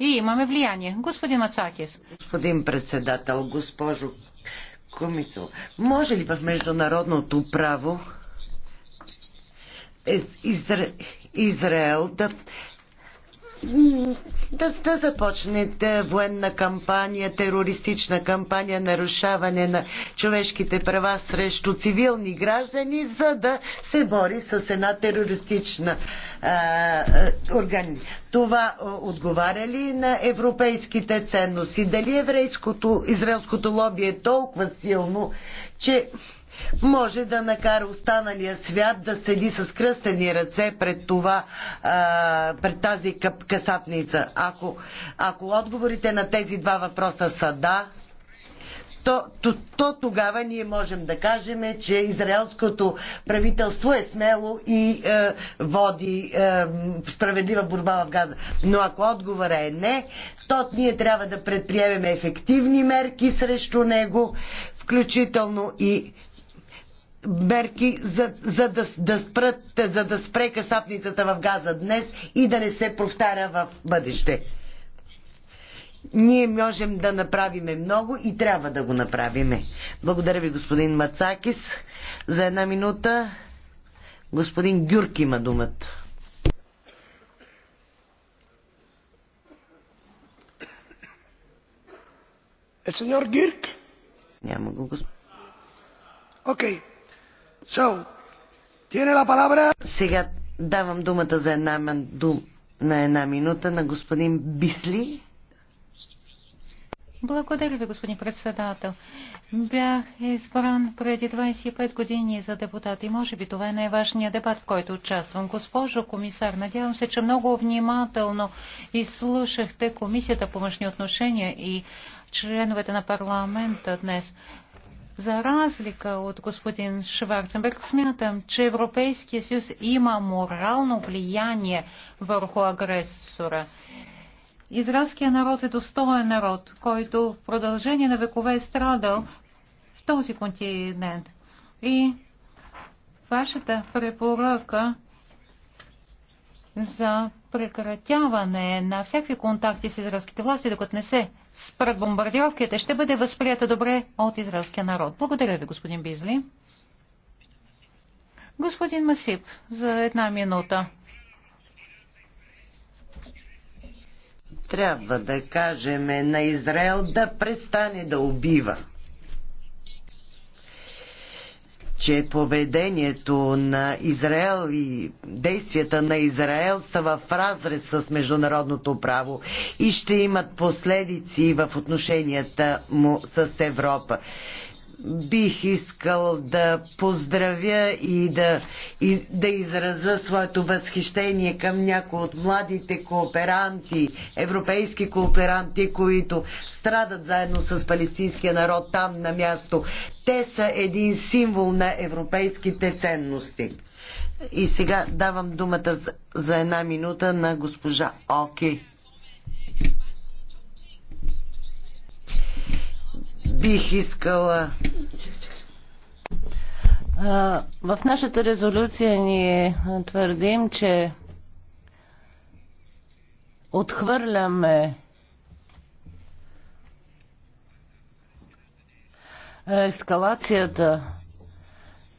И имаме влияние. Господин Мацакис. Господин председател, госпожо Комисъл, може ли в международното право Изра... Израел да да, да започнете военна кампания, терористична кампания, нарушаване на човешките права срещу цивилни граждани, за да се бори с една терористична а, органи. Това отговаря ли на европейските ценности? Дали еврейското, израелското лоби е толкова силно, че може да накара останалия свят да седи с кръстени ръце пред, това, пред тази касапница. Ако, ако отговорите на тези два въпроса са да, то, то, то тогава ние можем да кажем, че израелското правителство е смело и е, води е, справедлива борба в Газа. Но ако отговора е не, то ние трябва да предприемем ефективни мерки срещу него, включително и мерки, за, за, да, да спрат, за да спре касапницата в газа днес и да не се повтаря в бъдеще. Ние можем да направиме много и трябва да го направиме. Благодаря ви, господин Мацакис. За една минута господин Гюрк има думата. Е, сеньор Гюрк? Няма го, господин. Окей. Okay. Сега давам думата за една, дум, на една минута на господин Бисли. Благодаря ви, господин председател. Бях избран преди 25 години за депутат и може би това е най-важният дебат, в който участвам. Госпожо комисар, надявам се, че много внимателно изслушахте Комисията по външни отношения и членовете на парламента днес. За разлика от господин Шварценберг, смятам, че Европейския съюз има морално влияние върху агресора. Израелският народ е достоен народ, който в продължение на векове е страдал в този континент. И вашата препоръка за прекратяване на всякакви контакти с израелските власти, докато не се спрат бомбардировките, ще бъде възприята добре от израелския народ. Благодаря ви, господин Бизли. Господин Масип, за една минута. Трябва да кажем на Израел да престане да убива. че поведението на Израел и действията на Израел са в разрез с международното право и ще имат последици в отношенията му с Европа бих искал да поздравя и да, и да израза своето възхищение към някои от младите кооперанти, европейски кооперанти, които страдат заедно с палестинския народ там на място. Те са един символ на европейските ценности. И сега давам думата за една минута на госпожа Оки. бих искала. В нашата резолюция ние твърдим, че отхвърляме ескалацията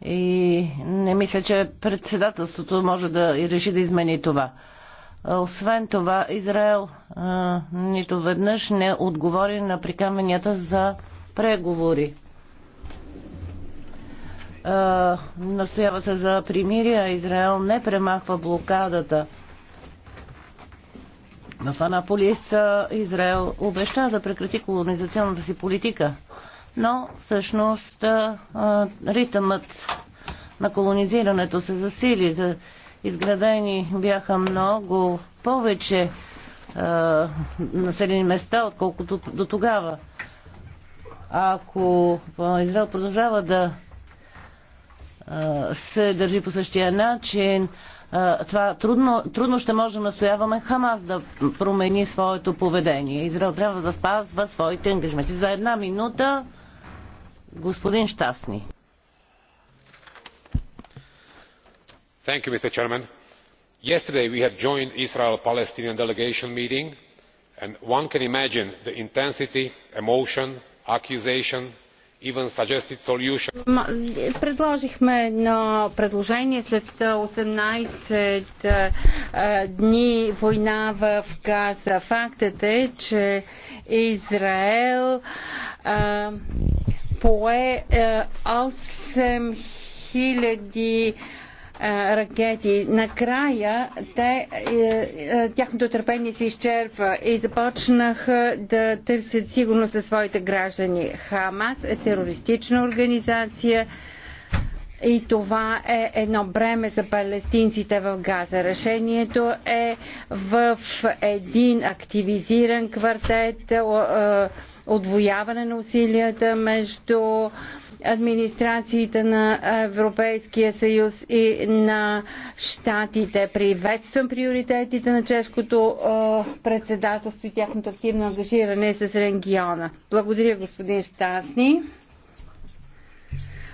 и не мисля, че председателството може да и реши да измени това. Освен това, Израел а, нито веднъж не отговори на прикаменията за преговори. А, настоява се за примирие, а Израел не премахва блокадата. В Анаполис Израел обеща да прекрати колонизационната си политика, но всъщност ритъмът на колонизирането се засили. За изградени бяха много повече населени места, отколкото до тогава. Ако Израел продължава да се държи по същия начин, това трудно, трудно ще може да настояваме Хамас да промени своето поведение. Израел трябва да спазва своите ангажименти. За една минута господин Щастни. Thank you, Mr. Chairman. Yesterday we had joined Israel-Palestinian delegation meeting and one can imagine the intensity, emotion accusation Предложихме едно предложение след 18 дни война в Газа. Фактът е, че Израел пое 8 000 е, ракети. Накрая те, е, е, тяхното търпение се изчерпва и започнаха да търсят сигурност за своите граждани. Хамас е терористична организация и това е едно бреме за палестинците в Газа. Решението е в един активизиран квартет, отвояване на усилията между администрациите на Европейския съюз и на щатите. Приветствам приоритетите на чешкото е, председателство и тяхното активно ангажиране с региона. Благодаря, господин Штасни.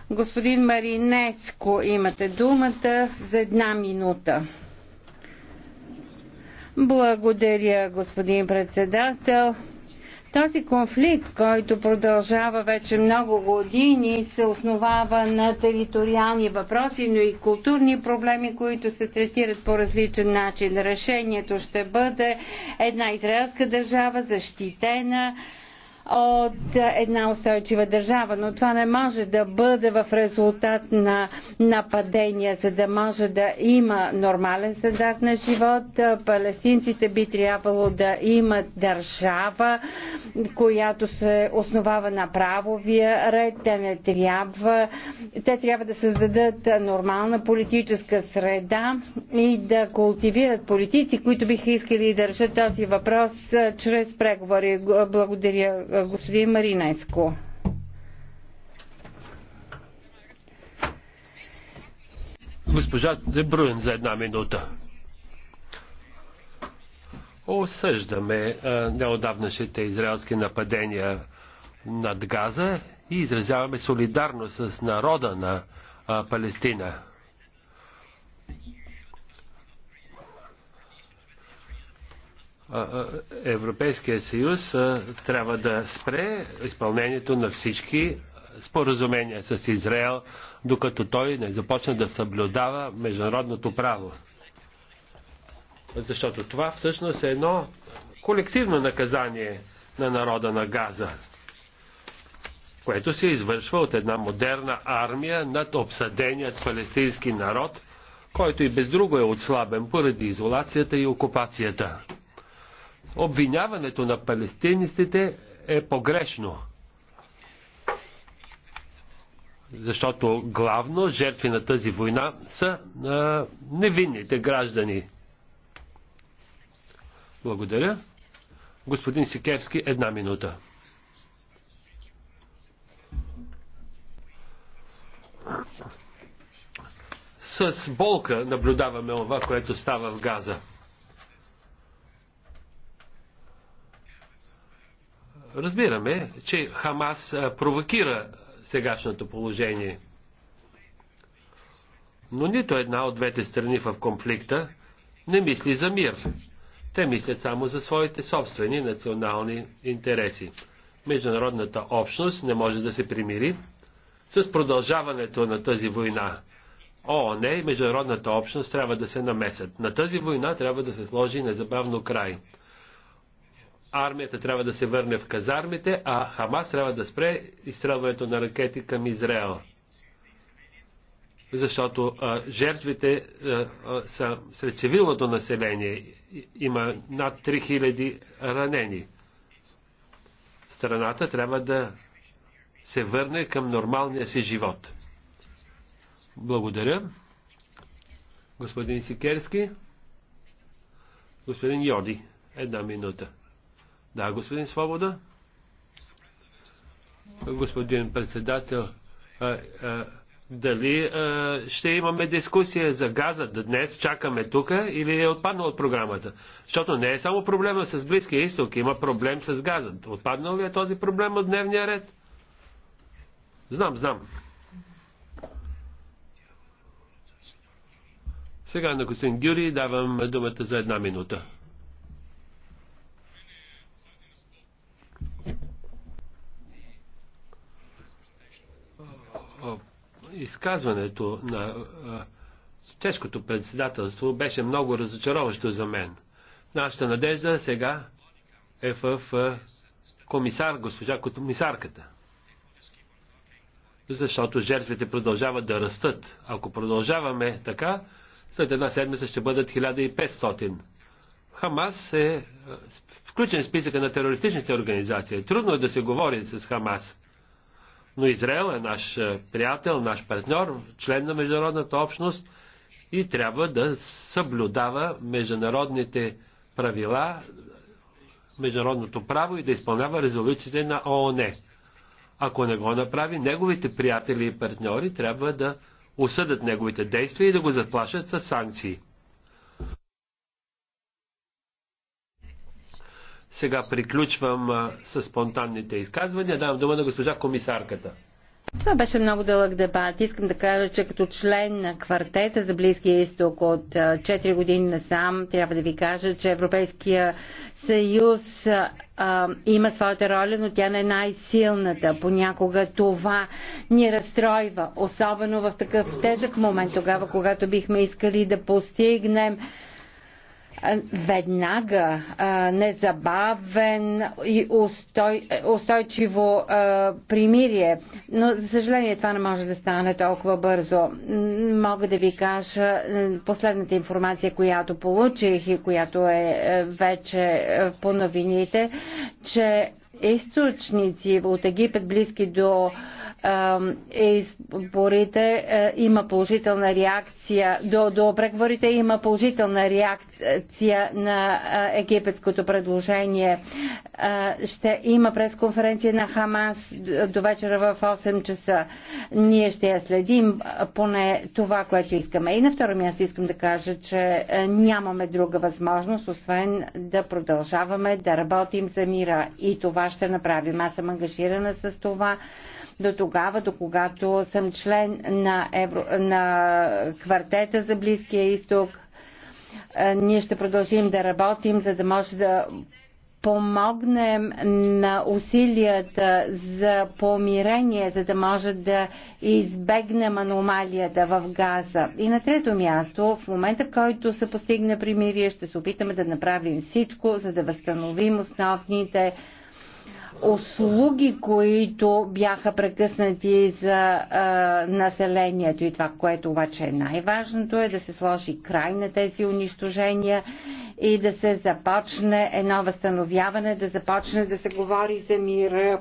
Господин Маринеско, имате думата за една минута. Благодаря, господин председател. Този конфликт, който продължава вече много години, се основава на териториални въпроси, но и културни проблеми, които се третират по различен начин. Решението ще бъде една израелска държава защитена от една устойчива държава, но това не може да бъде в резултат на нападения, за да може да има нормален стандарт на живот. Палестинците би трябвало да имат държава, която се основава на правовия ред. Те не трябва. Те трябва да създадат нормална политическа среда и да култивират политици, които биха искали да решат този въпрос чрез преговори. Благодаря господин Маринеско. Госпожа Дебруен за една минута. Осъждаме неодавнашите израелски нападения над Газа и изразяваме солидарност с народа на а, Палестина. Европейския съюз трябва да спре изпълнението на всички споразумения с Израел, докато той не започне да съблюдава международното право. Защото това всъщност е едно колективно наказание на народа на Газа, което се извършва от една модерна армия над обсъденият палестински народ, който и без друго е отслабен поради изолацията и окупацията обвиняването на палестинците е погрешно. Защото главно жертви на тази война са а, невинните граждани. Благодаря. Господин Сикевски, една минута. С болка наблюдаваме това, което става в Газа. Разбираме, че Хамас провокира сегашното положение. Но нито една от двете страни в конфликта не мисли за мир. Те мислят само за своите собствени национални интереси. Международната общност не може да се примири с продължаването на тази война. О не, международната общност трябва да се намесят. На тази война трябва да се сложи незабавно край армията трябва да се върне в казармите, а Хамас трябва да спре изстрелването на ракети към Израел. Защото а, жертвите а, а, са сред цивилното население. Има над 3000 ранени. Страната трябва да се върне към нормалния си живот. Благодаря. Господин Сикерски. Господин Йоди. Една минута. Да, господин Свобода. Господин председател, а, а, дали а, ще имаме дискусия за газа днес, чакаме тук или е отпаднал от програмата? Защото не е само проблема с Близкия изток, има проблем с газа. Отпаднал ли е този проблем от дневния ред? Знам, знам. Сега на господин Гюри давам думата за една минута. изказването на чешкото председателство беше много разочароващо за мен. Нашата надежда сега е в комисар, госпожа комисарката. Защото жертвите продължават да растат. Ако продължаваме така, след една седмица ще бъдат 1500. Хамас е включен в списъка на терористичните организации. Трудно е да се говори с Хамас. Но Израел е наш е, приятел, наш партньор, член на международната общност и трябва да съблюдава международните правила, международното право и да изпълнява резолюциите на ООН. Ако не го направи, неговите приятели и партньори трябва да осъдат неговите действия и да го заплашат с санкции. Сега приключвам с спонтанните изказвания. Давам дума на госпожа комисарката. Това беше много дълъг дебат. Искам да кажа, че като член на квартета за Близкия изток от 4 години насам, трябва да ви кажа, че Европейския съюз а, има своята роля, но тя не е най-силната. Понякога това ни разстройва, особено в такъв тежък момент, тогава, когато бихме искали да постигнем веднага, незабавен и устой, устойчиво примирие. Но, за съжаление, това не може да стане толкова бързо. Мога да ви кажа последната информация, която получих и която е, е вече е, по новините, че източници от Египет, близки до е, изборите е, има положителна реакция, до, до преговорите има положителна реакция на египетското предложение. Ще има пресконференция на Хамас до вечера в 8 часа. Ние ще я следим поне това, което искаме. И на второ място искам да кажа, че е, нямаме друга възможност, освен да продължаваме да работим за мира. И това ще направим. Аз съм ангажирана с това до тогава, до когато съм член на, Евро... на квартета за Близкия изток. Ние ще продължим да работим, за да може да помогнем на усилията за помирение, за да може да избегнем аномалията в Газа. И на трето място, в момента в който се постигне примирие, ще се опитаме да направим всичко, за да възстановим основните услуги, които бяха прекъснати за а, населението. И това, което обаче е най-важното, е да се сложи край на тези унищожения и да се започне едно възстановяване, да започне да се говори за мир.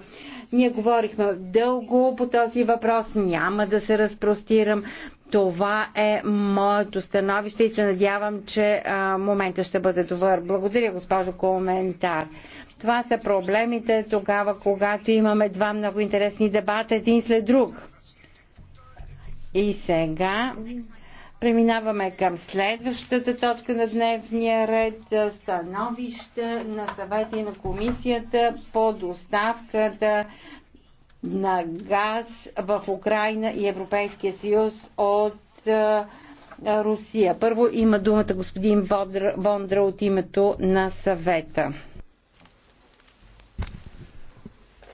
Ние говорихме дълго по този въпрос, няма да се разпростирам. Това е моето становище и се надявам, че а, момента ще бъде добър. Благодаря, госпожо Коментар. Това са проблемите тогава, когато имаме два много интересни дебата един след друг. И сега преминаваме към следващата точка на дневния ред становище на съвета и на комисията по доставката на газ в Украина и Европейския съюз от е, Русия. Първо има думата господин Вондра от името на съвета.